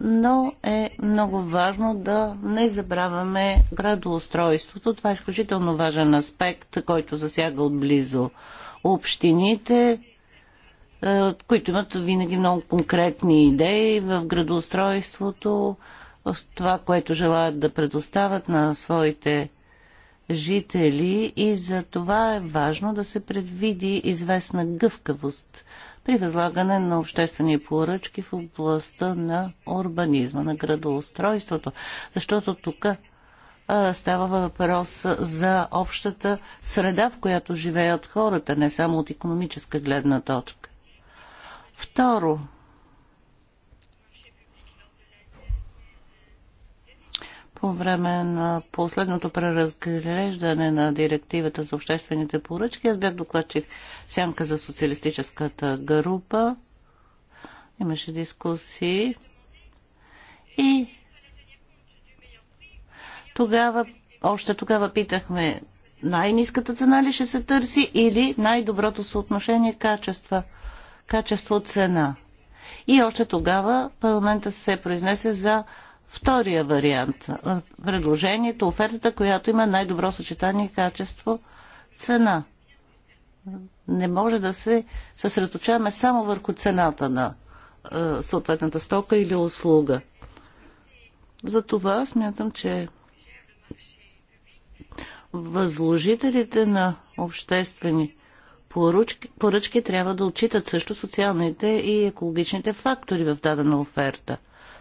Но е много важно да не забравяме градоустройството. Това е изключително важен аспект, който засяга отблизо общините, е, които имат винаги много конкретни идеи в градоустройството, в това, което желаят да предоставят на своите жители и за това е важно да се предвиди известна гъвкавост при възлагане на обществени поръчки в областта на урбанизма, на градоустройството, защото тук е, става въпрос за общата среда, в която живеят хората, не само от економическа гледна точка. Второ, по време на последното преразглеждане на директивата за обществените поръчки, аз бях докладчик сянка за социалистическата група. Имаше дискусии. И тогава, още тогава питахме най-низката цена ли ще се търси или най-доброто съотношение качества качество-цена. И още тогава парламента се произнесе за втория вариант. Предложението, офертата, която има най-добро съчетание качество-цена. Не може да се съсредоточаваме само върху цената на е, съответната стока или услуга. Затова смятам, че възложителите на обществени поръчки, поръчки трябва да отчитат също социалните и екологичните фактори в дадена оферта.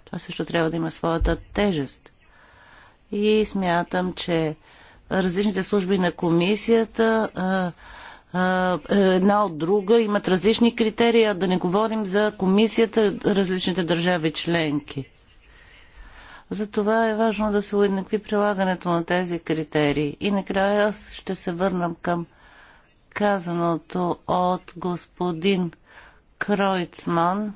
Това също трябва да има своята тежест. И смятам, че различните служби на комисията е, една от друга имат различни критерии, да не говорим за комисията, различните държави членки. Затова е важно да се уеднакви прилагането на тези критерии. И накрая аз ще се върнам към казаното от господин Кройцман.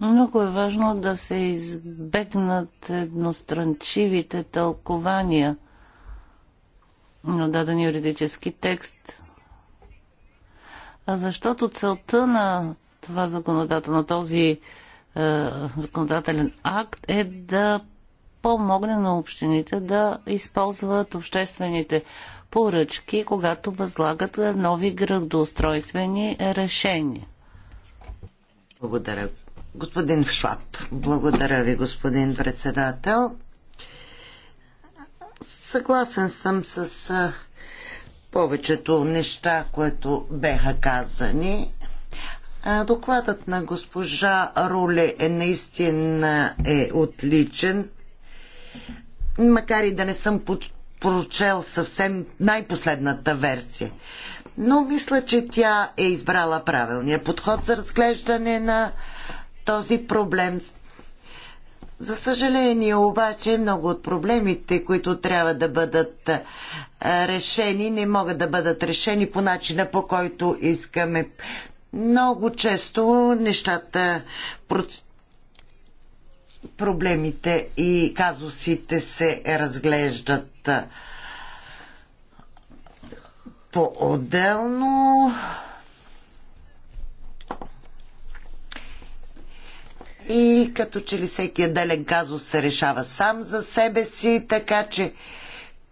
Много е важно да се избегнат едностранчивите тълкования на даден юридически текст. А защото целта на това законодателно, на този е, законодателен акт е да помогне на общините да използват обществените поръчки, когато възлагат нови градоустройствени решения. Благодаря. Господин Шлап, благодаря ви, господин председател. Съгласен съм с е, повечето неща, които беха казани. Докладът на госпожа Руле е наистина е отличен. Макар и да не съм прочел съвсем най-последната версия. Но мисля, че тя е избрала правилния подход за разглеждане на този проблем. За съжаление обаче много от проблемите, които трябва да бъдат решени, не могат да бъдат решени по начина по който искаме много често нещата проблемите и казусите се разглеждат по-отделно. И като че ли всеки отделен казус се решава сам за себе си, така че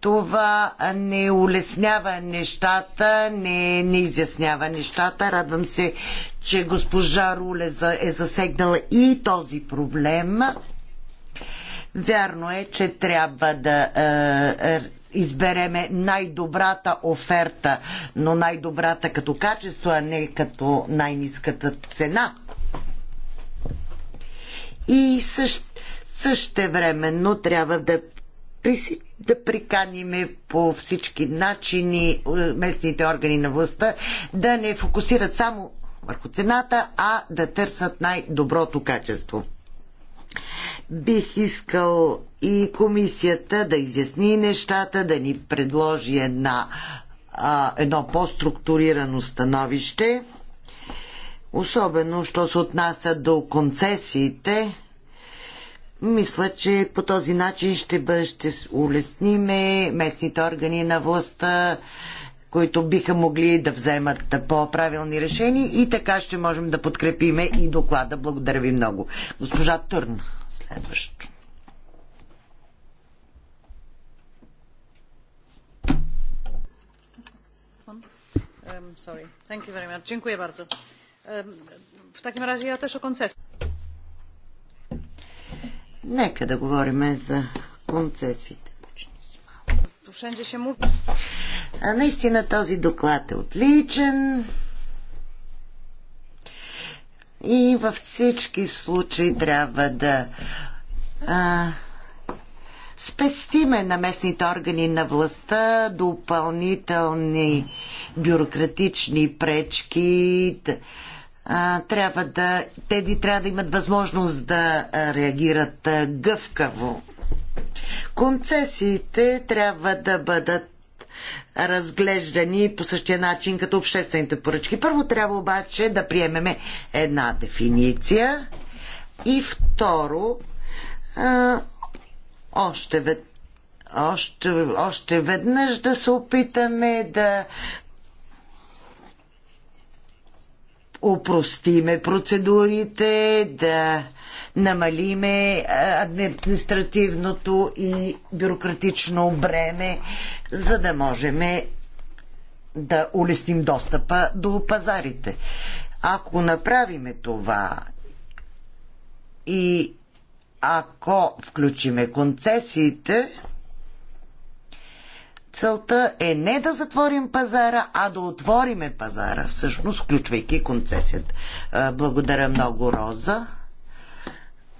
това не улеснява нещата, не, не изяснява нещата. Радвам се, че госпожа Руле е засегнала и този проблем. Вярно е, че трябва да е, е, избереме най-добрата оферта, но най-добрата като качество, а не като най-низката цена. И също, времено трябва да присъ да приканиме по всички начини е, местните органи на властта да не фокусират само върху цената, а да търсят най-доброто качество. Бих искал и комисията да изясни нещата, да ни предложи една, а, едно по-структурирано становище, особено що се отнася до концесиите мисля, че по този начин ще, бъде, ще улесниме местните органи на властта, които биха могли да вземат по-правилни решения и така ще можем да подкрепиме и доклада. Благодаря ви много. Госпожа Търн, следващо. w takim razie ja też o koncesji. Нека да говорим за концесиите. А наистина този доклад е отличен. И във всички случаи трябва да а, спестиме на местните органи на властта допълнителни бюрократични пречки. Да, трябва да, те трябва да имат възможност да реагират гъвкаво. Концесиите трябва да бъдат разглеждани по същия начин като обществените поръчки. Първо трябва обаче да приемеме една дефиниция и второ а, още, вед, още, още веднъж да се опитаме да упростиме процедурите, да намалиме административното и бюрократично бреме, за да можем да улесним достъпа до пазарите. Ако направиме това и ако включиме концесиите, целта е не да затворим пазара, а да отвориме пазара, всъщност включвайки концесията. Благодаря много, Роза.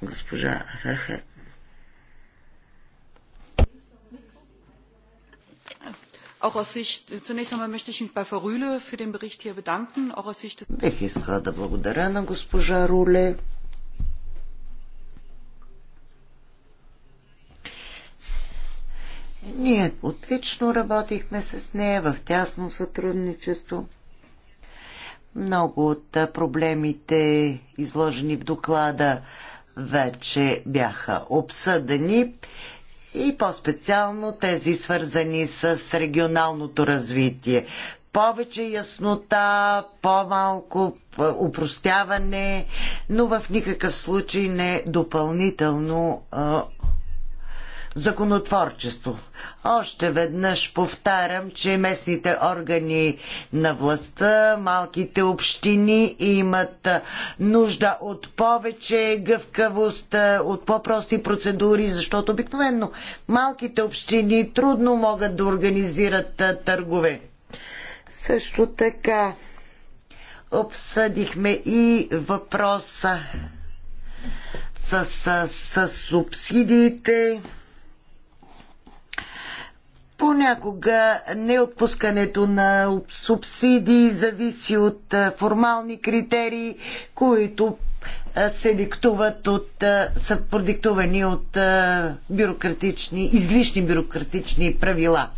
Госпожа Ферхе. Auch aus Sicht, zunächst einmal möchte ich mich bei Frau Rühle für den Bericht hier bedanken, auch aus Sicht des... Бих искала да благодаря на госпожа Руле Ние отлично работихме с нея в тясно сътрудничество. Много от проблемите, изложени в доклада, вече бяха обсъдени и по-специално тези свързани с регионалното развитие. Повече яснота, по-малко упростяване, но в никакъв случай не допълнително законотворчество. Още веднъж повтарям, че местните органи на властта, малките общини имат нужда от повече гъвкавост, от по-прости процедури, защото обикновено малките общини трудно могат да организират търгове. Също така обсъдихме и въпроса с, с, с субсидиите. Понякога неотпускането на субсидии зависи от е, формални критерии, които е, се диктуват от, е, са продиктувани от бюрократични, излишни бюрократични правила.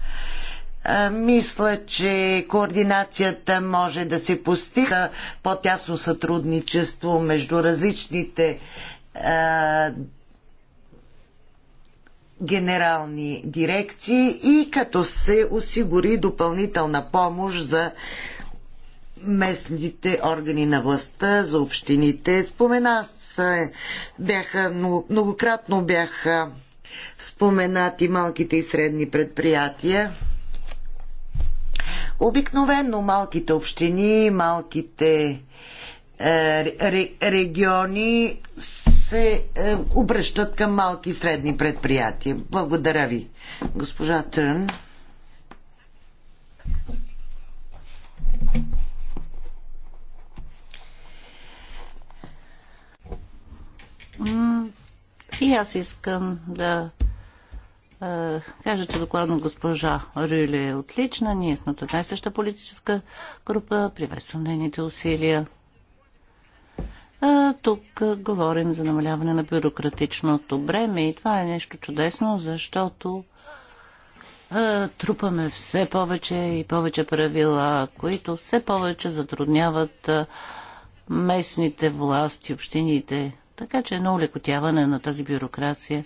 Мисля, че координацията може да се постига по-тясно сътрудничество между различните генерални дирекции и като се осигури допълнителна помощ за местните органи на властта, за общините. Спомена се, бяха, многократно бяха споменати малките и средни предприятия. Обикновено малките общини, малките е, региони се е, обръщат към малки и средни предприятия. Благодаря ви, госпожа Търн. И аз искам да е, кажа, че докладно госпожа Рюле е отлична. Ние сме от една и съща политическа група. Приветствам нейните усилия. А, тук а, говорим за намаляване на бюрократичното бреме и това е нещо чудесно, защото а, трупаме все повече и повече правила, които все повече затрудняват а, местните власти, общините. Така че едно улекотяване на тази бюрокрация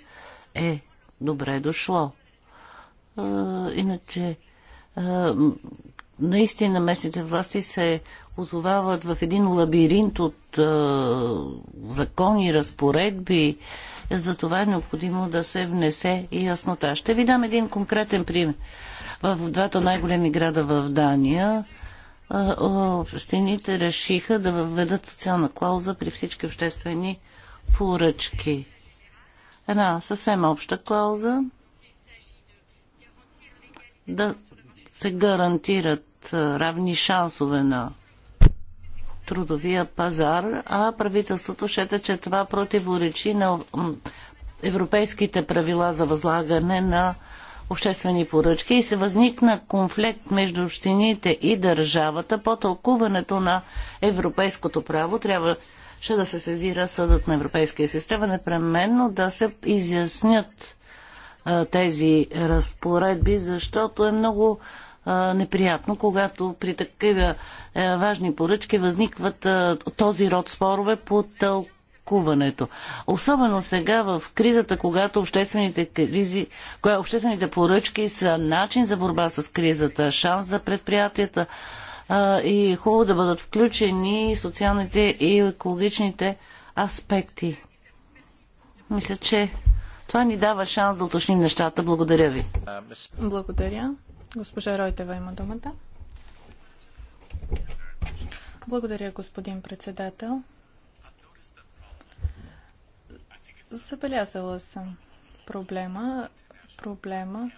е добре дошло. А, иначе, а, наистина местните власти се озовават в един лабиринт от а, е, закони, разпоредби. За това е необходимо да се внесе и яснота. Ще ви дам един конкретен пример. В двата най-големи града в Дания е, общините решиха да въведат социална клауза при всички обществени поръчки. Една съвсем обща клауза да се гарантират е, равни шансове на трудовия пазар, а правителството счете, че това противоречи на европейските правила за възлагане на обществени поръчки и се възникна конфликт между общините и държавата по тълкуването на европейското право. Трябваше да се сезира съдът на Европейския съюз. Трябва непременно да се изяснят а, тези разпоредби, защото е много а, неприятно, когато при такива е, важни поръчки възникват този род спорове по тълкуването. Особено сега в кризата, когато обществените, кризи, кога обществените поръчки са начин за борба с кризата, шанс за предприятията и е хубаво да бъдат включени социалните и екологичните аспекти. Мисля, че това ни дава шанс да уточним нещата. Благодаря ви. Благодаря. Госпожа Ройтева има думата. Благодаря, господин председател. Забелязала съм проблема, проблема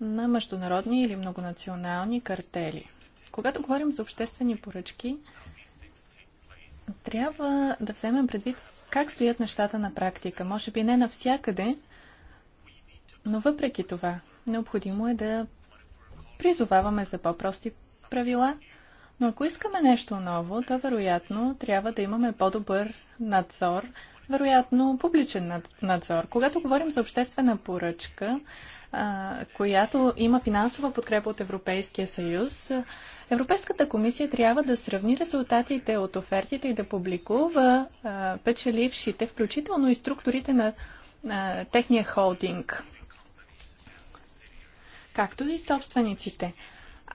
на международни или многонационални картели. Когато говорим за обществени поръчки, трябва да вземем предвид как стоят нещата на практика. Може би не навсякъде, но въпреки това, необходимо е да призоваваме за по-прости правила, но ако искаме нещо ново, то вероятно трябва да имаме по-добър надзор, вероятно публичен надзор. Когато говорим за обществена поръчка, която има финансова подкрепа от Европейския съюз, Европейската комисия трябва да сравни резултатите от офертите и да публикува печелившите, включително и структурите на техния холдинг както и собствениците.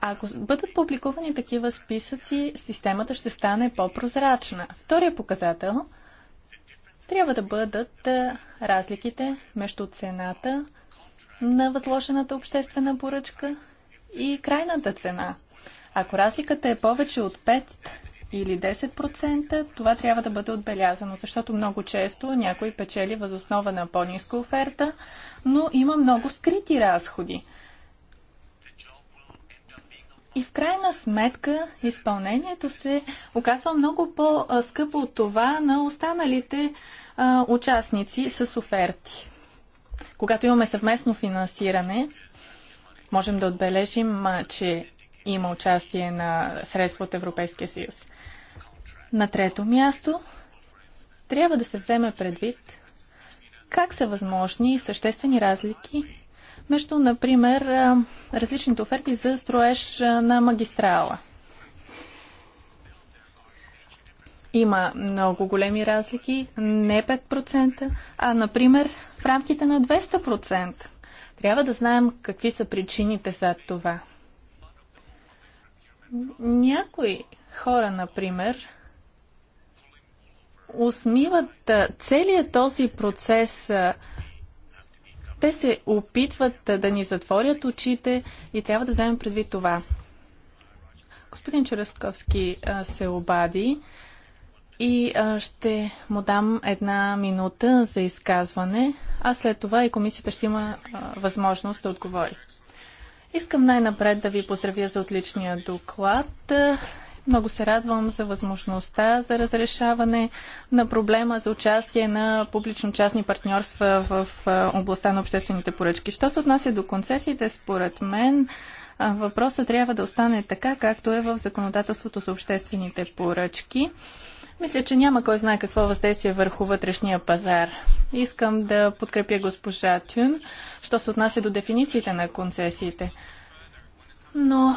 Ако бъдат публикувани такива списъци, системата ще стане по-прозрачна. Втория показател трябва да бъдат разликите между цената на възложената обществена поръчка и крайната цена. Ако разликата е повече от 5 или 10%, това трябва да бъде отбелязано, защото много често някой печели възоснова на по-ниска оферта, но има много скрити разходи. И в крайна сметка изпълнението се оказва много по-скъпо от това на останалите а, участници с оферти. Когато имаме съвместно финансиране, можем да отбележим, а, че има участие на средства от Европейския съюз. На трето място трябва да се вземе предвид как са възможни съществени разлики между, например, различните оферти за строеж на магистрала. Има много големи разлики, не 5%, а, например, в рамките на 200%. Трябва да знаем какви са причините за това. Някои хора, например, усмиват целият този процес те се опитват да ни затворят очите и трябва да вземем предвид това. Господин Чересковски се обади и ще му дам една минута за изказване, а след това и комисията ще има възможност да отговори. Искам най-напред да ви поздравя за отличния доклад много се радвам за възможността за разрешаване на проблема за участие на публично-частни партньорства в областта на обществените поръчки. Що се отнася до концесиите, според мен въпросът трябва да остане така, както е в законодателството за обществените поръчки. Мисля, че няма кой знае какво въздействие върху вътрешния пазар. Искам да подкрепя госпожа Тюн, що се отнася до дефинициите на концесиите. Но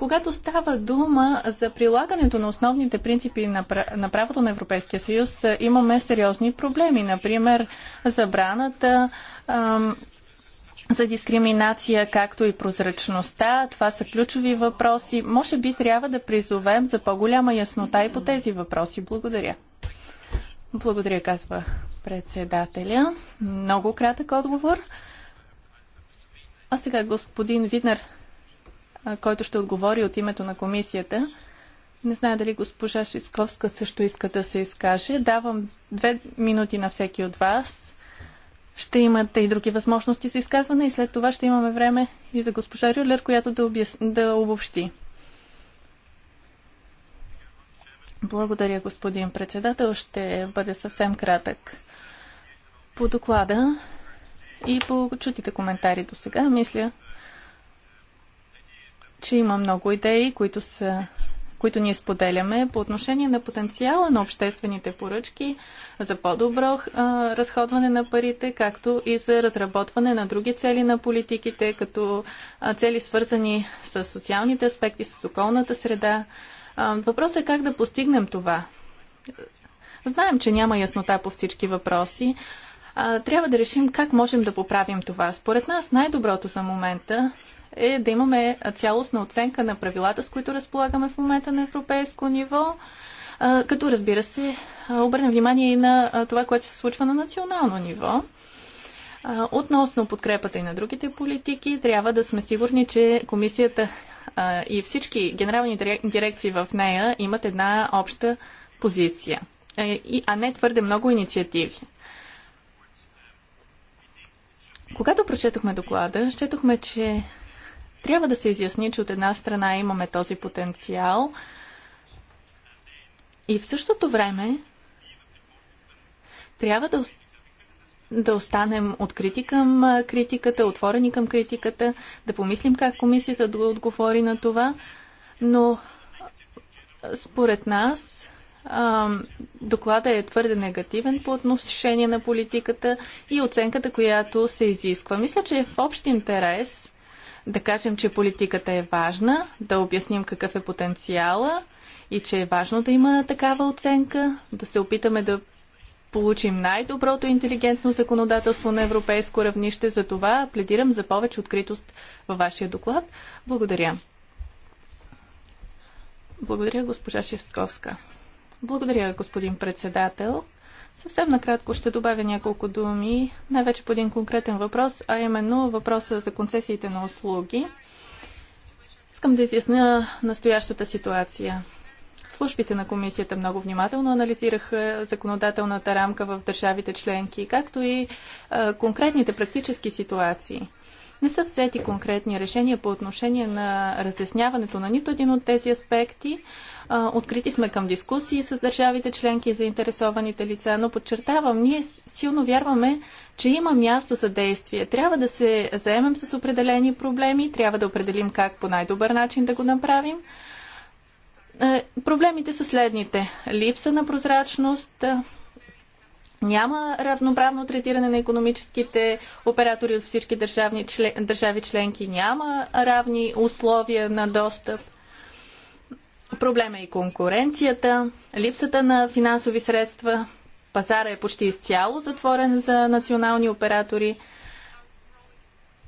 когато става дума за прилагането на основните принципи на правото на Европейския съюз, е, имаме сериозни проблеми. Например, забраната за дискриминация, както и прозрачността. Това са ключови въпроси. Може би трябва да призовем за по-голяма яснота и по тези въпроси. Благодаря. Благодаря, казва председателя. Много кратък отговор. А сега господин Виднер който ще отговори от името на комисията. Не знае дали госпожа Шисковска също иска да се изкаже. Давам две минути на всеки от вас. Ще имате и други възможности за изказване и след това ще имаме време и за госпожа Рюлер, която да, обяс... да обобщи. Благодаря, господин председател. Ще бъде съвсем кратък. По доклада и по чутите коментари до сега, мисля, че има много идеи, които, са, които ние споделяме по отношение на потенциала на обществените поръчки за по-добро разходване на парите, както и за разработване на други цели на политиките, като а, цели свързани с социалните аспекти, с околната среда. А, въпросът е как да постигнем това. Знаем, че няма яснота по всички въпроси. А, трябва да решим как можем да поправим това. Според нас най-доброто за момента е да имаме цялостна оценка на правилата, с които разполагаме в момента на европейско ниво, като разбира се, обърнем внимание и на това, което се случва на национално ниво. Относно подкрепата и на другите политики, трябва да сме сигурни, че комисията и всички генерални дирекции в нея имат една обща позиция, е, а не твърде много инициативи. Когато прочетохме доклада, четохме, че трябва да се изясни, че от една страна имаме този потенциал и в същото време трябва да, да останем открити към критиката, отворени към критиката, да помислим как комисията да отговори на това, но според нас доклада е твърде негативен по отношение на политиката и оценката, която се изисква. Мисля, че е в общ интерес да кажем, че политиката е важна, да обясним какъв е потенциала и че е важно да има такава оценка, да се опитаме да получим най-доброто интелигентно законодателство на европейско равнище. За това пледирам за повече откритост във вашия доклад. Благодаря. Благодаря, госпожа Шестковска. Благодаря, господин председател. Съвсем накратко ще добавя няколко думи, най-вече по един конкретен въпрос, а именно въпроса за концесиите на услуги. Искам да изясня настоящата ситуация. Службите на комисията много внимателно анализираха законодателната рамка в държавите членки, както и а, конкретните практически ситуации. Не са взети конкретни решения по отношение на разясняването на нито един от тези аспекти. Открити сме към дискусии с държавите членки и заинтересованите лица, но подчертавам, ние силно вярваме, че има място за действие. Трябва да се заемем с определени проблеми, трябва да определим как по най-добър начин да го направим. Е, проблемите са следните. Липса на прозрачност, няма равноправно третиране на економическите оператори от всички държавни, член, държави членки, няма равни условия на достъп. Проблема е и конкуренцията, липсата на финансови средства, пазара е почти изцяло затворен за национални оператори –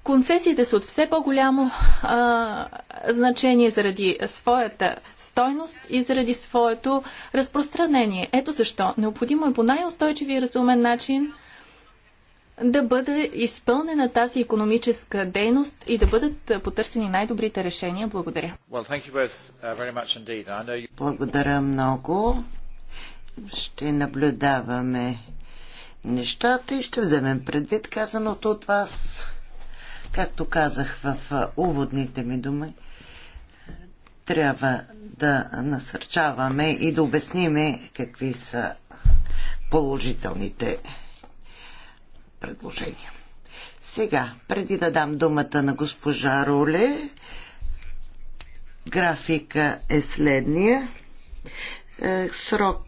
Концесиите са от все по-голямо значение заради своята стойност и заради своето разпространение. Ето защо необходимо е по най-устойчиви и разумен начин да бъде изпълнена тази економическа дейност и да бъдат потърсени най-добрите решения. Благодаря. Uh, Благодаря много. Ще наблюдаваме нещата и ще вземем предвид казаното от вас. Както казах в уводните ми думи, трябва да насърчаваме и да обясниме какви са положителните предложения. Сега, преди да дам думата на госпожа Роле, графика е следния. Е, срок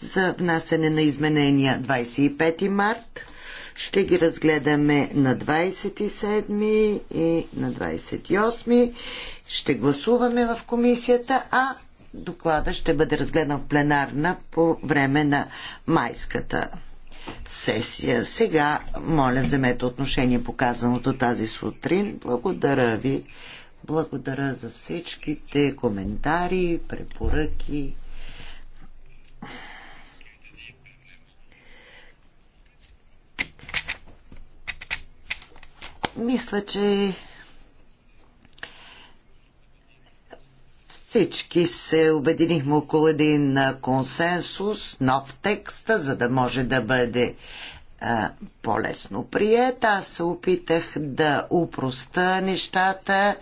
за внасене на изменения 25 март. Ще ги разгледаме на 27 и на 28. Ще гласуваме в комисията, а доклада ще бъде разгледан в пленарна по време на майската сесия. Сега, моля, вземете отношение казаното тази сутрин. Благодаря ви. Благодаря за всичките коментари, препоръки. Мисля, че всички се обединихме около един консенсус, нов текст, за да може да бъде по-лесно прият. Аз се опитах да упроста нещата,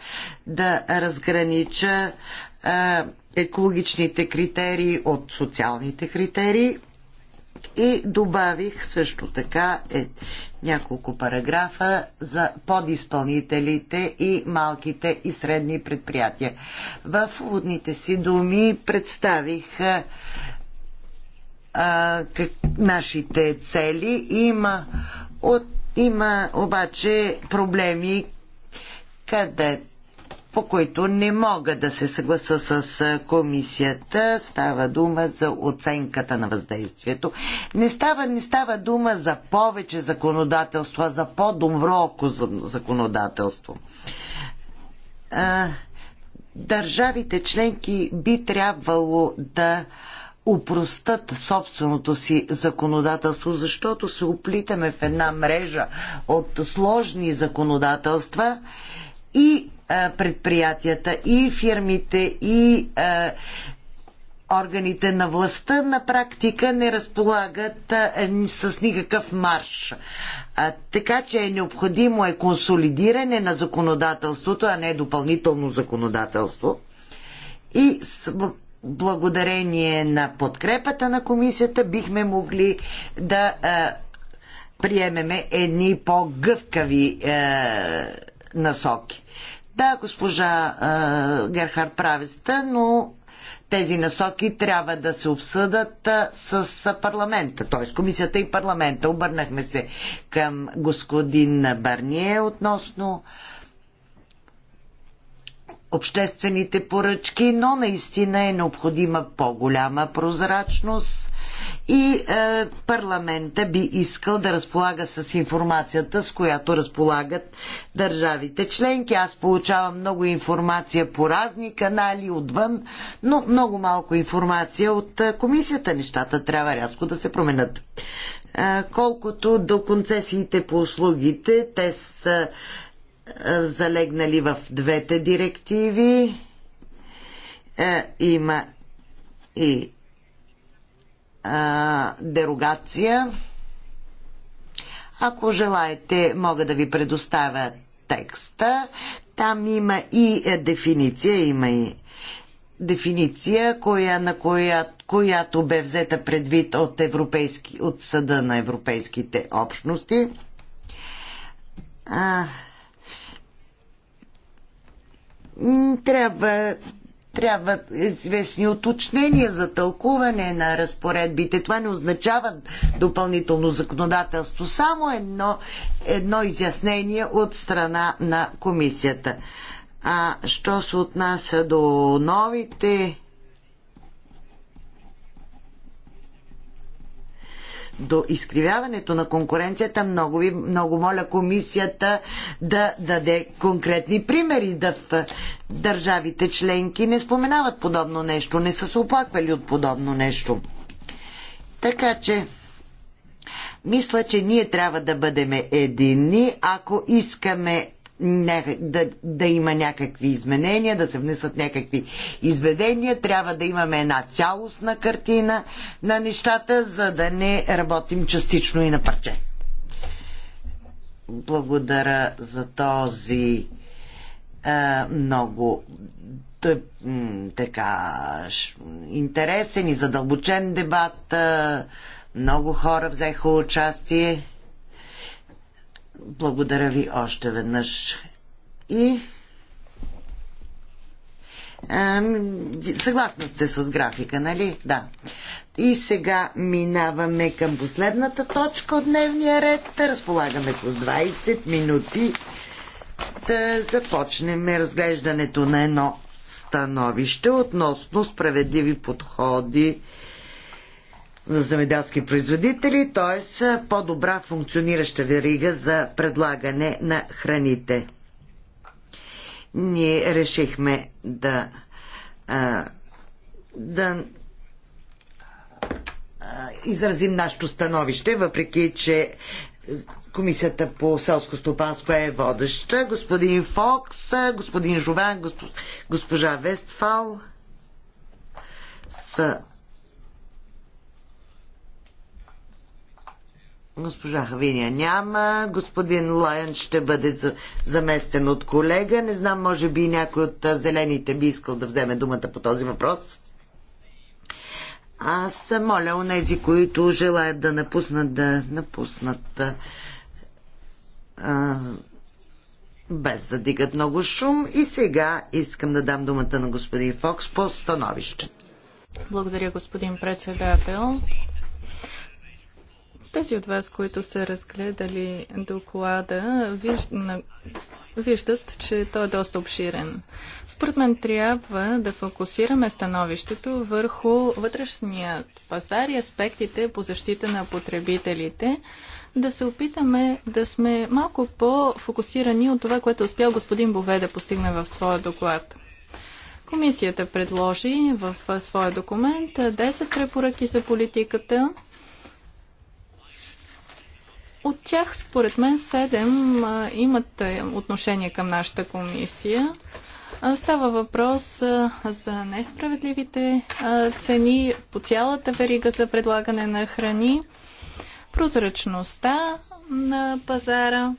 да разгранича а, екологичните критерии от социалните критерии и добавих също така е, няколко параграфа за подизпълнителите и малките и средни предприятия. В уводните си думи представих а, как, нашите цели. Има, от, има обаче проблеми, къде по които не мога да се съгласа с комисията. Става дума за оценката на въздействието. Не става, не става дума за повече законодателство, а за по-добро законодателство. Държавите членки би трябвало да упростат собственото си законодателство, защото се оплитаме в една мрежа от сложни законодателства и предприятията, и фирмите, и органите на властта на практика не разполагат с никакъв марш. така че е необходимо е консолидиране на законодателството, а не допълнително законодателство. И с благодарение на подкрепата на комисията бихме могли да а, приемеме едни по-гъвкави насоки. Да, госпожа е, Герхард прави сте, но тези насоки трябва да се обсъдат с парламента, т.е. комисията и парламента. Обърнахме се към господин Барние относно обществените поръчки, но наистина е необходима по-голяма прозрачност и е, парламента би искал да разполага с информацията, с която разполагат държавите членки. Аз получавам много информация по разни канали отвън, но много малко информация от е, комисията. Нещата трябва рязко да се променят. Е, колкото до концесиите по услугите, те са е, залегнали в двете директиви. Е, има и а, дерогация. Ако желаете, мога да ви предоставя текста. Там има и е, дефиниция, има и дефиниция, коя, на коя, която бе взета предвид от, европейски, от Съда на Европейските общности. А, трябва Трябват известни уточнения за тълкуване на разпоредбите. Това не означава допълнително законодателство, само едно, едно изяснение от страна на комисията. А що се отнася до новите до изкривяването на конкуренцията, много ви, много моля комисията да даде конкретни примери. Да в държавите членки не споменават подобно нещо, не са се оплаквали от подобно нещо. Така че, мисля, че ние трябва да бъдем единни, ако искаме да, да има някакви изменения, да се внесат някакви изведения. Трябва да имаме една цялостна картина на нещата, за да не работим частично и на парче. Благодаря за този а, много тъп, така интересен и задълбочен дебат. Много хора взеха участие. Благодаря ви още веднъж. И Съгласна сте с графика, нали? Да. И сега минаваме към последната точка от дневния ред. Разполагаме с 20 минути да започнем разглеждането на едно становище относно справедливи подходи за земеделски производители, т.е. по-добра функционираща верига за предлагане на храните. Ние решихме да, да изразим нашето становище, въпреки че Комисията по селско стопанство е водеща. Господин Фокс, господин Жован, госпожа Вестфал са Госпожа Хавиня няма. Господин Лайен ще бъде заместен от колега. Не знам, може би някой от зелените би искал да вземе думата по този въпрос. Аз моля нези, които желаят да напуснат, да напуснат а, без да дигат много шум. И сега искам да дам думата на господин Фокс по становище. Благодаря, господин председател. Тези от вас, които са разгледали доклада, виждат, че той е доста обширен. Според мен трябва да фокусираме становището върху вътрешния пазар и аспектите по защита на потребителите, да се опитаме да сме малко по-фокусирани от това, което е успял господин Бове да постигне в своя доклад. Комисията предложи в своя документ 10 препоръки за политиката – от тях, според мен, седем имат е, отношение към нашата комисия. Става въпрос за несправедливите цени по цялата верига за предлагане на храни, прозрачността на пазара,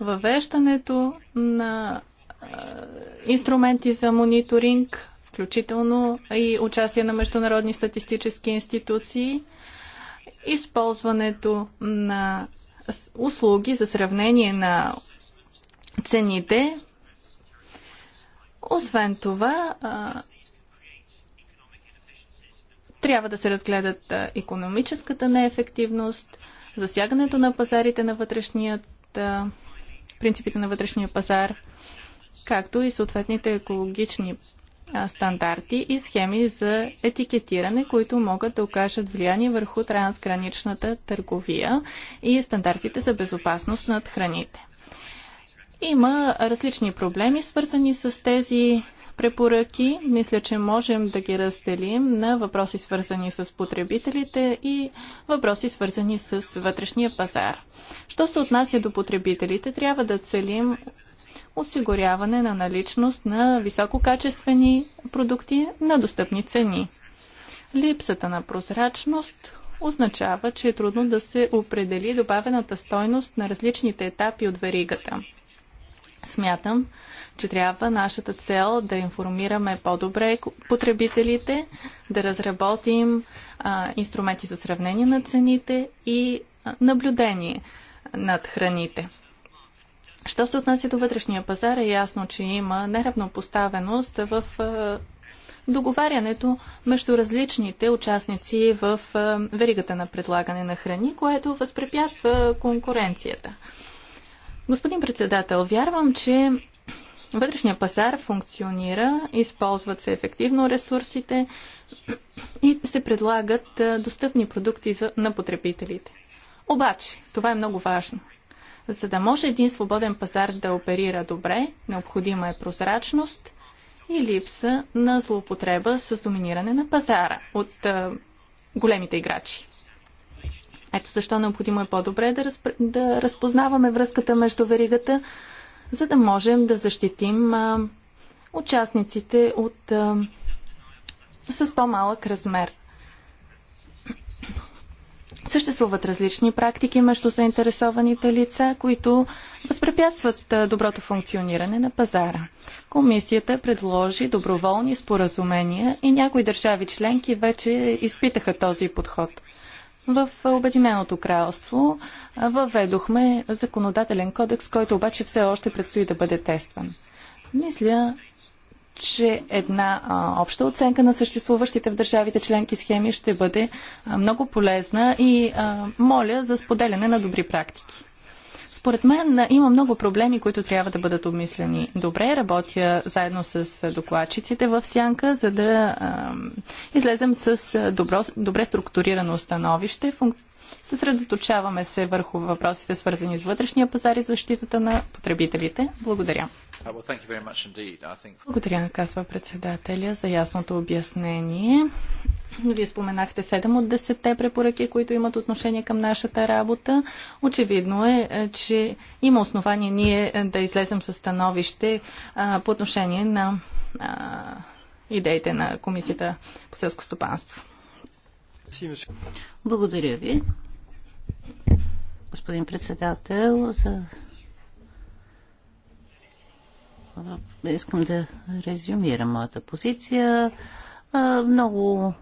въвеждането на инструменти за мониторинг, включително и участие на международни статистически институции – използването на услуги за сравнение на цените. Освен това, трябва да се разгледат економическата неефективност, засягането на пазарите на вътрешният, принципите на вътрешния пазар, както и съответните екологични стандарти и схеми за етикетиране, които могат да окажат влияние върху трансграничната търговия и стандартите за безопасност над храните. Има различни проблеми, свързани с тези препоръки. Мисля, че можем да ги разделим на въпроси свързани с потребителите и въпроси свързани с вътрешния пазар. Що се отнася до потребителите, трябва да целим осигуряване на наличност на висококачествени продукти на достъпни цени. Липсата на прозрачност означава, че е трудно да се определи добавената стойност на различните етапи от веригата. Смятам, че трябва нашата цел да информираме по-добре потребителите, да разработим а, инструменти за сравнение на цените и наблюдение над храните. Що се отнася до вътрешния пазар, е ясно, че има неравнопоставеност в договарянето между различните участници в веригата на предлагане на храни, което възпрепятства конкуренцията. Господин председател, вярвам, че вътрешния пазар функционира, използват се ефективно ресурсите и се предлагат достъпни продукти на потребителите. Обаче, това е много важно – за да може един свободен пазар да оперира добре, необходима е прозрачност и липса на злоупотреба с доминиране на пазара от а, големите играчи. Ето защо необходимо е по-добре да, разп... да разпознаваме връзката между веригата, за да можем да защитим а, участниците от, а, с по-малък размер. Съществуват различни практики между заинтересованите лица, които възпрепятстват доброто функциониране на пазара. Комисията предложи доброволни споразумения и някои държави членки вече изпитаха този подход. В Обединеното кралство въведохме законодателен кодекс, който обаче все още предстои да бъде тестван. Мисля, че една а, обща оценка на съществуващите в държавите членки схеми ще бъде а, много полезна и а, моля за споделяне на добри практики. Според мен има много проблеми, които трябва да бъдат обмислени. Добре, работя заедно с докладчиците в Сянка, за да а, излезем с добро, добре структурирано становище, функ, Съсредоточаваме се върху въпросите, свързани с вътрешния пазар и защитата на потребителите. Благодаря. Uh, Благодаря, казва председателя, за ясното обяснение. Вие споменахте 7 от 10 препоръки, които имат отношение към нашата работа. Очевидно е, е че има основание ние е, да излезем със становище а, по отношение на а, идеите на Комисията по селско стопанство. Благодаря ви, господин председател, за искам да резюмирам моята позиция. Много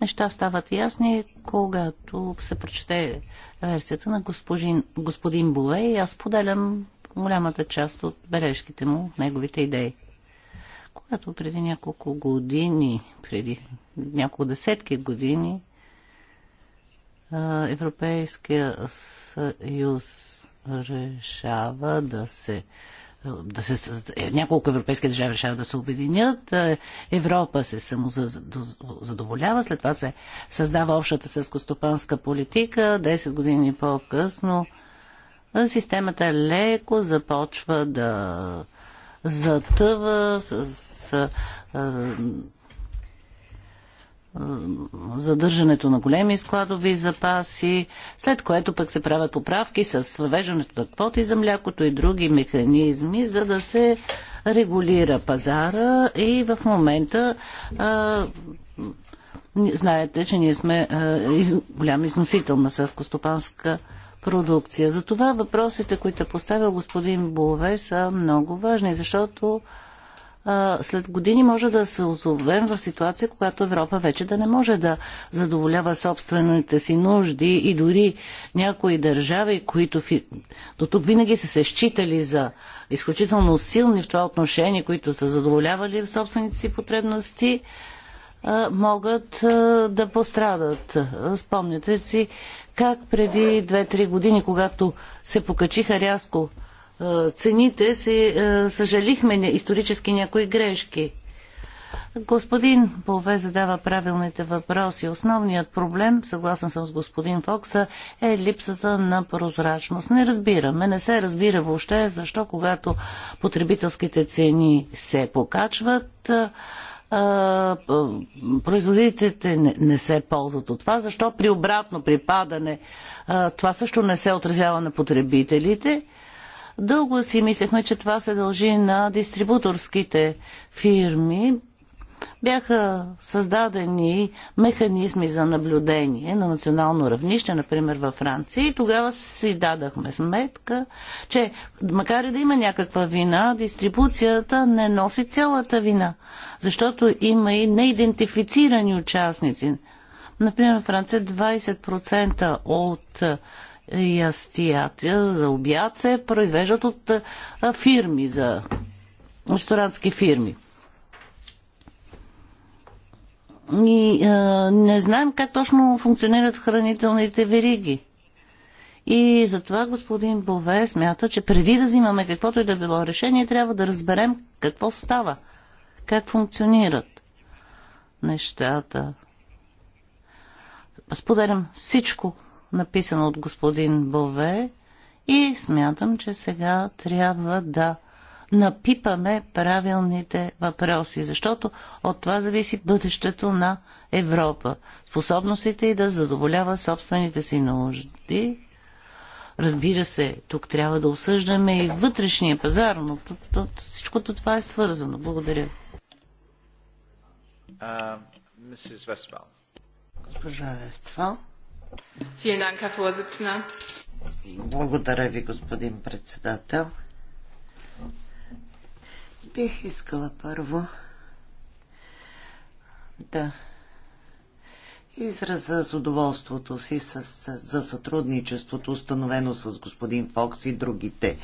неща стават ясни, когато се прочете версията на господин, господин Бове и аз поделям голямата част от бележките му, неговите идеи. Когато преди няколко години, преди няколко десетки години, Европейския съюз решава да се да се, е, няколко европейски държави решават да се обединят. Европа се самозадоволява, след това се създава общата сълскостопанска политика. Десет години по-късно системата леко започва да затъва, с, с а, задържането на големи складови запаси, след което пък се правят поправки с въвеждането на квоти за млякото и други механизми, за да се регулира пазара и в момента а, знаете, че ние сме а, из, голям износител на селско-стопанска продукция. Затова въпросите, които е поставя господин Бове, са много важни, защото а, след години може да се озовем в ситуация, когато Европа вече да не може да задоволява собствените си нужди и дори някои държави, които фи... до тук винаги са се считали за изключително силни в това отношение, които са задоволявали собствените си потребности, могат да пострадат. Спомняте си как преди 2-3 години, когато се покачиха рязко цените, се съжалихме исторически някои грешки. Господин Пове задава правилните въпроси. Основният проблем, съгласен съм с господин Фокса, е липсата на прозрачност. Не разбираме, не се разбира въобще защо, когато потребителските цени се покачват, а, производителите не, не се ползват от това. Защо при обратно припадане а, това също не се отразява на потребителите? Дълго си мислехме, че това се дължи на дистрибуторските фирми бяха създадени механизми за наблюдение на национално равнище, например във Франция, и тогава си дадахме сметка, че макар и да има някаква вина, дистрибуцията не носи цялата вина, защото има и неидентифицирани участници. Например, в Франция 20% от е, ястията за обяд се произвеждат от е, фирми, за ресторантски фирми. И а, е, не знаем как точно функционират хранителните вериги. И затова господин Бове смята, че преди да взимаме каквото и да било решение, трябва да разберем какво става, как функционират нещата. Споделям всичко написано от господин Бове и смятам, че сега трябва да напипаме правилните въпроси, защото от това зависи бъдещето на Европа. Способностите и да задоволява собствените си нужди. Разбира се, тук трябва да осъждаме и вътрешния пазар, но всичкото това е свързано. Благодаря. Госпожа Вестфал. Благодаря ви, господин председател. Бих искала първо да израза с удоволството си с, за сътрудничеството, установено с господин Фокс и другите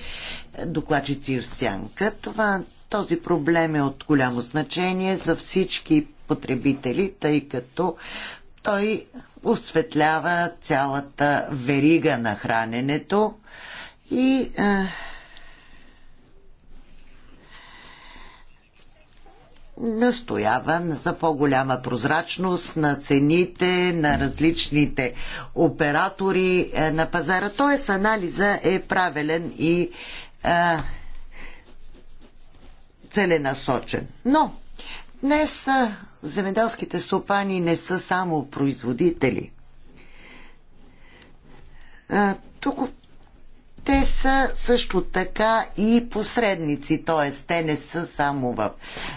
докладчици в Сянка. Това, този проблем е от голямо значение за всички потребители, тъй като той осветлява цялата верига на храненето и е, настоява за по-голяма прозрачност на цените на различните оператори е, на пазара. Тоест анализа е правилен и а, е, целенасочен. Но днес е, земеделските стопани не са само производители. А, тук те са също така и посредници, т.е. те не са само в,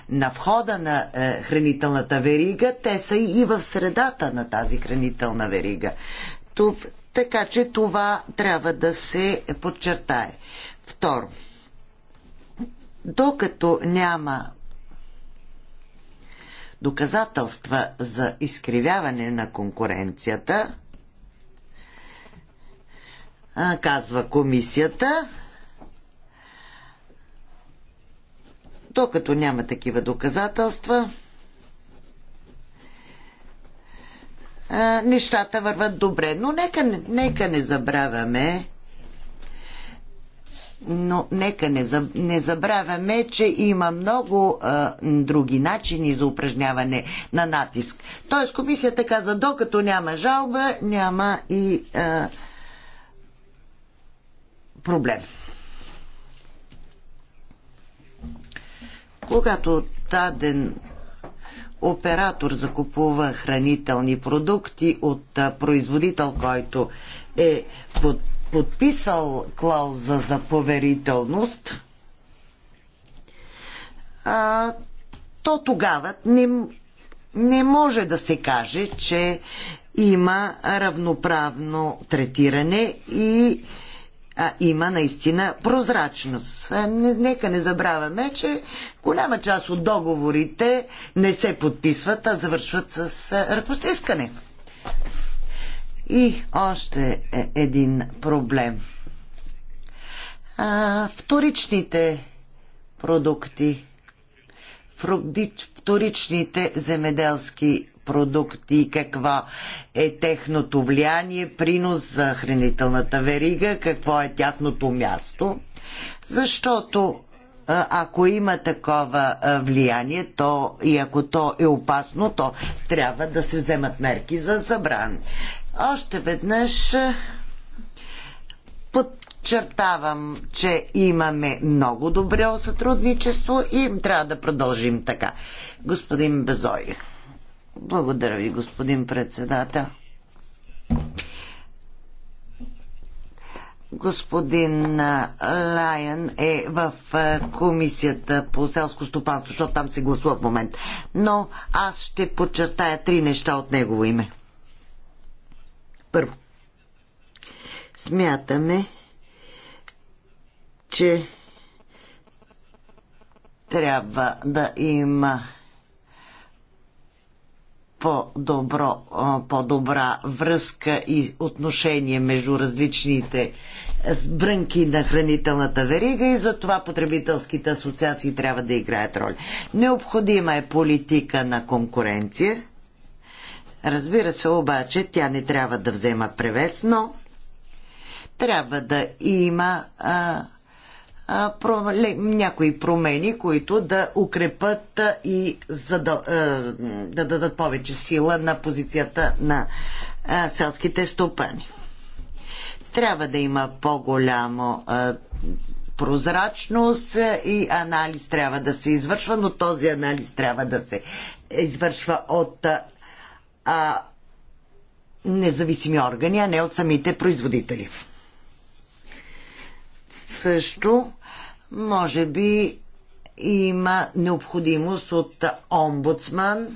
на входа на е, хранителната верига, те са и в средата на тази хранителна верига. Тук, така че това трябва да се подчертае. Второ, докато няма доказателства за изкривяване на конкуренцията, казва комисията. Докато няма такива доказателства, нещата върват добре. Но нека, нека не забравяме, но нека не, забравяме, че има много а, други начини за упражняване на натиск. Тоест комисията каза, докато няма жалба, няма и а, проблем. Когато даден оператор закупува хранителни продукти от производител, който е под, подписал клауза за поверителност, а, то тогава не, не може да се каже, че има равноправно третиране и а, има наистина прозрачност. Не, нека не забравяме, че голяма част от договорите не се подписват, а завършват с ръкостискане. И още е, един проблем. А, вторичните продукти, вторичните земеделски продукти, какво е техното влияние, принос за хранителната верига, какво е тяхното място. Защото ако има такова влияние, то и ако то е опасно, то трябва да се вземат мерки за забран. Още веднъж подчертавам, че имаме много добре сътрудничество и трябва да продължим така. Господин Безой. Благодаря ви, господин председател. господин Лайен е в комисията по селско стопанство, защото там се гласува в момент. Но аз ще подчертая три неща от негово име. Първо. Смятаме, че трябва да има по-добро, по-добра връзка и отношение между различните брънки на хранителната верига и за това потребителските асоциации трябва да играят роля. Необходима е политика на конкуренция. Разбира се, обаче, тя не трябва да взема превес, но трябва да има а, някои промени, които да укрепат и задъл... да дадат повече сила на позицията на селските стопани. Трябва да има по-голямо прозрачност и анализ трябва да се извършва, но този анализ трябва да се извършва от а, независими органи, а не от самите производители. Също може би има необходимост от омбудсман,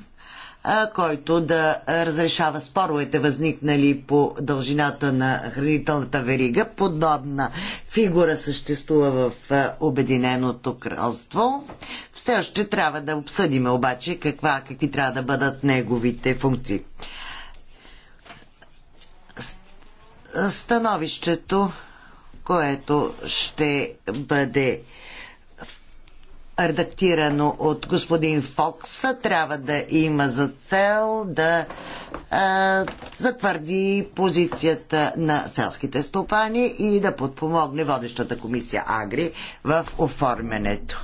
който да разрешава споровете, възникнали по дължината на хранителната верига. Подобна фигура съществува в Обединеното кралство. Все още трябва да обсъдим обаче каква, какви трябва да бъдат неговите функции. Становището което ще бъде редактирано от господин Фокс, трябва да има за цел да а, затвърди позицията на селските стопани и да подпомогне водещата комисия Агри в оформянето.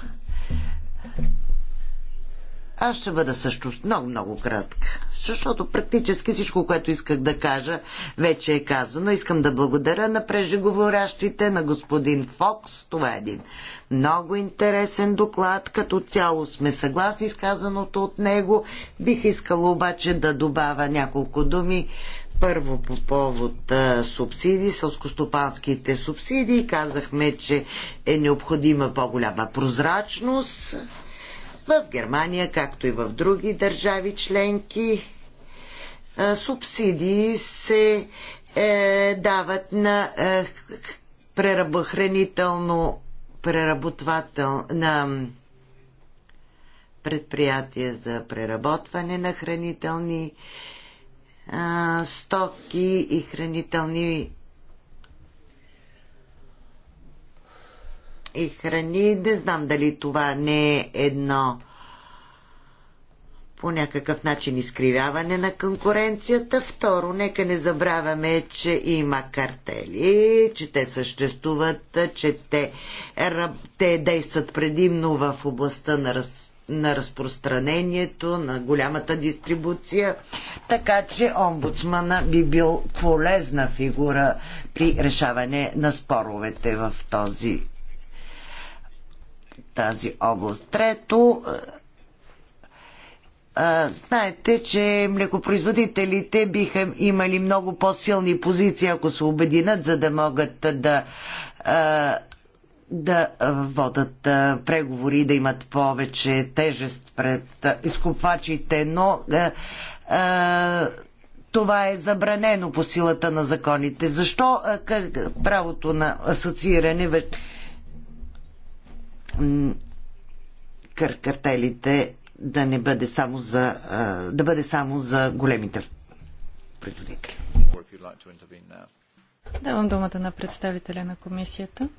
Аз ще бъда също много, много кратка, защото практически всичко, което исках да кажа, вече е казано. Искам да благодаря на прежеговорящите, на господин Фокс. Това е един много интересен доклад. Като цяло сме съгласни с казаното от него. Бих искала обаче да добавя няколко думи. Първо по повод а, субсидии, сълскостопанските субсидии. Казахме, че е необходима по-голяма прозрачност в Германия, както и в други държави членки, субсидии се е, дават на е, преработвателно преработвател на предприятия за преработване на хранителни е, стоки и хранителни и храни. Не знам дали това не е едно по някакъв начин изкривяване на конкуренцията. Второ, нека не забравяме, че има картели, че те съществуват, че те, те действат предимно в областта на, раз, на разпространението, на голямата дистрибуция. Така че омбудсмана би бил полезна фигура при решаване на споровете в този тази област. Трето, знаете, че млекопроизводителите биха имали много по-силни позиции, ако се обединят, за да могат да да водат преговори, да имат повече тежест пред изкупвачите, но това е забранено по силата на законите. Защо правото на асоцииране кар- картелите да не бъде само за, да бъде само за големите производители. Давам думата на представителя на комисията.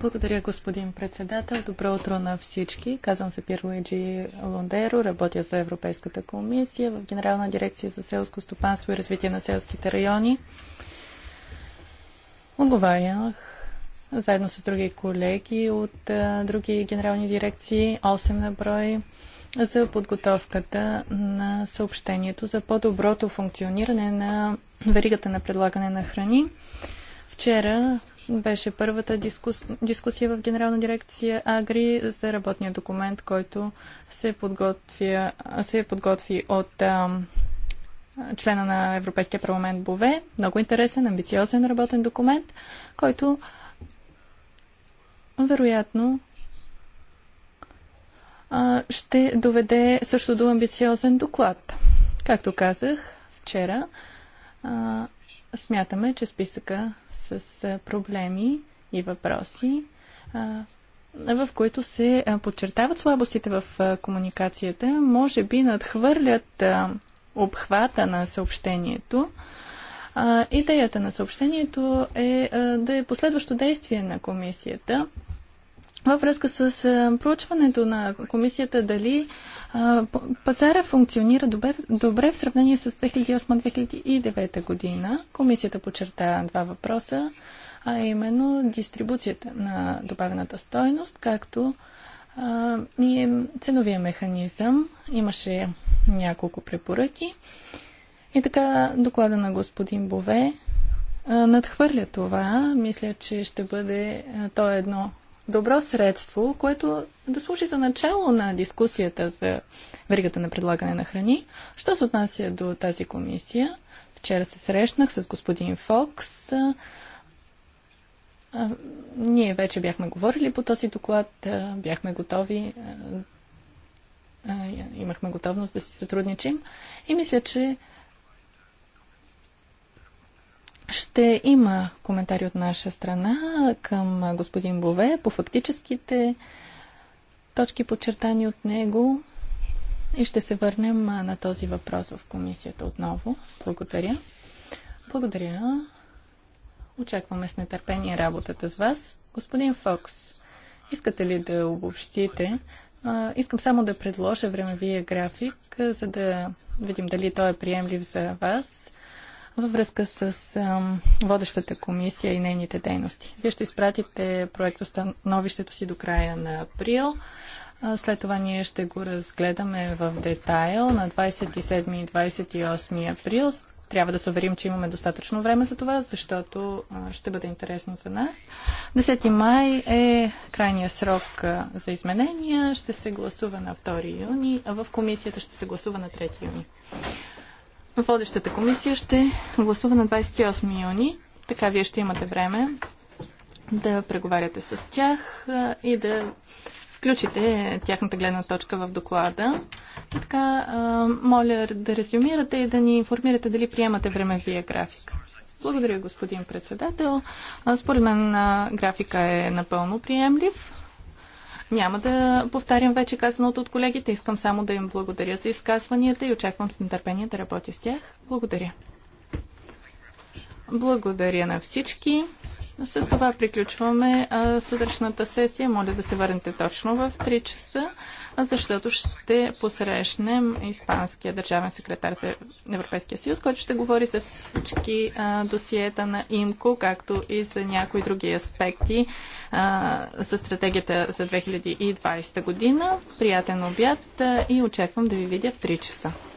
Благодаря, господин председател. Добро утро на всички. Казвам се Пирлуиджи Лондеро, работя за Европейската комисия в Генерална дирекция за селско стопанство и развитие на селските райони. Отговарях заедно с други колеги от други генерални дирекции, 8 на брой, за подготовката на съобщението за по-доброто функциониране на веригата на предлагане на храни. Вчера беше първата дискус... дискусия в Генерална дирекция Агри за работния документ, който се, подготвя... се подготви от ам, члена на Европейския парламент Бове. Много интересен, амбициозен работен документ, който вероятно ще доведе също до амбициозен доклад. Както казах вчера, смятаме, че списъка с проблеми и въпроси, в които се подчертават слабостите в комуникацията, може би надхвърлят обхвата на съобщението. Идеята на съобщението е да е последващо действие на комисията – във връзка с проучването на комисията дали пазара функционира добре, добре в сравнение с 2008-2009 година. Комисията почерта два въпроса, а именно дистрибуцията на добавената стойност, както и ценовия механизъм. Имаше няколко препоръки. И така доклада на господин Бове надхвърля това. Мисля, че ще бъде то е едно добро средство, което да служи за начало на дискусията за веригата на предлагане на храни. Що се отнася до тази комисия? Вчера се срещнах с господин Фокс. Ние вече бяхме говорили по този доклад, бяхме готови, имахме готовност да си сътрудничим и мисля, че ще има коментари от наша страна към господин Бове по фактическите точки, подчертани от него. И ще се върнем на този въпрос в комисията отново. Благодаря. Благодаря. Очакваме с нетърпение работата с вас. Господин Фокс, искате ли да обобщите? Искам само да предложа времевия график, за да видим дали той е приемлив за вас във връзка с ам, водещата комисия и нейните дейности. Вие ще изпратите проектостановището си до края на април. След това ние ще го разгледаме в детайл на 27 и 28 април. Трябва да се уверим, че имаме достатъчно време за това, защото ще бъде интересно за нас. 10 май е крайния срок за изменения. Ще се гласува на 2 юни, а в комисията ще се гласува на 3 юни. Водещата комисия ще гласува на 28 юни, така вие ще имате време да преговаряте с тях и да включите тяхната гледна точка в доклада. И така, моля да резюмирате и да ни информирате дали приемате времевия график. Благодаря, господин председател. Според мен графика е напълно приемлив. Няма да повтарям вече казаното от колегите. Искам само да им благодаря за изказванията и очаквам с нетърпение да работя с тях. Благодаря. Благодаря на всички. С това приключваме сутрешната сесия. Моля да се върнете точно в 3 часа защото ще посрещнем испанския държавен секретар за Европейския съюз, който ще говори за всички а, досиета на ИМКО, както и за някои други аспекти за стратегията за 2020 година. Приятен обяд а, и очаквам да ви видя в 3 часа.